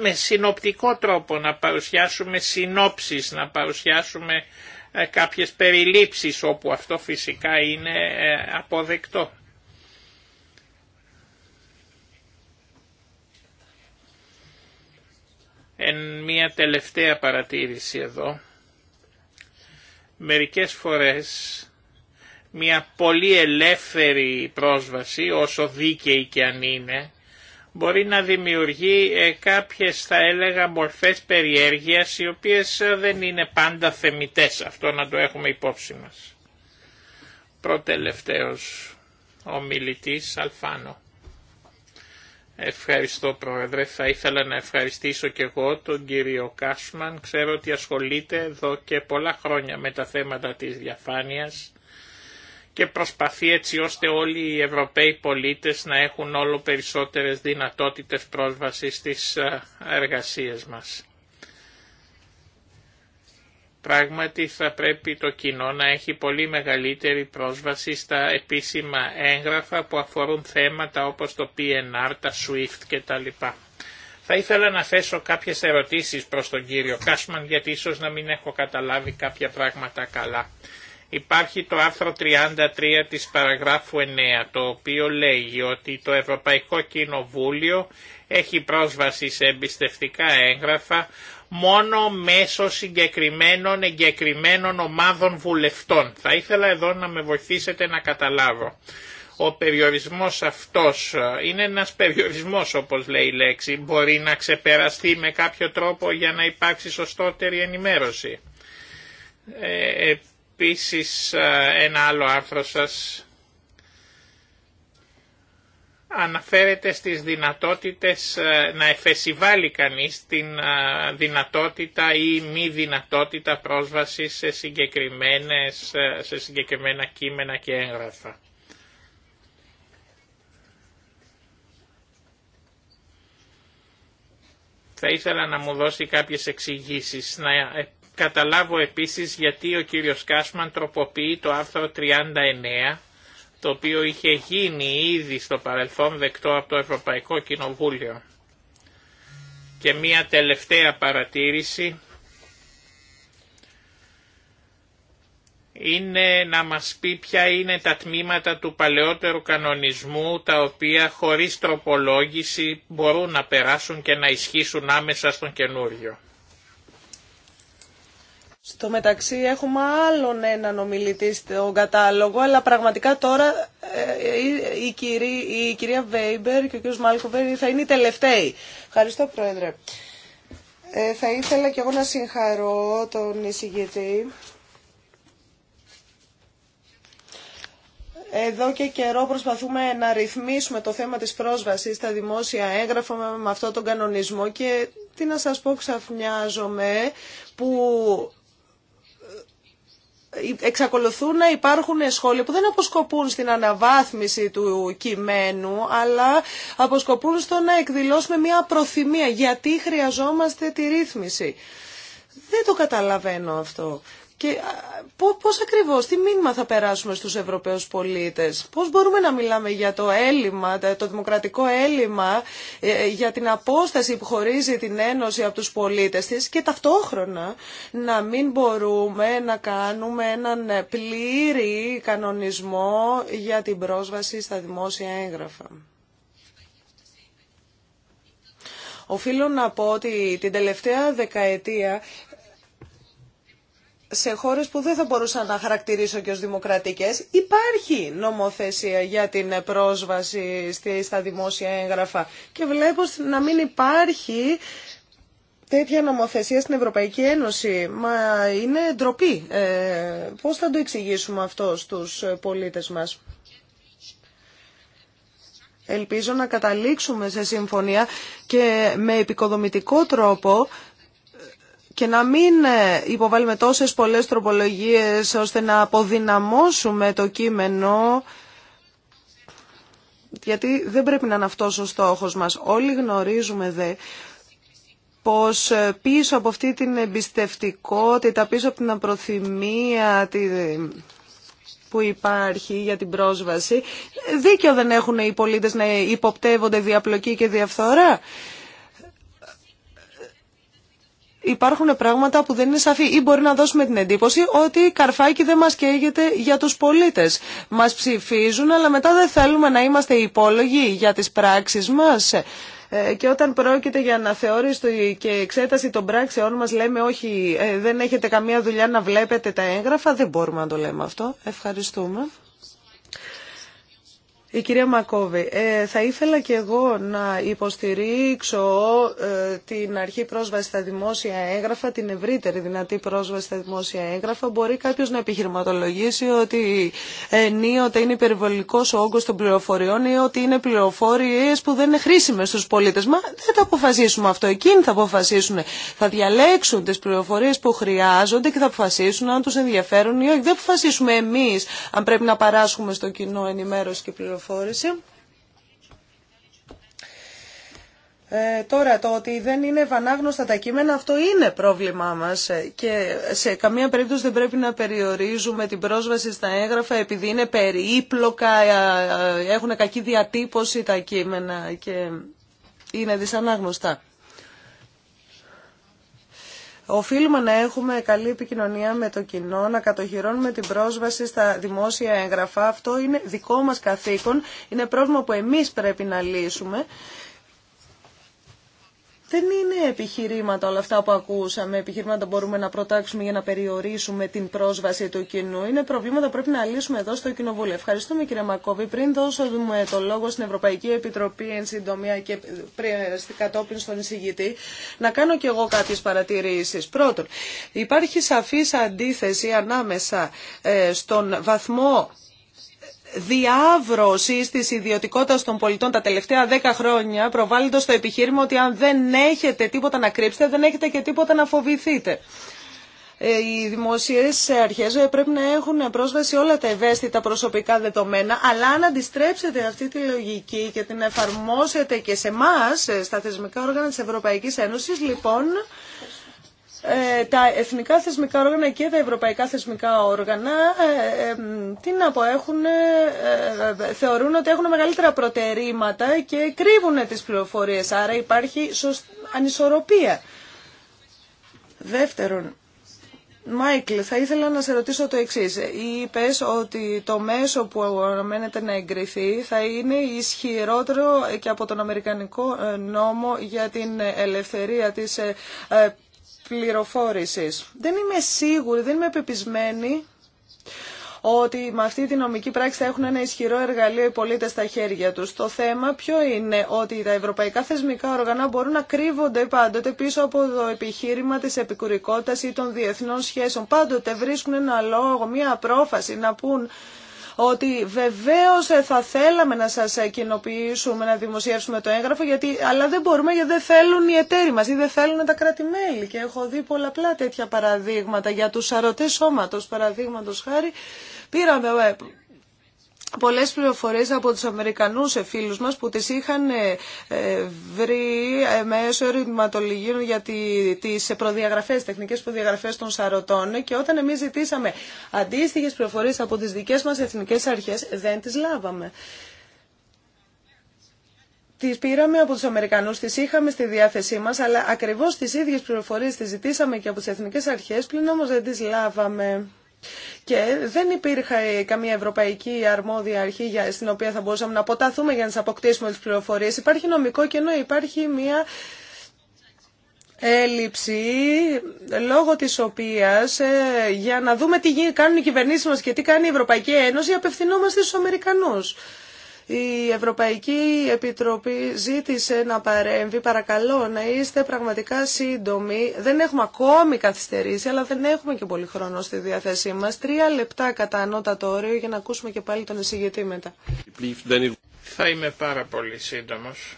με συνοπτικό τρόπο να παρουσιάσουμε συνόψεις, να παρουσιάσουμε ε, κάποιες περιλήψεις όπου αυτό φυσικά είναι ε, αποδεκτό. Εν μία τελευταία παρατήρηση εδώ μερικές φορές μια πολύ ελεύθερη πρόσβαση, όσο δίκαιη και αν είναι, μπορεί να δημιουργεί ε, κάποιες θα έλεγα μορφές περιέργειας οι οποίες ε, δεν είναι πάντα θεμητές. Αυτό να το έχουμε υπόψη μας. Προτελευταίος ο μιλητής Αλφάνο. Ευχαριστώ Πρόεδρε. Θα ήθελα να ευχαριστήσω και εγώ τον κύριο Κάσμαν. Ξέρω ότι ασχολείται εδώ και πολλά χρόνια με τα θέματα της διαφάνειας και προσπαθεί έτσι ώστε όλοι οι Ευρωπαίοι πολίτες να έχουν όλο περισσότερες δυνατότητες πρόσβασης στις ε, εργασίες μας. Πράγματι θα πρέπει το κοινό να έχει πολύ μεγαλύτερη πρόσβαση στα επίσημα έγγραφα που αφορούν θέματα όπως το PNR, τα SWIFT κτλ. Θα ήθελα να θέσω κάποιες ερωτήσεις προς τον κύριο Κάσμαν γιατί ίσως να μην έχω καταλάβει κάποια πράγματα καλά. Υπάρχει το άρθρο 33 της παραγράφου 9 το οποίο λέει ότι το Ευρωπαϊκό Κοινοβούλιο έχει πρόσβαση σε εμπιστευτικά έγγραφα μόνο μέσω συγκεκριμένων εγκεκριμένων ομάδων βουλευτών. Θα ήθελα εδώ να με βοηθήσετε να καταλάβω. Ο περιορισμός αυτός ε, είναι ένας περιορισμός όπως λέει η λέξη. Μπορεί να ξεπεραστεί με κάποιο τρόπο για να υπάρξει σωστότερη ενημέρωση. Ε, επίσης ε, ένα άλλο άρθρο σας αναφέρεται στις δυνατότητες ε, να εφεσιβάλει κανείς την ε, δυνατότητα ή μη δυνατότητα πρόσβασης σε, συγκεκριμένες, ε, σε συγκεκριμένα κείμενα και έγγραφα. Θα ήθελα να μου δώσει κάποιες εξηγήσεις, να καταλάβω επίσης γιατί ο κύριος Κάσμαν τροποποιεί το άρθρο 39 το οποίο είχε γίνει ήδη στο παρελθόν δεκτό από το Ευρωπαϊκό Κοινοβούλιο. Και μία τελευταία παρατήρηση είναι να μας πει ποια είναι τα τμήματα του παλαιότερου κανονισμού τα οποία χωρίς τροπολόγηση μπορούν να περάσουν και να ισχύσουν άμεσα στον καινούριο. Στο μεταξύ έχουμε άλλον έναν ομιλητή στον κατάλογο, αλλά πραγματικά τώρα ε, η, κυρία, η κυρία Βέιμπερ και ο κύριος Μάλκοβερ θα είναι οι τελευταίοι. Ευχαριστώ Πρόεδρε. Ε, θα ήθελα και εγώ να συγχαρώ τον εισηγητή. Εδώ και καιρό προσπαθούμε να ρυθμίσουμε το θέμα της πρόσβασης στα δημόσια έγγραφα με αυτόν τον κανονισμό και τι να σας πω ξαφνιάζομαι που εξακολουθούν να υπάρχουν σχόλια που δεν αποσκοπούν στην αναβάθμιση του κειμένου, αλλά αποσκοπούν στο να εκδηλώσουμε μια προθυμία γιατί χρειαζόμαστε τη ρύθμιση. Δεν το καταλαβαίνω αυτό. Και πώ ακριβώς, τι μήνυμα θα περάσουμε στους Ευρωπαίους πολίτες. Πώς μπορούμε να μιλάμε για το έλλειμμα, το δημοκρατικό έλλειμμα, ε, ε, για την απόσταση που χωρίζει την Ένωση από τους πολίτε της και ταυτόχρονα να μην μπορούμε να κάνουμε έναν πλήρη κανονισμό για την πρόσβαση στα δημόσια έγγραφα. Οφείλω να πω ότι την τελευταία δεκαετία σε χώρες που δεν θα μπορούσα να χαρακτηρίσω και ως δημοκρατικές υπάρχει νομοθεσία για την πρόσβαση στα δημόσια έγγραφα και βλέπω να μην υπάρχει τέτοια νομοθεσία στην Ευρωπαϊκή Ένωση. Μα είναι ντροπή. Ε, πώς θα το εξηγήσουμε αυτό στους πολίτες μας. Ελπίζω να καταλήξουμε σε συμφωνία και με επικοδομητικό τρόπο και να μην ε, υποβάλουμε τόσες πολλές τροπολογίες ώστε να αποδυναμώσουμε το κείμενο γιατί δεν πρέπει να είναι αυτός ο στόχος μας. Όλοι γνωρίζουμε δε πως ε, πίσω από αυτή την εμπιστευτικότητα, πίσω από την απροθυμία που υπάρχει για την πρόσβαση, ε, δίκιο δεν έχουν οι πολίτες να υποπτεύονται διαπλοκή και διαφθορά υπάρχουν πράγματα που δεν είναι σαφή ή μπορεί να δώσουμε την εντύπωση ότι η καρφάκι δεν μας καίγεται για τους πολίτες. Μας ψηφίζουν αλλά μετά δεν θέλουμε να είμαστε υπόλογοι για τις πράξεις μας. Ε, και όταν πρόκειται για αναθεώρηση και εξέταση των πράξεών μας λέμε όχι ε, δεν έχετε καμία δουλειά να βλέπετε τα έγγραφα, δεν μπορούμε να το λέμε αυτό. Ευχαριστούμε. Η κυρία Μακόβη, ε, θα ήθελα και εγώ να υποστηρίξω ε, την αρχή πρόσβαση στα δημόσια έγγραφα, την ευρύτερη δυνατή πρόσβαση στα δημόσια έγγραφα. Μπορεί κάποιος να επιχειρηματολογήσει ότι ε, ενίοτε είναι υπερβολικός ο όγκος των πληροφοριών ή ότι είναι πληροφορίες που δεν είναι χρήσιμες στους πολίτες. Μα δεν θα αποφασίσουμε αυτό. Εκείνοι θα αποφασίσουν. Θα διαλέξουν τις πληροφορίες που χρειάζονται και θα αποφασίσουν αν τους ενδιαφέρουν ή όχι. Δεν αποφασίσουμε εμείς αν πρέπει να παράσχουμε στο κοινό ενημέρωση και πληροφορία. Ε, τώρα το ότι δεν είναι βανάγνωστα τα κείμενα αυτό είναι πρόβλημά μας ε, και σε καμία περίπτωση δεν πρέπει να περιορίζουμε την πρόσβαση στα έγγραφα επειδή είναι περίπλοκα, ε, ε, έχουν κακή διατύπωση τα κείμενα και είναι δυσανάγνωστα. Οφείλουμε να έχουμε καλή επικοινωνία με το κοινό, να κατοχυρώνουμε την πρόσβαση στα δημόσια έγγραφα. Αυτό είναι δικό μας καθήκον, είναι πρόβλημα που εμείς πρέπει να λύσουμε. Δεν είναι επιχειρήματα όλα αυτά που ακούσαμε, επιχειρήματα μπορούμε να προτάξουμε για να περιορίσουμε την πρόσβαση του κοινού. Είναι προβλήματα που πρέπει να λύσουμε εδώ στο Κοινοβούλιο. Ευχαριστούμε κύριε Μακόβη. Πριν δώσουμε το λόγο στην Ευρωπαϊκή Επιτροπή εν συντομία και κατόπιν στον εισηγητή, να κάνω κι εγώ κάποιε παρατηρήσει. Πρώτον, υπάρχει σαφή αντίθεση ανάμεσα ε, στον βαθμό διάβρωση τη ιδιωτικότητα των πολιτών τα τελευταία δέκα χρόνια προβάλλοντα το επιχείρημα ότι αν δεν έχετε τίποτα να κρύψετε δεν έχετε και τίποτα να φοβηθείτε. Ε, οι δημοσίες αρχές ε, πρέπει να έχουν πρόσβαση όλα τα ευαίσθητα προσωπικά δεδομένα, αλλά αν αντιστρέψετε αυτή τη λογική και την εφαρμόσετε και σε εμά ε, στα θεσμικά όργανα της Ευρωπαϊκής Ένωσης, λοιπόν, ε, τα εθνικά θεσμικά όργανα και τα ευρωπαϊκά θεσμικά όργανα ε, ε, τι να έχουν, θεωρούν ότι έχουν μεγαλύτερα προτερήματα και κρύβουν τις πληροφορίες. Άρα υπάρχει ανισορροπία. Δεύτερον, Μάικλ, θα ήθελα να σε ρωτήσω το εξή. Είπε ότι το μέσο που αναμένεται να εγκριθεί θα είναι ισχυρότερο και από τον Αμερικανικό νόμο για την ελευθερία της πληροφόρησης. Δεν είμαι σίγουρη, δεν είμαι πεπισμένη ότι με αυτή τη νομική πράξη θα έχουν ένα ισχυρό εργαλείο οι πολίτε στα χέρια του. Το θέμα ποιο είναι ότι τα ευρωπαϊκά θεσμικά όργανα μπορούν να κρύβονται πάντοτε πίσω από το επιχείρημα τη επικουρικότητα ή των διεθνών σχέσεων. Πάντοτε βρίσκουν ένα λόγο, μία πρόφαση να πούν ότι βεβαίω θα θέλαμε να σα κοινοποιήσουμε, να δημοσιεύσουμε το έγγραφο, γιατί, αλλά δεν μπορούμε γιατί δεν θέλουν οι εταίροι μα ή δεν θέλουν τα κράτη-μέλη. Και έχω δει πολλαπλά τέτοια παραδείγματα για του σαρωτέ σώματο, παραδείγματο χάρη. Πήραμε πολλές πληροφορίες από τους Αμερικανούς φίλους μας που τις είχαν ε, ε, βρει ε, μέσω ερωτηματολογίων για τις προδιαγραφές, τεχνικές προδιαγραφές των σαρωτών και όταν εμείς ζητήσαμε αντίστοιχες πληροφορίες από τις δικές μας εθνικές αρχές δεν τις λάβαμε. Τις πήραμε από τους Αμερικανούς, τις είχαμε στη διάθεσή μας, αλλά ακριβώς τις ίδιες πληροφορίες τις ζητήσαμε και από τις εθνικές αρχές, πλην όμως δεν τις λάβαμε. Και δεν υπήρχε καμία ευρωπαϊκή αρμόδια αρχή στην οποία θα μπορούσαμε να αποταθούμε για να τι αποκτήσουμε τι πληροφορίε. Υπάρχει νομικό κενό, υπάρχει μια έλλειψη λόγω της οποίας ε, για να δούμε τι κάνουν οι κυβερνήσεις μας και τι κάνει η Ευρωπαϊκή Ένωση απευθυνόμαστε στους Αμερικανούς. Η Ευρωπαϊκή Επιτροπή ζήτησε να παρέμβει. Παρακαλώ να είστε πραγματικά σύντομοι. Δεν έχουμε ακόμη καθυστερήσει, αλλά δεν έχουμε και πολύ χρόνο στη διάθεσή μας. Τρία λεπτά κατά ανώτατο όριο για να ακούσουμε και πάλι τον εισηγητή μετά. Θα είμαι πάρα πολύ σύντομος.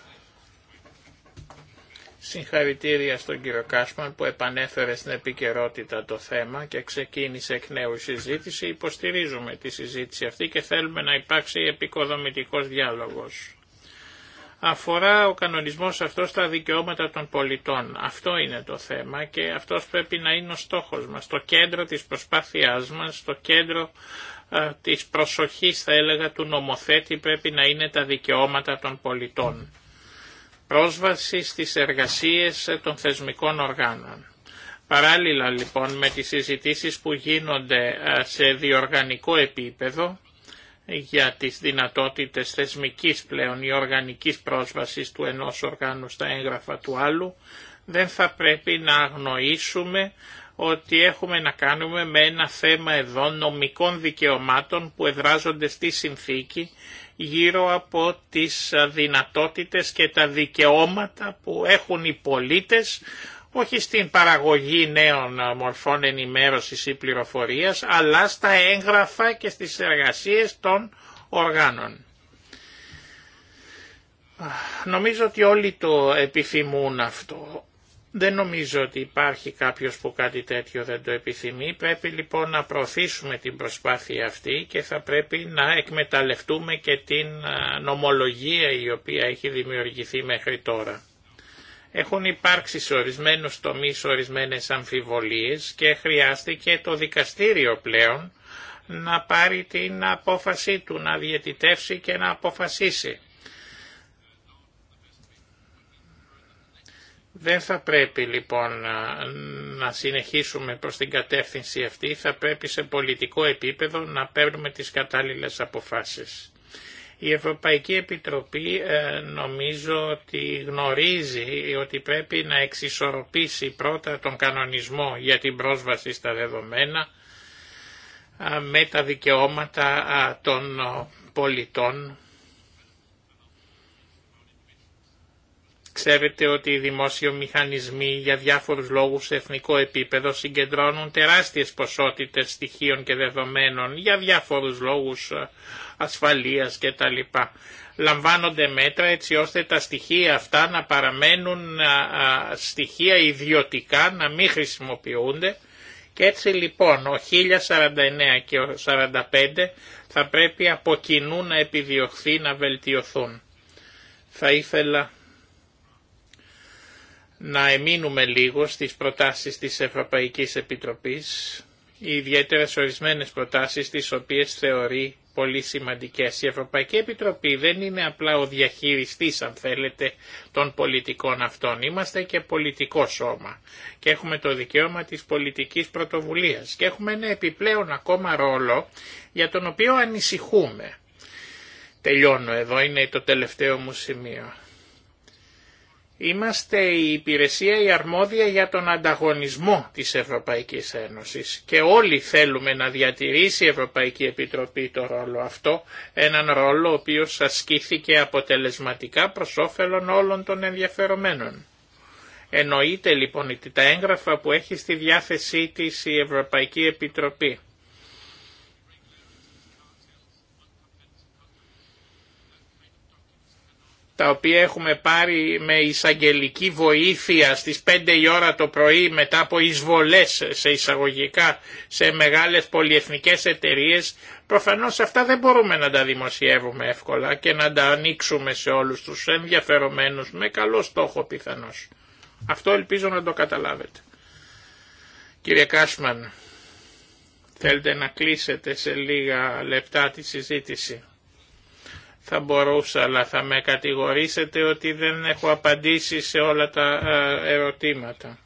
Συγχαρητήρια στον κύριο Κάσμαν που επανέφερε στην επικαιρότητα το θέμα και ξεκίνησε εκ νέου συζήτηση. Υποστηρίζουμε τη συζήτηση αυτή και θέλουμε να υπάρξει επικοδομητικός διάλογος. Αφορά ο κανονισμός αυτός τα δικαιώματα των πολιτών. Αυτό είναι το θέμα και αυτός πρέπει να είναι ο στόχος μας, το κέντρο της προσπάθειάς μας, το κέντρο τη της προσοχής θα έλεγα του νομοθέτη πρέπει να είναι τα δικαιώματα των πολιτών πρόσβαση στις εργασίες των θεσμικών οργάνων. Παράλληλα λοιπόν με τις συζητήσεις που γίνονται ε, σε διοργανικό επίπεδο για τις δυνατότητες θεσμικής πλέον ή οργανικής πρόσβασης του ενός οργάνου στα έγγραφα του άλλου, δεν θα πρέπει να αγνοήσουμε ότι έχουμε να κάνουμε με ένα θέμα εδώ νομικών δικαιωμάτων που εδράζονται στη συνθήκη γύρω από τις δυνατότητες και τα δικαιώματα που έχουν οι πολίτες όχι στην παραγωγή νέων μορφών ενημέρωσης ή πληροφορίας, αλλά στα έγγραφα και στις εργασίες των οργάνων. Νομίζω ότι όλοι το επιθυμούν αυτό. Δεν νομίζω ότι υπάρχει κάποιος που κάτι τέτοιο δεν το επιθυμεί. Πρέπει λοιπόν να προωθήσουμε την προσπάθεια αυτή και θα πρέπει να εκμεταλλευτούμε και την νομολογία η οποία έχει δημιουργηθεί μέχρι τώρα. Έχουν υπάρξει σε ορισμένους τομείς ορισμένες αμφιβολίες και χρειάστηκε το δικαστήριο πλέον να πάρει την απόφαση του να διαιτητεύσει και να αποφασίσει. Δεν θα πρέπει λοιπόν να, συνεχίσουμε προς την κατεύθυνση αυτή, θα πρέπει σε πολιτικό επίπεδο να παίρνουμε τις κατάλληλες αποφάσεις. Η Ευρωπαϊκή Επιτροπή ε, νομίζω ότι γνωρίζει ότι πρέπει να εξισορροπήσει πρώτα τον κανονισμό για την πρόσβαση στα δεδομένα ε, με τα δικαιώματα ε, των πολιτών Ξέρετε ότι οι δημόσιοι μηχανισμοί για διάφορους λόγους σε εθνικό επίπεδο συγκεντρώνουν τεράστιες ποσότητες στοιχείων και δεδομένων για διάφορους λόγους ε, ασφαλείας κτλ. Λαμβάνονται μέτρα έτσι ώστε τα στοιχεία αυτά να παραμένουν ε, ε, στοιχεία ιδιωτικά, να μην χρησιμοποιούνται και έτσι λοιπόν ο 1049 και ο 45 θα πρέπει από κοινού να επιδιωχθεί να βελτιωθούν. Θα ήθελα να εμείνουμε λίγο στις προτάσεις της Ευρωπαϊκής Επιτροπής, ιδιαίτερα σε ορισμένες προτάσεις τις οποίες θεωρεί πολύ σημαντικές. Η Ευρωπαϊκή Επιτροπή δεν είναι απλά ο διαχειριστής, αν θέλετε, των πολιτικών αυτών. Είμαστε και πολιτικό σώμα και έχουμε το δικαίωμα της πολιτικής πρωτοβουλίας και έχουμε ένα επιπλέον ακόμα ρόλο για τον οποίο ανησυχούμε. Τελειώνω εδώ, είναι το τελευταίο μου σημείο Είμαστε η υπηρεσία η αρμόδια για τον ανταγωνισμό της Ευρωπαϊκής Ένωσης και όλοι θέλουμε να διατηρήσει η Ευρωπαϊκή Επιτροπή το ρόλο αυτό, έναν ρόλο ο οποίος ασκήθηκε αποτελεσματικά προς όφελον όλων των ενδιαφερομένων. Εννοείται λοιπόν ότι τα έγγραφα που έχει στη διάθεσή της η Ευρωπαϊκή Επιτροπή τα οποία έχουμε πάρει με εισαγγελική βοήθεια στις 5 η ώρα το πρωί μετά από εισβολές σε εισαγωγικά σε μεγάλες πολυεθνικές εταιρείες, προφανώς αυτά δεν μπορούμε να τα δημοσιεύουμε εύκολα και να τα ανοίξουμε σε όλους τους ενδιαφερομένους με καλό στόχο πιθανώς. Αυτό ελπίζω να το καταλάβετε. Κύριε Κάσμαν, θέλετε να κλείσετε σε λίγα λεπτά τη συζήτηση θα μπορούσα, αλλά θα με κατηγορήσετε ότι δεν έχω απαντήσει σε όλα τα ε, ερωτήματα.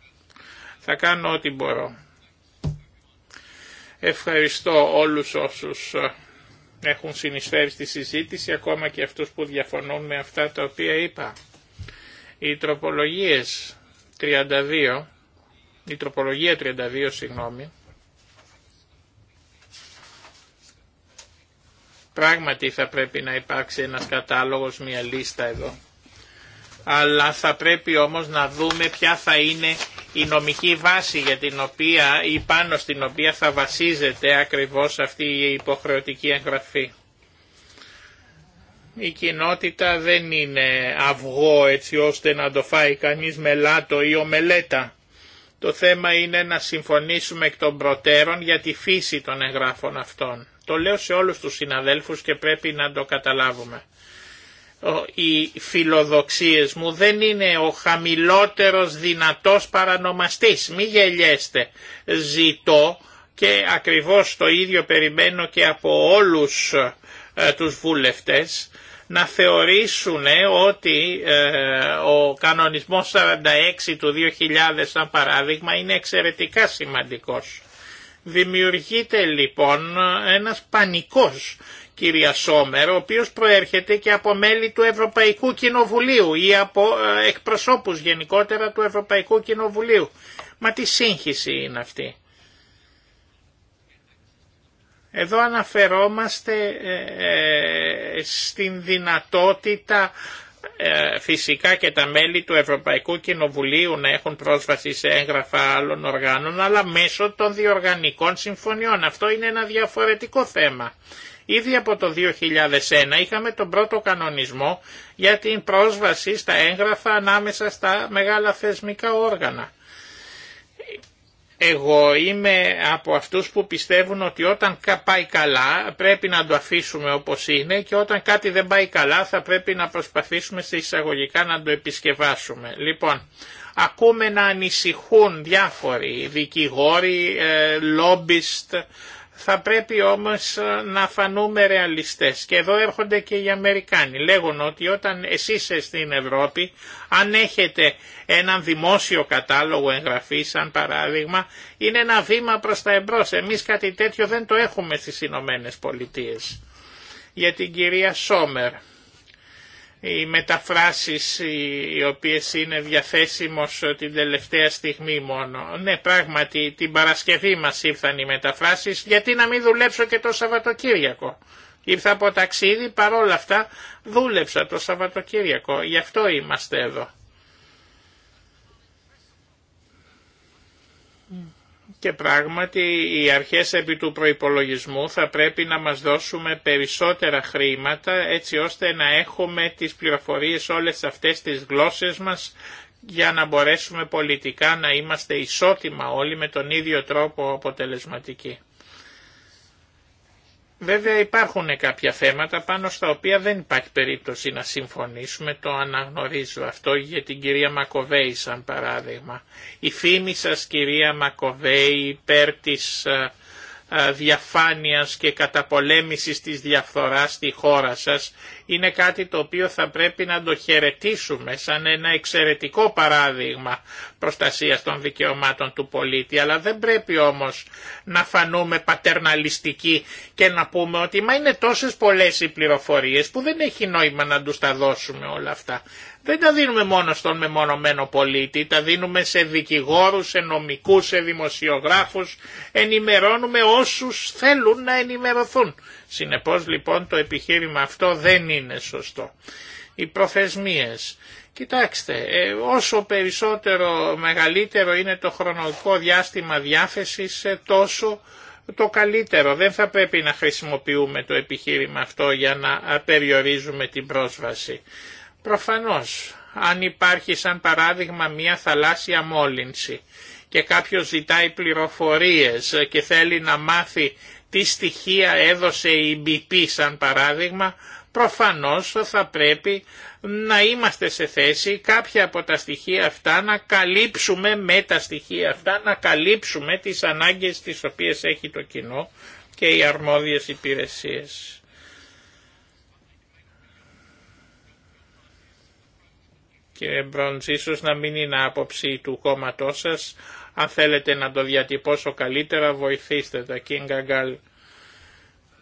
Θα κάνω ό,τι μπορώ. Ευχαριστώ όλους όσους ε, έχουν συνεισφέρει στη συζήτηση, ακόμα και αυτούς που διαφωνούν με αυτά τα οποία είπα. Οι τροπολογίες 32, η τροπολογία 32, συγγνώμη, Πράγματι θα πρέπει να υπάρξει ένας κατάλογος, μια λίστα εδώ. Αλλά θα πρέπει όμως να δούμε ποια θα είναι η νομική βάση για την οποία ή πάνω στην οποία θα βασίζεται ακριβώς αυτή η υποχρεωτική εγγραφή. Η κοινότητα δεν είναι αυγό έτσι ώστε να το φάει κανείς μελάτο ή ομελέτα. Το θέμα είναι να συμφωνήσουμε εκ των προτέρων για τη φύση των εγγράφων αυτών. Το λέω σε όλους τους συναδέλφους και πρέπει να το καταλάβουμε. Οι φιλοδοξίες μου δεν είναι ο χαμηλότερος δυνατός παρανομαστής. Μη γελιέστε. Ζητώ και ακριβώς το ίδιο περιμένω και από όλους ε, τους βουλευτές να θεωρήσουν ε, ότι ε, ο κανονισμός 46 του 2000 σαν παράδειγμα είναι εξαιρετικά σημαντικός Δημιουργείται λοιπόν ένας πανικός κυρία Σόμερ, ο οποίος προέρχεται και από μέλη του Ευρωπαϊκού Κοινοβουλίου ή από ε, εκπροσώπους γενικότερα του Ευρωπαϊκού Κοινοβουλίου. Μα τι σύγχυση είναι αυτή. Εδώ αναφερόμαστε ε, ε, στην δυνατότητα ε, φυσικά και τα μέλη του Ευρωπαϊκού Κοινοβουλίου να έχουν πρόσβαση σε έγγραφα άλλων οργάνων, αλλά μέσω των διοργανικών συμφωνιών. Αυτό είναι ένα διαφορετικό θέμα. Ήδη από το 2001 είχαμε τον πρώτο κανονισμό για την πρόσβαση στα έγγραφα ανάμεσα στα μεγάλα θεσμικά όργανα. Εγώ είμαι από αυτούς που πιστεύουν ότι όταν πάει καλά πρέπει να το αφήσουμε όπως είναι και όταν κάτι δεν πάει καλά θα πρέπει να προσπαθήσουμε σε εισαγωγικά να το επισκευάσουμε. Λοιπόν, ακούμε να ανησυχούν διάφοροι δικηγόροι, ε, λόμπιστ, θα πρέπει όμως ε, να φανούμε ρεαλιστές και εδώ έρχονται και οι Αμερικάνοι. Λέγουν ότι όταν εσείς στην Ευρώπη αν έχετε έναν δημόσιο κατάλογο εγγραφή σαν παράδειγμα είναι ένα βήμα προς τα εμπρός. Εμείς κάτι τέτοιο δεν το έχουμε στις Ηνωμένε Πολιτείες. Για την κυρία Σόμερ οι μεταφράσεις οι οποίες είναι διαθέσιμος ε, την τελευταία στιγμή μόνο. Ναι, πράγματι, την Παρασκευή μας ήρθαν οι μεταφράσεις, γιατί να μην δουλέψω και το Σαββατοκύριακο. Ήρθα από ταξίδι, παρόλα αυτά δούλεψα το Σαββατοκύριακο, γι' αυτό είμαστε εδώ. και πράγματι οι αρχές επί του προϋπολογισμού θα πρέπει να μας δώσουμε περισσότερα χρήματα έτσι ώστε να έχουμε τις πληροφορίες όλες αυτές τις γλώσσες μας για να μπορέσουμε πολιτικά να είμαστε ισότιμα όλοι με τον ίδιο τρόπο αποτελεσματικοί. Βέβαια υπάρχουν κάποια θέματα πάνω στα οποία δεν υπάρχει περίπτωση να συμφωνήσουμε, το αναγνωρίζω αυτό για την κυρία Μακοβέη σαν παράδειγμα. Η φήμη σας κυρία Μακοβέη υπέρ της ε, ε, διαφάνειας και καταπολέμησης της διαφθοράς στη χώρα σας είναι κάτι το οποίο θα πρέπει να το χαιρετήσουμε σαν ένα εξαιρετικό παράδειγμα προστασίας των δικαιωμάτων του πολίτη αλλά δεν πρέπει όμως να φανούμε πατερναλιστικοί και να πούμε ότι μα είναι τόσες πολλές οι πληροφορίες που δεν έχει νόημα να τους τα δώσουμε όλα αυτά δεν τα δίνουμε μόνο στον μεμονωμένο πολίτη, τα δίνουμε σε δικηγόρους, σε νομικούς, σε δημοσιογράφους, ενημερώνουμε όσους θέλουν να ενημερωθούν. Συνεπώς λοιπόν το επιχείρημα αυτό δεν είναι σωστό. Οι προθεσμίες. Κοιτάξτε, ε, όσο περισσότερο μεγαλύτερο είναι το χρονοϊκό διάστημα διάθεσης, ε, τόσο το καλύτερο. Δεν θα πρέπει να χρησιμοποιούμε το επιχείρημα αυτό για να περιορίζουμε την πρόσβαση. Προφανώς, αν υπάρχει σαν παράδειγμα μια θαλάσσια μόλυνση και κάποιος ζητάει πληροφορίες και θέλει να μάθει τι στοιχεία έδωσε η BP σαν παράδειγμα, προφανώς θα πρέπει να είμαστε σε θέση κάποια από τα στοιχεία αυτά να καλύψουμε με τα στοιχεία αυτά, να καλύψουμε τις ανάγκες τις οποίες έχει το κοινό και οι αρμόδιες υπηρεσίες. Κύριε Μπρόντς, ίσως να μην είναι άποψη του κόμματός σας. Αν θέλετε να το διατυπώσω καλύτερα, βοηθήστε τα Κίνγκα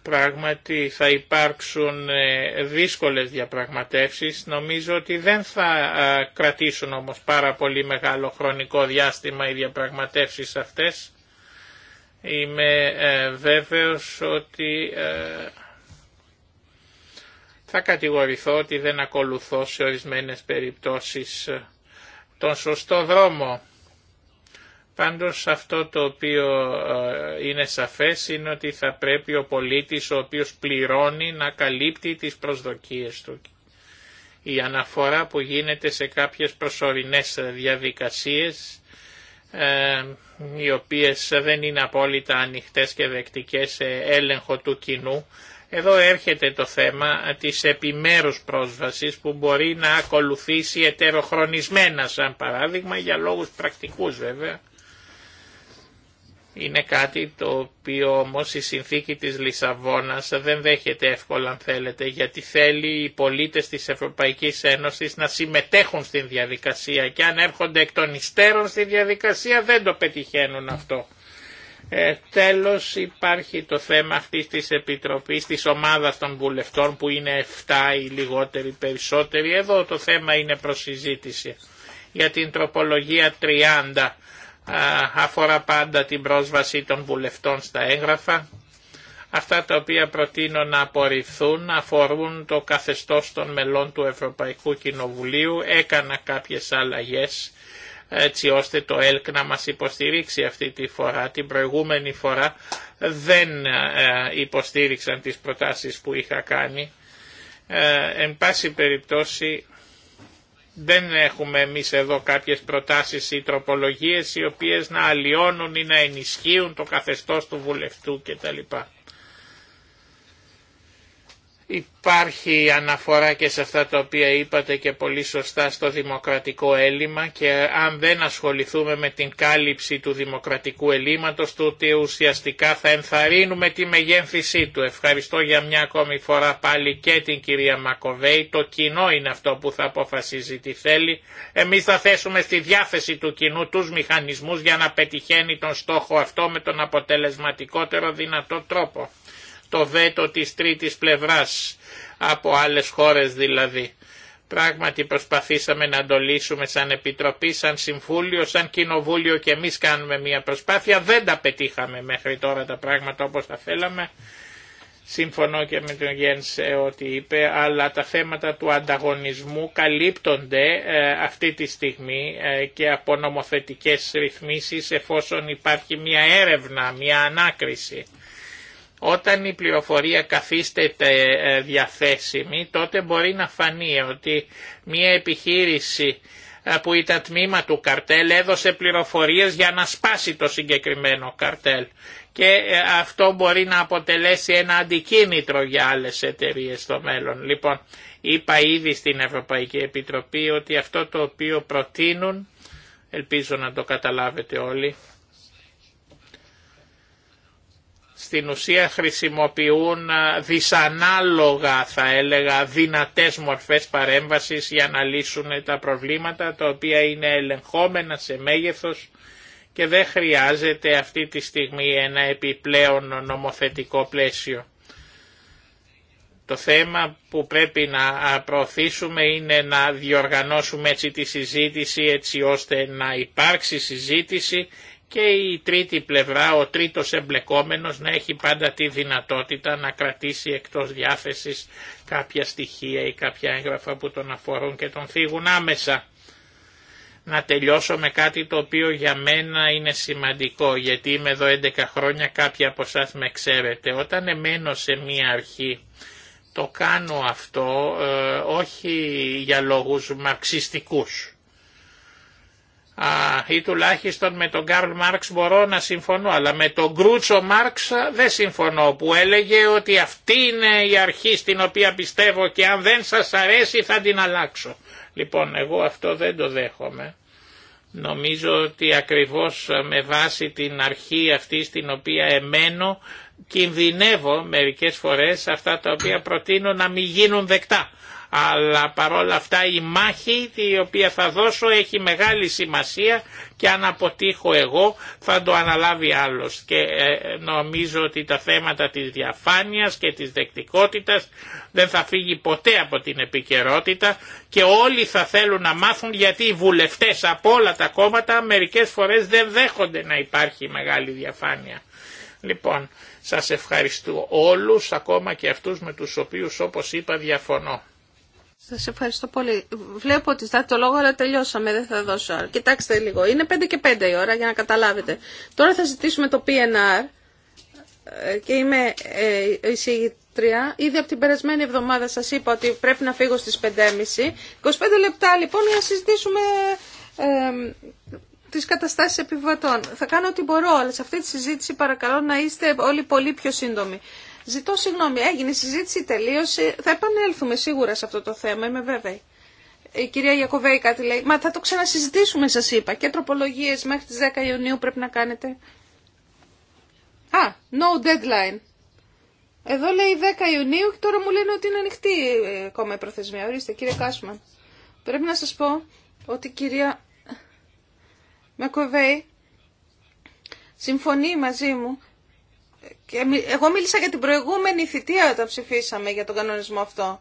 Πράγματι θα υπάρξουν ε, δύσκολες διαπραγματεύσεις. Νομίζω ότι δεν θα ε, κρατήσουν όμως πάρα πολύ μεγάλο χρονικό διάστημα οι διαπραγματεύσεις αυτές. Είμαι ε, βέβαιος ότι θα κατηγορηθώ ότι δεν ακολουθώ σε ορισμένες περιπτώσεις ε, τον σωστό δρόμο. Πάντως αυτό το οποίο ε, είναι σαφές είναι ότι θα πρέπει ο πολίτης ο οποίος πληρώνει να καλύπτει τις προσδοκίες του. Η αναφορά που γίνεται σε κάποιες προσωρινές διαδικασίες ε, οι οποίες δεν είναι απόλυτα ανοιχτές και δεκτικές σε έλεγχο του κοινού εδώ έρχεται το θέμα της επιμέρους πρόσβασης που μπορεί να ακολουθήσει ετεροχρονισμένα σαν παράδειγμα για λόγους πρακτικούς βέβαια. Είναι κάτι το οποίο όμως η συνθήκη της Λισαβόνας δεν δέχεται εύκολα αν θέλετε γιατί θέλει οι πολίτες της Ευρωπαϊκής Ένωσης να συμμετέχουν στην διαδικασία και αν έρχονται εκ των υστέρων στη διαδικασία δεν το πετυχαίνουν αυτό. Ε, τέλος υπάρχει το θέμα αυτής της Επιτροπής, της ομάδας των βουλευτών που είναι 7 ή λιγότεροι περισσότεροι. Εδώ το θέμα είναι προσυζήτηση. Για την τροπολογία 30 αφορά πάντα την πρόσβαση των βουλευτών στα έγγραφα. Αυτά τα οποία προτείνω να απορριφθούν αφορούν το καθεστώς των μελών του Ευρωπαϊκού Κοινοβουλίου. Έκανα κάποιες αλλαγές έτσι ώστε το ΕΛΚ να μας υποστηρίξει αυτή τη φορά. Την προηγούμενη φορά δεν ε, υποστήριξαν τις προτάσεις που είχα κάνει. Ε, εν πάση περιπτώσει δεν έχουμε εμείς εδώ κάποιες προτάσεις ή τροπολογίες οι οποίες να αλλοιώνουν ή να ενισχύουν το καθεστώς του βουλευτού κτλ. Υπάρχει αναφορά και σε αυτά τα οποία είπατε και πολύ σωστά στο δημοκρατικό έλλειμμα και αν δεν ασχοληθούμε με την κάλυψη του δημοκρατικού ελλείμματος ότι ουσιαστικά θα ενθαρρύνουμε τη μεγέθυνσή του. Ευχαριστώ για μια ακόμη φορά πάλι και την κυρία Μακοβέη. Το κοινό είναι αυτό που θα αποφασίζει τι θέλει. Εμείς θα θέσουμε στη διάθεση του κοινού τους μηχανισμούς για να πετυχαίνει τον στόχο αυτό με τον αποτελεσματικότερο δυνατό τρόπο το βέτο της τρίτης πλευράς, από άλλες χώρες δηλαδή. Πράγματι προσπαθήσαμε να το λύσουμε σαν Επιτροπή, σαν Συμφούλιο, σαν Κοινοβούλιο και εμείς κάνουμε μια προσπάθεια. Δεν τα πετύχαμε μέχρι τώρα τα πράγματα όπως τα θέλαμε. Σύμφωνο και με τον Γένσε ότι είπε, αλλά τα θέματα του ανταγωνισμού καλύπτονται ε, αυτή τη στιγμή ε, και από νομοθετικές ρυθμίσεις εφόσον υπάρχει μια έρευνα, μια ανάκριση. Όταν η πληροφορία καθίστεται ε, διαθέσιμη, τότε μπορεί να φανεί ότι μια επιχείρηση ε, που ήταν τμήμα του καρτέλ έδωσε πληροφορίες για να σπάσει το συγκεκριμένο καρτέλ και ε, αυτό μπορεί να αποτελέσει ένα αντικίνητρο για άλλες εταιρείες στο μέλλον. Λοιπόν, είπα ήδη στην Ευρωπαϊκή Επιτροπή ότι αυτό το οποίο προτείνουν, ελπίζω να το καταλάβετε όλοι, στην ουσία χρησιμοποιούν δυσανάλογα θα έλεγα δυνατές μορφές παρέμβασης για να λύσουν τα προβλήματα τα οποία είναι ελεγχόμενα σε μέγεθος και δεν χρειάζεται αυτή τη στιγμή ένα επιπλέον νομοθετικό πλαίσιο. Το θέμα που πρέπει να προωθήσουμε είναι να διοργανώσουμε έτσι τη συζήτηση έτσι ώστε να υπάρξει συζήτηση και η τρίτη πλευρά, ο τρίτος εμπλεκόμενος να έχει πάντα τη δυνατότητα να κρατήσει εκτός διάθεσης κάποια στοιχεία ή κάποια έγγραφα που τον αφορούν και τον φύγουν άμεσα. Να τελειώσω με κάτι το οποίο για μένα είναι σημαντικό, γιατί είμαι εδώ 11 χρόνια, κάποιοι από εσά με ξέρετε. Όταν εμένω σε μία αρχή, το κάνω αυτό ε, όχι για λόγους μαρξιστικούς Α, ή τουλάχιστον με τον Καρλ Μάρξ μπορώ να συμφωνώ, αλλά με τον Γκρούτσο Μάρξ δεν συμφωνώ, που έλεγε ότι αυτή είναι η αρχή στην οποία πιστεύω και αν δεν σας αρέσει θα την αλλάξω. Λοιπόν, εγώ αυτό δεν το δέχομαι. Νομίζω ότι ακριβώς με βάση την αρχή αυτή στην οποία εμένω κινδυνεύω μερικές φορές αυτά τα οποία προτείνω να μην γίνουν δεκτά αλλά παρόλα αυτά η μάχη η οποία θα δώσω έχει μεγάλη σημασία και αν αποτύχω εγώ θα το αναλάβει άλλος και ε, νομίζω ότι τα θέματα της διαφάνειας και της δεκτικότητας δεν θα φύγει ποτέ από την επικαιρότητα και όλοι θα θέλουν να μάθουν γιατί οι βουλευτές από όλα τα κόμματα μερικές φορές δεν δέχονται να υπάρχει μεγάλη διαφάνεια. Λοιπόν, σας ευχαριστώ όλους, ακόμα και αυτούς με τους οποίους όπως είπα διαφωνώ. Σα ευχαριστώ πολύ. Βλέπω ότι ζητάτε το λόγο, αλλά τελειώσαμε, δεν θα δώσω άλλο. Κοιτάξτε λίγο, είναι 5 και 5 η ώρα για να καταλάβετε. Τώρα θα ζητήσουμε το PNR ε, και είμαι ε, εισηγητρία. Ήδη από την περασμένη εβδομάδα σα είπα ότι πρέπει να φύγω στι 5.30. 25 λεπτά λοιπόν για να συζητήσουμε ε, τις καταστάσεις επιβατών. Θα κάνω ό,τι μπορώ, αλλά σε αυτή τη συζήτηση παρακαλώ να είστε όλοι πολύ πιο σύντομοι. Ζητώ συγγνώμη, έγινε η συζήτηση, τελείωσε. Θα επανέλθουμε σίγουρα σε αυτό το θέμα, είμαι βέβαιη. Η κυρία Γιακοβέη κάτι λέει. Μα θα το ξανασυζητήσουμε, σα είπα. Και τροπολογίε μέχρι τι 10 Ιουνίου πρέπει να κάνετε. Α, no deadline. Εδώ λέει 10 Ιουνίου και τώρα μου λένε ότι είναι ανοιχτή ε, ακόμα η προθεσμία. Ορίστε, κύριε Κάσμαν. Πρέπει να σα πω ότι η κυρία Μακοβέη συμφωνεί μαζί μου και εγώ μίλησα για την προηγούμενη θητεία όταν ψηφίσαμε για τον κανονισμό αυτό.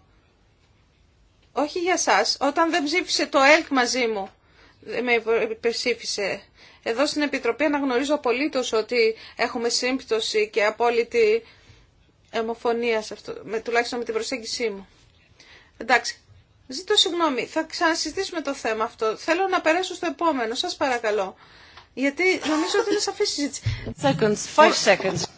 Όχι για σας. Όταν δεν ψήφισε το ΕΛΚ μαζί μου, δεν με υπερψήφισε. Εδώ στην Επιτροπή αναγνωρίζω απολύτω ότι έχουμε σύμπτωση και απόλυτη αιμοφωνία σε αυτό, με, τουλάχιστον με την προσέγγισή μου. Εντάξει, ζητώ συγγνώμη, θα ξανασυζητήσουμε το θέμα αυτό. Θέλω να περάσω στο επόμενο, σας παρακαλώ. Γιατί νομίζω ότι είναι σαφή συζήτηση. Seconds, five seconds.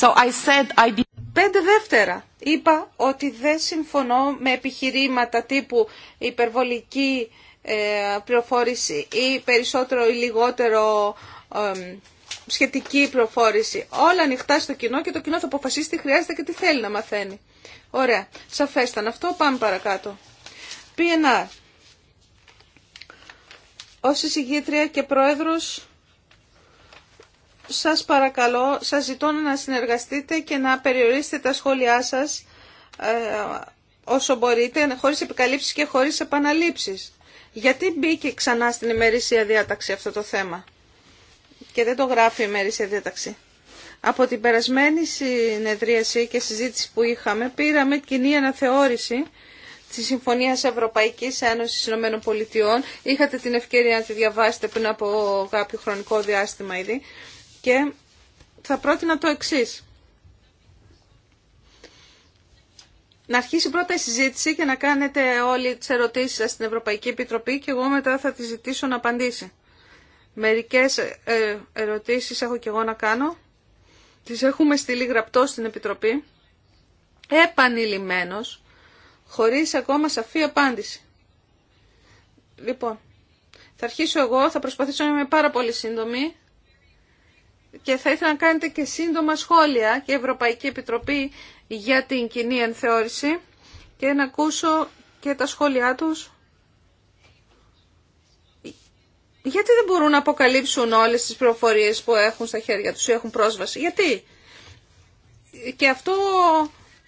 So I said I Πέντε δεύτερα. Είπα ότι δεν συμφωνώ με επιχειρήματα τύπου υπερβολική ε, πληροφόρηση ή περισσότερο ή λιγότερο σχετική πληροφόρηση. Όλα ανοιχτά στο κοινό και το κοινό θα αποφασίσει τι χρειάζεται και τι θέλει να μαθαίνει. Ωραία. Σαφέσταν αυτό. Πάμε παρακάτω. PNR. Ως εισηγήτρια και πρόεδρος σας παρακαλώ, σας ζητώ να συνεργαστείτε και να περιορίσετε τα σχόλιά σας ε, όσο μπορείτε, χωρίς επικαλύψεις και χωρίς επαναλήψεις. Γιατί μπήκε ξανά στην ημερήσια διάταξη αυτό το θέμα και δεν το γράφει η ημερήσια διάταξη. Από την περασμένη συνεδρίαση και συζήτηση που είχαμε, πήραμε κοινή αναθεώρηση τη Συμφωνίας Ευρωπαϊκής Ένωσης Ηνωμένων Πολιτειών. Είχατε την ευκαιρία να τη διαβάσετε πριν από κάποιο χρονικό διάστημα ήδη. Και θα πρότεινα το εξή. Να αρχίσει πρώτα η συζήτηση και να κάνετε όλοι τις ερωτήσεις σας στην Ευρωπαϊκή Επιτροπή και εγώ μετά θα τη ζητήσω να απαντήσει. Μερικές ε, ερωτήσεις έχω και εγώ να κάνω. Τις έχουμε στείλει γραπτό στην Επιτροπή. Επανειλημμένος, χωρίς ακόμα σαφή απάντηση. Λοιπόν, θα αρχίσω εγώ, θα προσπαθήσω να είμαι πάρα πολύ σύντομη και θα ήθελα να κάνετε και σύντομα σχόλια και Ευρωπαϊκή Επιτροπή για την κοινή ενθεώρηση και να ακούσω και τα σχόλιά τους. Γιατί δεν μπορούν να αποκαλύψουν όλες τις προφορίες που έχουν στα χέρια τους ή έχουν πρόσβαση. Γιατί. Και αυτό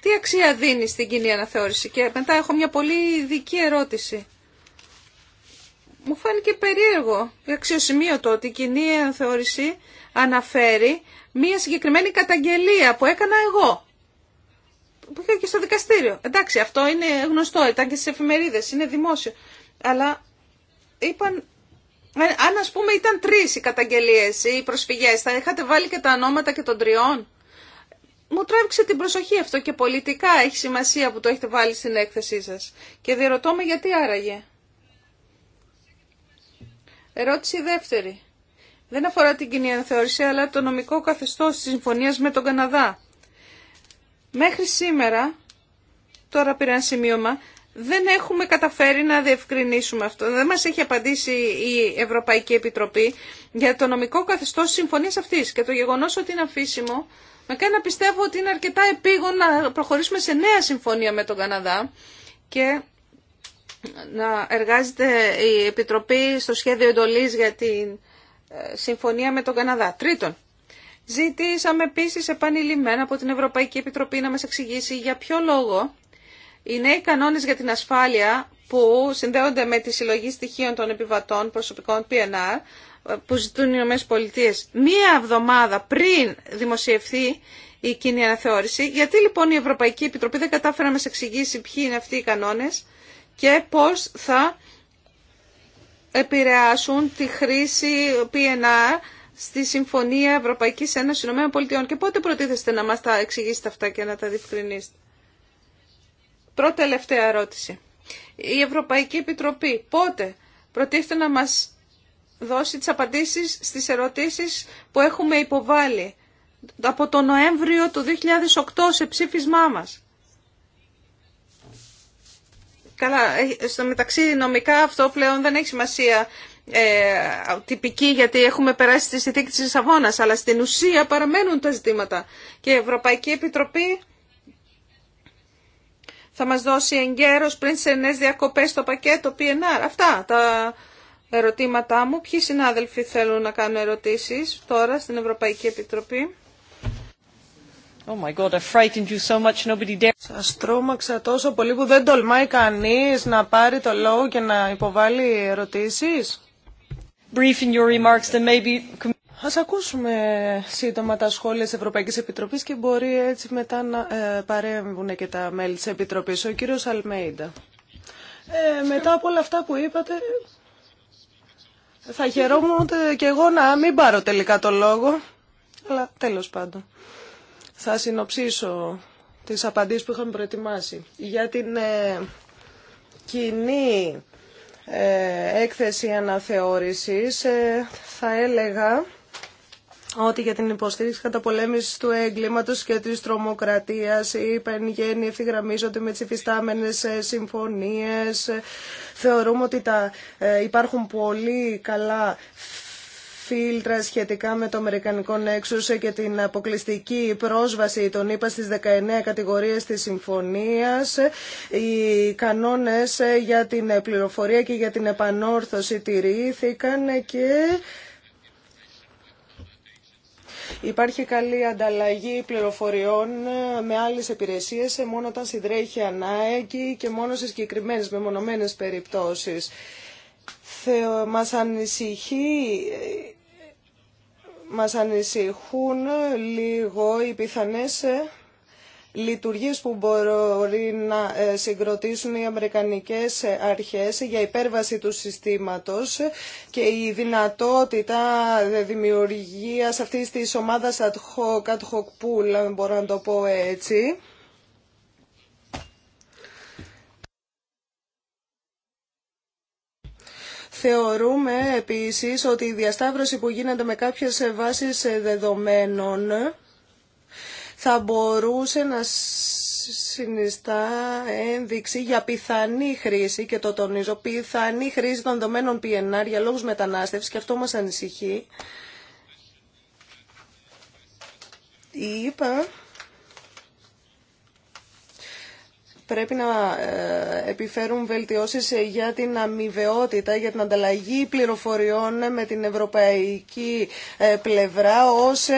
τι αξία δίνει στην κοινή αναθεώρηση. Και μετά έχω μια πολύ ειδική ερώτηση. Μου φάνηκε περίεργο, αξιοσημείωτο ότι η κοινή αναθεώρηση αναφέρει μία συγκεκριμένη καταγγελία που έκανα εγώ. Που είχα και στο δικαστήριο. Εντάξει, αυτό είναι γνωστό, ήταν και στι εφημερίδε, είναι δημόσιο. Αλλά είπαν. Αν ας πούμε ήταν τρεις οι καταγγελίες ή οι προσφυγές, θα είχατε βάλει και τα ονόματα και των τριών. Μου τράβηξε την προσοχή αυτό και πολιτικά έχει σημασία που το έχετε βάλει στην έκθεσή σα. Και διερωτώ με γιατί άραγε. Ερώτηση δεύτερη δεν αφορά την κοινή αναθεώρηση, αλλά το νομικό καθεστώς της συμφωνίας με τον Καναδά. Μέχρι σήμερα, τώρα πήρα ένα σημείωμα, δεν έχουμε καταφέρει να διευκρινίσουμε αυτό. Δεν μας έχει απαντήσει η Ευρωπαϊκή Επιτροπή για το νομικό καθεστώς της συμφωνίας αυτής και το γεγονός ότι είναι αφήσιμο με κάνει να πιστεύω ότι είναι αρκετά επίγον να προχωρήσουμε σε νέα συμφωνία με τον Καναδά και να εργάζεται η Επιτροπή στο σχέδιο εντολής για την συμφωνία με τον Καναδά. Τρίτον, ζητήσαμε επίσης επανειλημμένα από την Ευρωπαϊκή Επιτροπή να μας εξηγήσει για ποιο λόγο οι νέοι κανόνες για την ασφάλεια που συνδέονται με τη συλλογή στοιχείων των επιβατών προσωπικών PNR που ζητούν οι ΗΠΑ μία εβδομάδα πριν δημοσιευθεί η κοινή αναθεώρηση. Γιατί λοιπόν η Ευρωπαϊκή Επιτροπή δεν κατάφερε να μας εξηγήσει ποιοι είναι αυτοί οι κανόνες και πώς θα επηρεάσουν τη χρήση PNR στη Συμφωνία Ευρωπαϊκής Ένωσης Πολιτειών. και πότε προτίθεστε να μας τα εξηγήσετε αυτά και να τα διευκρινίσετε. Πρώτη τελευταία ερώτηση. Η Ευρωπαϊκή Επιτροπή πότε προτίθεται να μας δώσει τις απαντήσεις στις ερωτήσεις που έχουμε υποβάλει από τον Νοέμβριο του 2008 σε ψήφισμά μας. Καλά, ε, στο μεταξύ νομικά αυτό πλέον δεν έχει σημασία ε, τυπική γιατί έχουμε περάσει στη συνθήκη της Λισαβόνας, αλλά στην ουσία παραμένουν τα ζητήματα. Και η Ευρωπαϊκή Επιτροπή θα μας δώσει εγκαίρως πριν σε νέες διακοπές το πακέτο PNR. Αυτά τα ερωτήματά μου. Ποιοι συνάδελφοι θέλουν να κάνουν ερωτήσεις τώρα στην Ευρωπαϊκή Επιτροπή. Oh my God, I frightened you so much, nobody dare. Σας τρόμαξα τόσο πολύ που δεν τολμάει κανείς να πάρει το λόγο και να υποβάλει ερωτήσεις. Brief your remarks, then maybe... Ας ακούσουμε σύντομα τα σχόλια της Ευρωπαϊκής Επιτροπής και μπορεί έτσι μετά να ε, παρέμβουν και τα μέλη της Επιτροπής. Ο κύριος Αλμέιντα. Ε, μετά από όλα αυτά που είπατε, θα χαιρόμουν και εγώ να μην πάρω τελικά το λόγο, αλλά τέλος πάντων. Θα συνοψίσω τις απαντήσεις που είχαμε προετοιμάσει. Για την ε, κοινή ε, έκθεση αναθεώρησης ε, θα έλεγα ότι για την υποστήριξη καταπολέμησης του έγκληματος και της τρομοκρατίας η γέννη ευθυγραμμίζονται με τις υφιστάμενες συμφωνίες. Θεωρούμε ότι τα, υπάρχουν πολύ καλά φίλτρα σχετικά με το Αμερικανικό Nexus και την αποκλειστική πρόσβαση των ΗΠΑ στι 19 κατηγορίες της συμφωνίας, οι κανόνες για την πληροφορία και για την επανόρθωση τηρήθηκαν και... Υπάρχει καλή ανταλλαγή πληροφοριών με άλλες υπηρεσίες μόνο όταν συντρέχει ανάγκη και μόνο σε συγκεκριμένες μεμονωμένες περιπτώσεις. Θεο, μας ανησυχεί μας ανησυχούν λίγο οι πιθανές ε, λειτουργίες που μπορεί να ε, συγκροτήσουν οι Αμερικανικές ε, αρχές για υπέρβαση του συστήματος και η δυνατότητα δημιουργίας αυτής της ομάδας ad hoc, ad hoc pool, αν μπορώ να το πω έτσι, Θεωρούμε επίσης ότι η διασταύρωση που γίνεται με κάποιες βάσεις δεδομένων θα μπορούσε να συνιστά ένδειξη για πιθανή χρήση και το τονίζω πιθανή χρήση των δεδομένων PNR για λόγους μετανάστευσης και αυτό μας ανησυχεί. Είπα πρέπει να ε, επιφέρουν βελτιώσεις ε, για την αμοιβαιότητα, για την ανταλλαγή πληροφοριών ε, με την ευρωπαϊκή πλευρά ως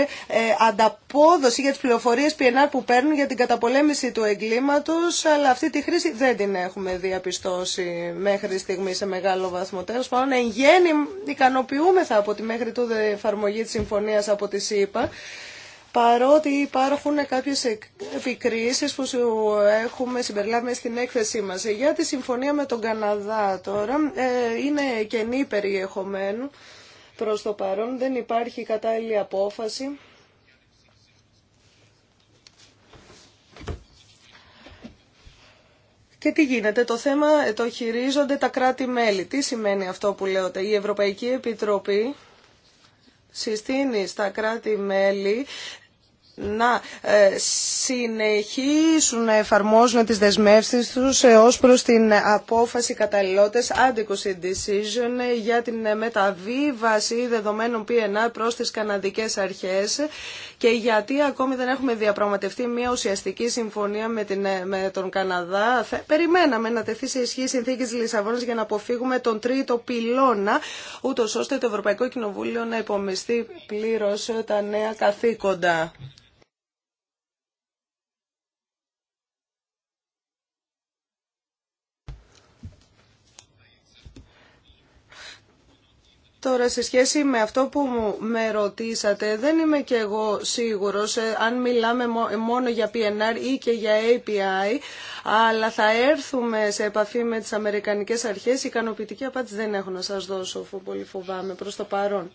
ανταπόδοση για τις πληροφορίες PNR που παίρνουν για την καταπολέμηση του εγκλήματος, αλλά αυτή τη χρήση δεν την έχουμε διαπιστώσει μέχρι στιγμή σε μεγάλο βαθμό. Τέλος πάντων, εν γέννη ικανοποιούμεθα από τη μέχρι του εφαρμογή της συμφωνίας από τη ΣΥΠΑ παρότι υπάρχουν κάποιες επικρίσεις που έχουμε συμπεριλάβει στην έκθεσή μας. Για τη συμφωνία με τον Καναδά τώρα, ε, είναι κενή περιεχομένου προς το παρόν, δεν υπάρχει κατάλληλη απόφαση. Και τι γίνεται, το θέμα ε, το χειρίζονται τα κράτη-μέλη. Τι σημαίνει αυτό που λέω, η Ευρωπαϊκή Επιτροπή συστήνει στα κράτη-μέλη να ε, συνεχίσουν να εφαρμόζουν τις δεσμεύσεις τους ε, ως προς την απόφαση καταλληλότητας adequacy decision ε, για την μεταβίβαση δεδομένων PNR προς τις καναδικές αρχές και γιατί ακόμη δεν έχουμε διαπραγματευτεί μια ουσιαστική συμφωνία με, την, με τον Καναδά. περιμέναμε να τεθεί σε ισχύ η συνθήκη της Λισαβόνας για να αποφύγουμε τον τρίτο πυλώνα, ούτως ώστε το Ευρωπαϊκό Κοινοβούλιο να υπομειστεί πλήρως τα νέα καθήκοντα. Τώρα, σε σχέση με αυτό που με ρωτήσατε, δεν είμαι και εγώ σίγουρος ε, αν μιλάμε μόνο για PNR ή και για API, αλλά θα έρθουμε σε επαφή με τις Αμερικανικές Αρχές. Η ικανοποιητική απάντηση δεν έχω να σας δώσω, αφού πολύ φοβάμαι προς το παρόν.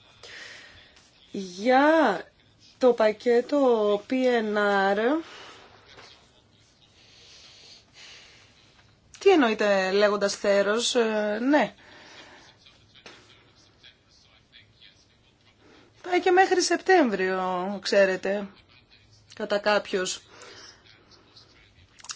Για το πακέτο PNR... Τι εννοείται λέγοντας θέρος, ε, ναι, Πάει και μέχρι Σεπτέμβριο, ξέρετε, κατά κάποιους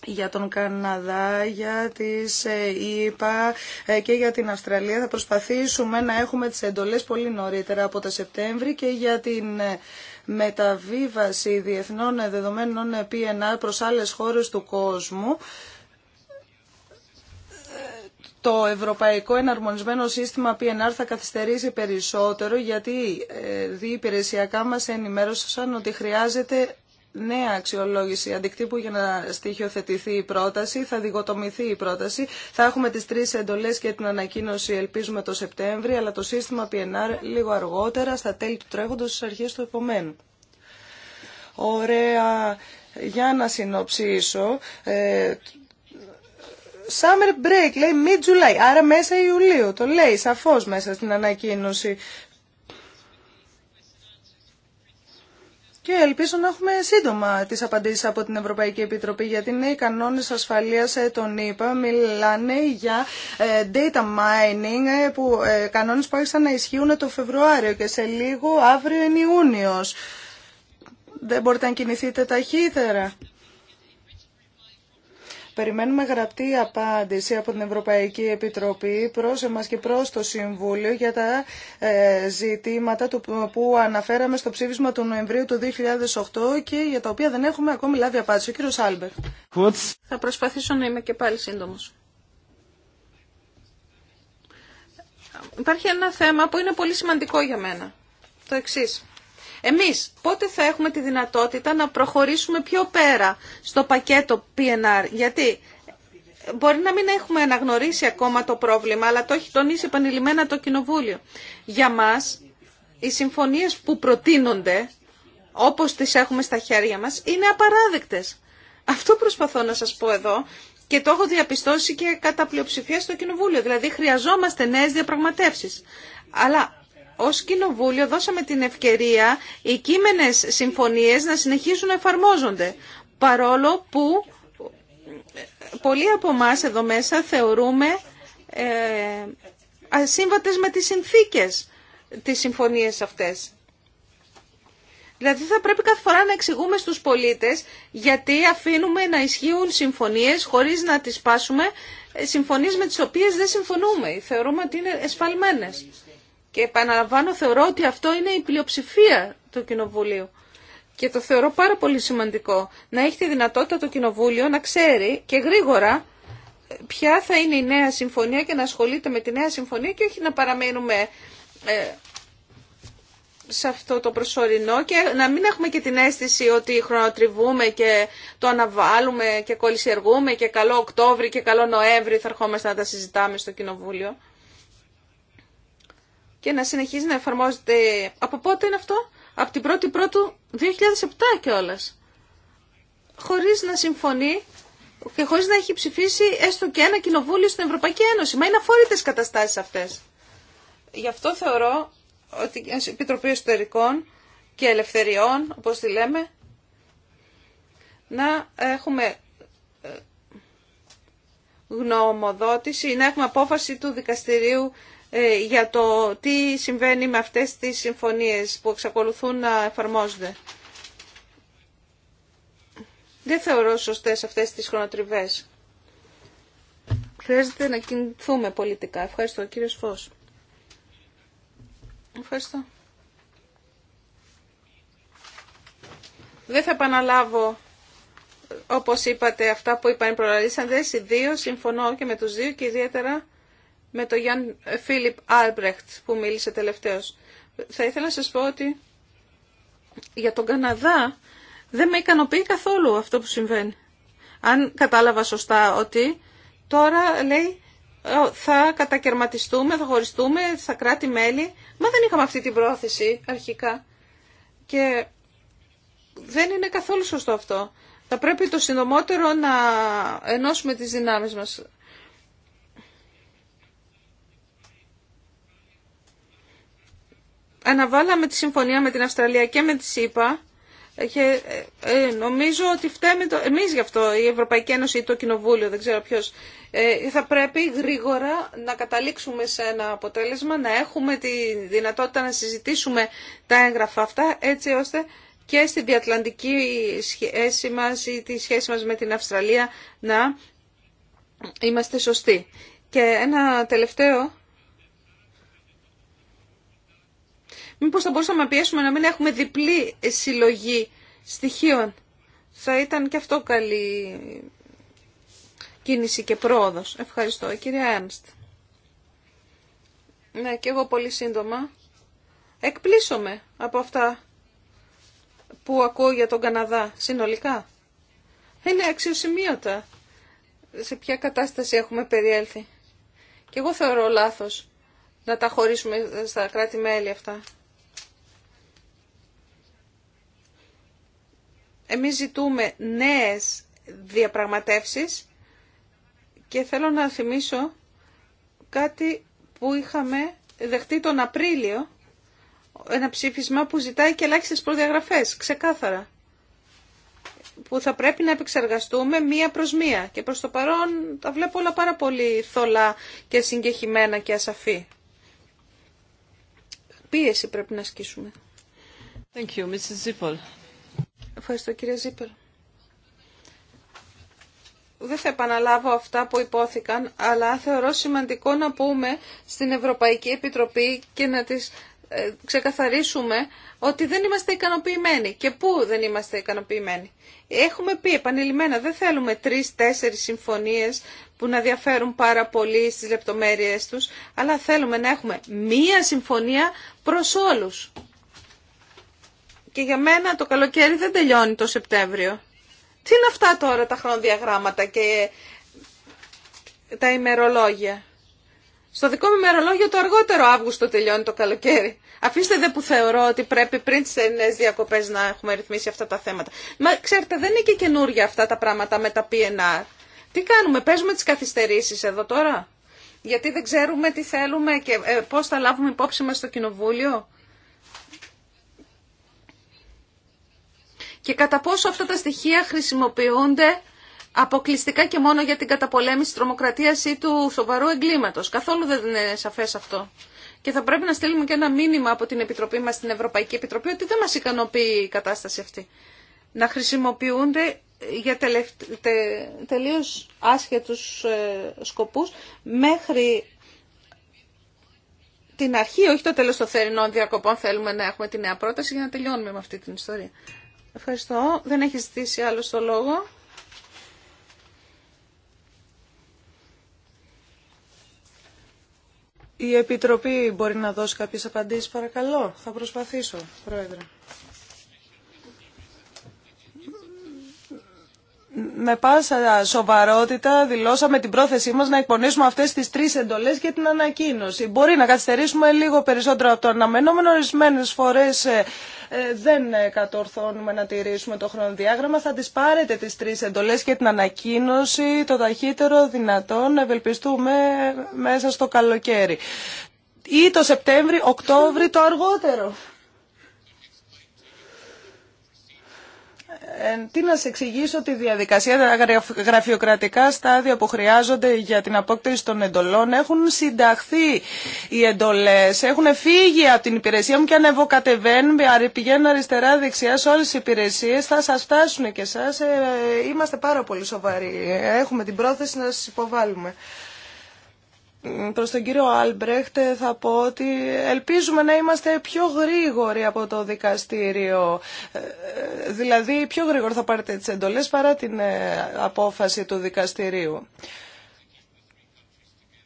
για τον Καναδά, για τις ΗΠΑ ε, ε, και για την Αυστραλία. Θα προσπαθήσουμε να έχουμε τις εντολές πολύ νωρίτερα από τα Σεπτέμβρη και για την ε, μεταβίβαση διεθνών δεδομένων PNR προς άλλες χώρες του κόσμου το Ευρωπαϊκό Εναρμονισμένο Σύστημα PNR θα καθυστερήσει περισσότερο γιατί ε, δύο υπηρεσιακά μας ενημέρωσαν ότι χρειάζεται νέα αξιολόγηση αντικτύπου για να στοιχειοθετηθεί η πρόταση, θα διγοτομηθεί η πρόταση. Θα έχουμε τις τρεις εντολές και την ανακοίνωση ελπίζουμε το Σεπτέμβριο... αλλά το σύστημα PNR λίγο αργότερα, στα τέλη του τρέχοντος, στις αρχές του επομένου. Ωραία. Για να συνοψίσω, ε, summer break, λέει mid-July, άρα μέσα Ιουλίου. Το λέει σαφώς μέσα στην ανακοίνωση. Και ελπίζω να έχουμε σύντομα τις απαντήσεις από την Ευρωπαϊκή Επιτροπή γιατί είναι οι κανόνες ασφαλείας ε, των ΗΠΑ μιλάνε για ε, data mining, ε, που, κανόνες που άρχισαν να ισχύουν το Φεβρουάριο και σε λίγο αύριο είναι Ιούνιος. Δεν μπορείτε να κινηθείτε ταχύτερα. Περιμένουμε γραπτή απάντηση από την Ευρωπαϊκή Επιτροπή προς εμάς και προς το Συμβούλιο για τα ε, ζητήματα που αναφέραμε στο ψήφισμα του Νοεμβρίου του 2008 και για τα οποία δεν έχουμε ακόμη λάβει απάντηση. Ο κύριος Άλμπερ. Θα προσπαθήσω να είμαι και πάλι σύντομος. Υπάρχει ένα θέμα που είναι πολύ σημαντικό για μένα. Το εξής. Εμείς πότε θα έχουμε τη δυνατότητα να προχωρήσουμε πιο πέρα στο πακέτο PNR, γιατί μπορεί να μην έχουμε αναγνωρίσει ακόμα το πρόβλημα, αλλά το έχει τονίσει επανειλημμένα το Κοινοβούλιο. Για μας, οι συμφωνίες που προτείνονται, όπως τις έχουμε στα χέρια μας, είναι απαράδεκτες. Αυτό προσπαθώ να σας πω εδώ και το έχω διαπιστώσει και κατά πλειοψηφία στο Κοινοβούλιο. Δηλαδή χρειαζόμαστε νέες διαπραγματεύσεις. Αλλά ως Κοινοβούλιο δώσαμε την ευκαιρία οι κείμενες συμφωνίες να συνεχίσουν να εφαρμόζονται, παρόλο που πολλοί από εμά εδώ μέσα θεωρούμε ε, ασύμβατες με τις συνθήκες τις συμφωνίες αυτές. Δηλαδή θα πρέπει κάθε φορά να εξηγούμε στους πολίτες γιατί αφήνουμε να ισχύουν συμφωνίες χωρίς να τις πάσουμε ε, συμφωνίες με τις οποίες δεν συμφωνούμε. Θεωρούμε ότι είναι εσφαλμένες. Και επαναλαμβάνω, θεωρώ ότι αυτό είναι η πλειοψηφία του Κοινοβουλίου. Και το θεωρώ πάρα πολύ σημαντικό να έχει τη δυνατότητα το Κοινοβούλιο να ξέρει και γρήγορα ε, ποια θα είναι η νέα συμφωνία και να ασχολείται με τη νέα συμφωνία και όχι να παραμένουμε ε, σε αυτό το προσωρινό και να μην έχουμε και την αίσθηση ότι χρονοτριβούμε και το αναβάλουμε και κολλησιεργούμε και καλό Οκτώβρη και καλό Νοέμβρη θα ερχόμαστε να τα συζητάμε στο Κοινοβούλιο και να συνεχίζει να εφαρμόζεται. Από πότε είναι αυτό? Από την 1η Πρώτου 2007 κιόλα. Χωρίς να συμφωνεί και χωρίς να έχει ψηφίσει έστω και ένα κοινοβούλιο στην Ευρωπαϊκή Ένωση. Μα είναι αφόρητες καταστάσεις αυτές. Γι' αυτό θεωρώ ότι η Επιτροπή Εσωτερικών και Ελευθεριών, όπως τη λέμε, να έχουμε ε, γνωμοδότηση, να έχουμε απόφαση του Δικαστηρίου ε, για το τι συμβαίνει με αυτές τις συμφωνίες που εξακολουθούν να εφαρμόζονται. Δεν θεωρώ σωστές αυτές τις χρονοτριβές. Χρειάζεται να κινηθούμε πολιτικά. Ευχαριστώ, κύριε Φως. Ευχαριστώ. Δεν θα επαναλάβω, όπως είπατε, αυτά που είπαν οι προλαλήσαντες. Οι δύο, συμφωνώ και με τους δύο και ιδιαίτερα με τον Γιάνν Φίλιπ Άλμπρεχτ που μίλησε τελευταίος. Θα ήθελα να σας πω ότι για τον Καναδά δεν με ικανοποιεί καθόλου αυτό που συμβαίνει. Αν κατάλαβα σωστά ότι τώρα λέει θα κατακαιρματιστούμε, θα χωριστούμε θα κράτη-μέλη. Μα δεν είχαμε αυτή την πρόθεση αρχικά. Και δεν είναι καθόλου σωστό αυτό. Θα πρέπει το συντομότερο να ενώσουμε τις δυνάμεις μας. αναβάλαμε τη συμφωνία με την Αυστραλία και με τη ΣΥΠΑ και ε, ε, νομίζω ότι φταίμε το, εμείς γι' αυτό, η Ευρωπαϊκή Ένωση ή το Κοινοβούλιο, δεν ξέρω ποιος, ε, θα πρέπει γρήγορα να καταλήξουμε σε ένα αποτέλεσμα, να έχουμε τη δυνατότητα να συζητήσουμε τα έγγραφα αυτά, έτσι ώστε και στη διατλαντική σχέση μας ή τη σχέση μας με την Αυστραλία να είμαστε σωστοί. Και ένα τελευταίο Μήπως θα μπορούσαμε να πιέσουμε να μην έχουμε διπλή συλλογή στοιχείων. Θα ήταν και αυτό καλή κίνηση και πρόοδος. Ευχαριστώ. Κυρία Ernst. Ναι, και εγώ πολύ σύντομα. Εκπλήσωμαι από αυτά που ακούω για τον Καναδά συνολικά. Είναι αξιοσημείωτα σε ποια κατάσταση έχουμε περιέλθει. Και εγώ θεωρώ λάθος να τα χωρίσουμε στα κράτη-μέλη αυτά. Εμείς ζητούμε νέες διαπραγματεύσεις και θέλω να θυμίσω κάτι που είχαμε δεχτεί τον Απρίλιο, ένα ψήφισμα που ζητάει και ελάχιστε προδιαγραφές, ξεκάθαρα, που θα πρέπει να επεξεργαστούμε μία προς μία. Και προς το παρόν τα βλέπω όλα πάρα πολύ θολά και συγκεχημένα και ασαφή. Πίεση πρέπει να ασκήσουμε. Thank you, Mrs. Ευχαριστώ κύριε Ζήπελ. Δεν θα επαναλάβω αυτά που υπόθηκαν, αλλά θεωρώ σημαντικό να πούμε στην Ευρωπαϊκή Επιτροπή και να τις ε, ξεκαθαρίσουμε ότι δεν είμαστε ικανοποιημένοι. Και πού δεν είμαστε ικανοποιημένοι. Έχουμε πει επανειλημμένα, δεν θέλουμε τρεις-τέσσερις συμφωνίες που να διαφέρουν πάρα πολύ στις λεπτομέρειες τους, αλλά θέλουμε να έχουμε μία συμφωνία προς όλους. Και για μένα το καλοκαίρι δεν τελειώνει το Σεπτέμβριο. Τι είναι αυτά τώρα τα χρονοδιαγράμματα και τα ημερολόγια. Στο δικό μου ημερολόγιο το αργότερο Αύγουστο τελειώνει το καλοκαίρι. Αφήστε δε που θεωρώ ότι πρέπει πριν τις ελληνές διακοπές να έχουμε ρυθμίσει αυτά τα θέματα. Μα ξέρετε δεν είναι και καινούργια αυτά τα πράγματα με τα PNR. Τι κάνουμε, παίζουμε τις καθυστερήσεις εδώ τώρα. Γιατί δεν ξέρουμε τι θέλουμε και ε, πώς θα λάβουμε υπόψη μας στο κοινοβούλιο. και κατά πόσο αυτά τα στοιχεία χρησιμοποιούνται αποκλειστικά και μόνο για την καταπολέμηση της τρομοκρατίας ή του σοβαρού εγκλήματος. Καθόλου δεν είναι σαφές αυτό. Και θα πρέπει να στείλουμε και ένα μήνυμα από την Επιτροπή μας στην Ευρωπαϊκή Επιτροπή ότι δεν μας ικανοποιεί η κατάσταση αυτή. Να χρησιμοποιούνται για τελευ... τε... τελείως άσχετους ε, σκοπούς μέχρι την αρχή, όχι το τέλος των θερινών διακοπών θέλουμε να έχουμε τη νέα πρόταση για να τελειώνουμε με αυτή την ιστορία. Ευχαριστώ. Δεν έχει ζητήσει άλλο το λόγο. Η Επιτροπή μπορεί να δώσει κάποιες απαντήσεις, παρακαλώ. Θα προσπαθήσω, Πρόεδρε. με πάσα σοβαρότητα δηλώσαμε την πρόθεσή μας να εκπονήσουμε αυτές τις τρεις εντολές και την ανακοίνωση. Μπορεί να καθυστερήσουμε λίγο περισσότερο από το αναμενόμενο. Ορισμένε φορές ε, ε, δεν κατορθώνουμε να τηρήσουμε το χρονοδιάγραμμα. Θα τις πάρετε τις τρεις εντολές και την ανακοίνωση το ταχύτερο δυνατόν. Ευελπιστούμε μέσα στο καλοκαίρι. Ή το Σεπτέμβρη, Οκτώβρη το αργότερο. Ε, τι να σε εξηγήσω τη διαδικασία, τα γραφειοκρατικά στάδια που χρειάζονται για την απόκτηση των εντολών έχουν συνταχθεί οι εντολές, έχουν φύγει από την υπηρεσία μου και ανεβοκατεβαίνουν, πηγαίνουν αριστερά δεξιά σε όλες τις υπηρεσίες, θα σας φτάσουν και σας, ε, είμαστε πάρα πολύ σοβαροί, έχουμε την πρόθεση να σας υποβάλουμε προς τον κύριο Άλμπρεχτ θα πω ότι ελπίζουμε να είμαστε πιο γρήγοροι από το δικαστήριο. Ε, ε, δηλαδή πιο γρήγορα θα πάρετε τις εντολές παρά την ε, απόφαση του δικαστηρίου.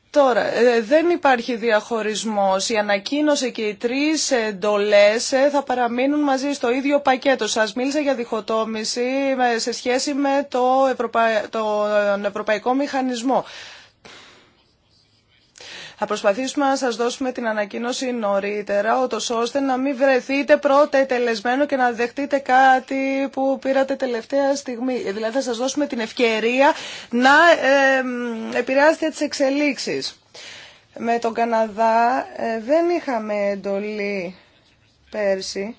Τώρα, δεν υπάρχει διαχωρισμός. Η ανακοίνωση και οι τρεις εντολές θα παραμείνουν μαζί στο ίδιο πακέτο. Σας μίλησα για διχοτόμηση σε σχέση με το, τον Ευρωπαϊκό Μηχανισμό. Θα προσπαθήσουμε να σας δώσουμε την ανακοίνωση νωρίτερα, ότως ώστε να μην βρεθείτε πρώτα τελεσμένο και να δεχτείτε κάτι που πήρατε τελευταία στιγμή. Δηλαδή θα σας δώσουμε την ευκαιρία να επηρεάσετε τις εξελίξεις. Με τον Καναδά ε, δεν είχαμε εντολή πέρσι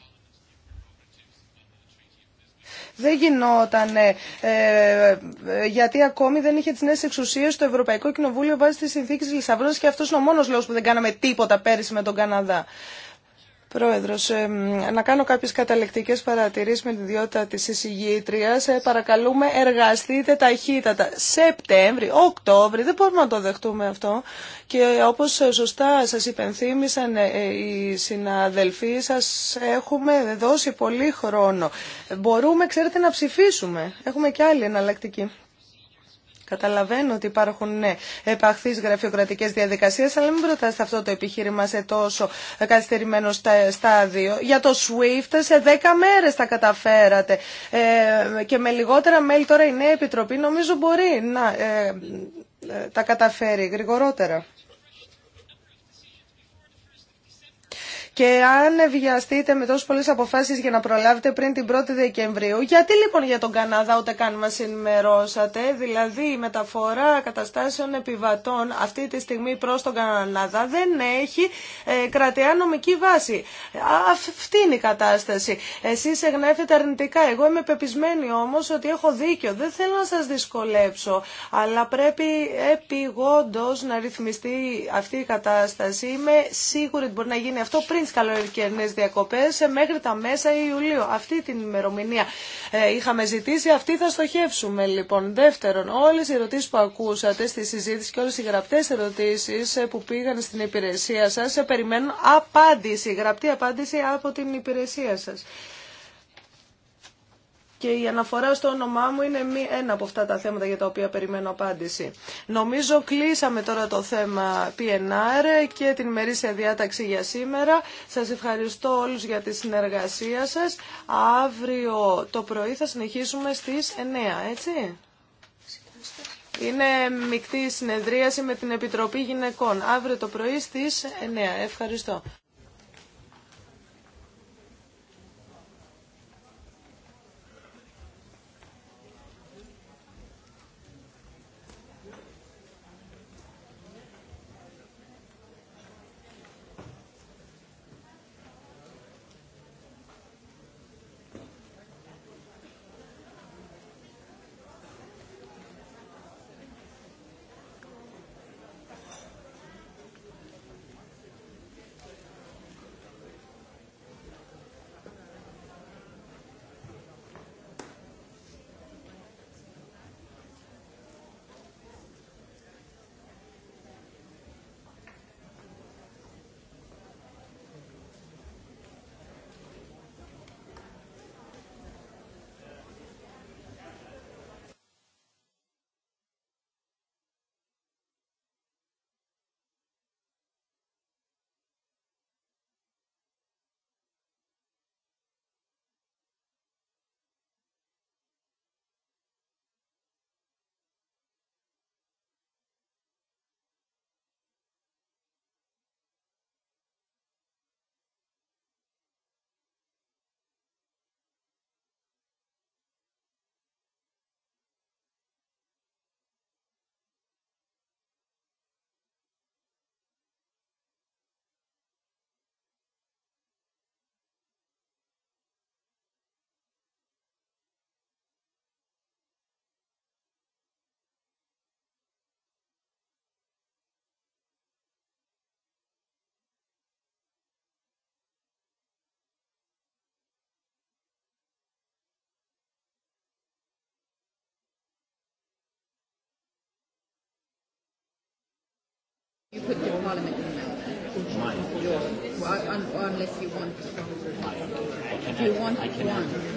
δεν γινόταν ε, ε, γιατί ακόμη δεν είχε τι νέε εξουσίε στο Ευρωπαϊκό Κοινοβούλιο βάσει τη συνθήκη Λισαβόνα και αυτό είναι ο μόνο λόγο που δεν κάναμε τίποτα πέρυσι με τον Καναδά. Πρόεδρος, ε, να κάνω κάποιες καταλεκτικές παρατηρήσεις με την ιδιότητα της εισηγήτριας. Ε, παρακαλούμε, εργαστείτε ταχύτατα. Σεπτέμβρη, Οκτώβρη, δεν μπορούμε να το δεχτούμε αυτό. Και όπως σωστά σας υπενθύμησαν ε, οι συναδελφοί σας, έχουμε δώσει πολύ χρόνο. Μπορούμε, ξέρετε, να ψηφίσουμε. Έχουμε και άλλη εναλλακτική. Καταλαβαίνω ότι υπάρχουν ναι, επαχθεί γραφειοκρατικέ διαδικασίε, αλλά μην προτάσετε αυτό το επιχείρημα σε τόσο καθυστερημένο στάδιο. Για το SWIFT σε 10 μέρε τα καταφέρατε. Ε, και με λιγότερα μέλη τώρα η νέα επιτροπή νομίζω μπορεί να ε, ε τα καταφέρει γρηγορότερα. Και αν βιαστείτε με τόσε πολλέ αποφάσει για να προλάβετε πριν την 1η Δεκεμβρίου, γιατί λοιπόν για τον Καναδά ούτε καν μα ενημερώσατε, δηλαδή η μεταφορά καταστάσεων επιβατών αυτή τη στιγμή προ τον Καναδά δεν έχει ε, κρατεά νομική βάση. Αυτή είναι η κατάσταση. Εσεί εγνέφετε αρνητικά. Εγώ είμαι πεπισμένη όμω ότι έχω δίκιο. Δεν θέλω να σα δυσκολέψω, αλλά πρέπει επιγόντω να ρυθμιστεί αυτή η κατάσταση. Είμαι σίγουρη ότι μπορεί να γίνει αυτό πριν τις καλοκαιρινές διακοπές μέχρι τα μέσα Ιουλίου. Αυτή την ημερομηνία ε, είχαμε ζητήσει, αυτή θα στοχεύσουμε λοιπόν. Δεύτερον, όλες οι ερωτήσεις που ακούσατε στη συζήτηση και όλες οι γραπτές ερωτήσεις ε, που πήγαν στην υπηρεσία σας ε, περιμένουν απάντηση, γραπτή απάντηση από την υπηρεσία σας και η αναφορά στο όνομά μου είναι ένα από αυτά τα θέματα για τα οποία περιμένω απάντηση. Νομίζω κλείσαμε τώρα το θέμα PNR και την μερίσια διάταξη για σήμερα. Σας ευχαριστώ όλους για τη συνεργασία σας. Αύριο το πρωί θα συνεχίσουμε στις 9, έτσι. Είναι μεικτή συνεδρίαση με την Επιτροπή Γυναικών. Αύριο το πρωί στις 9. Ευχαριστώ. You put your parliament in now. Mine. Well, unless you want. If you want one.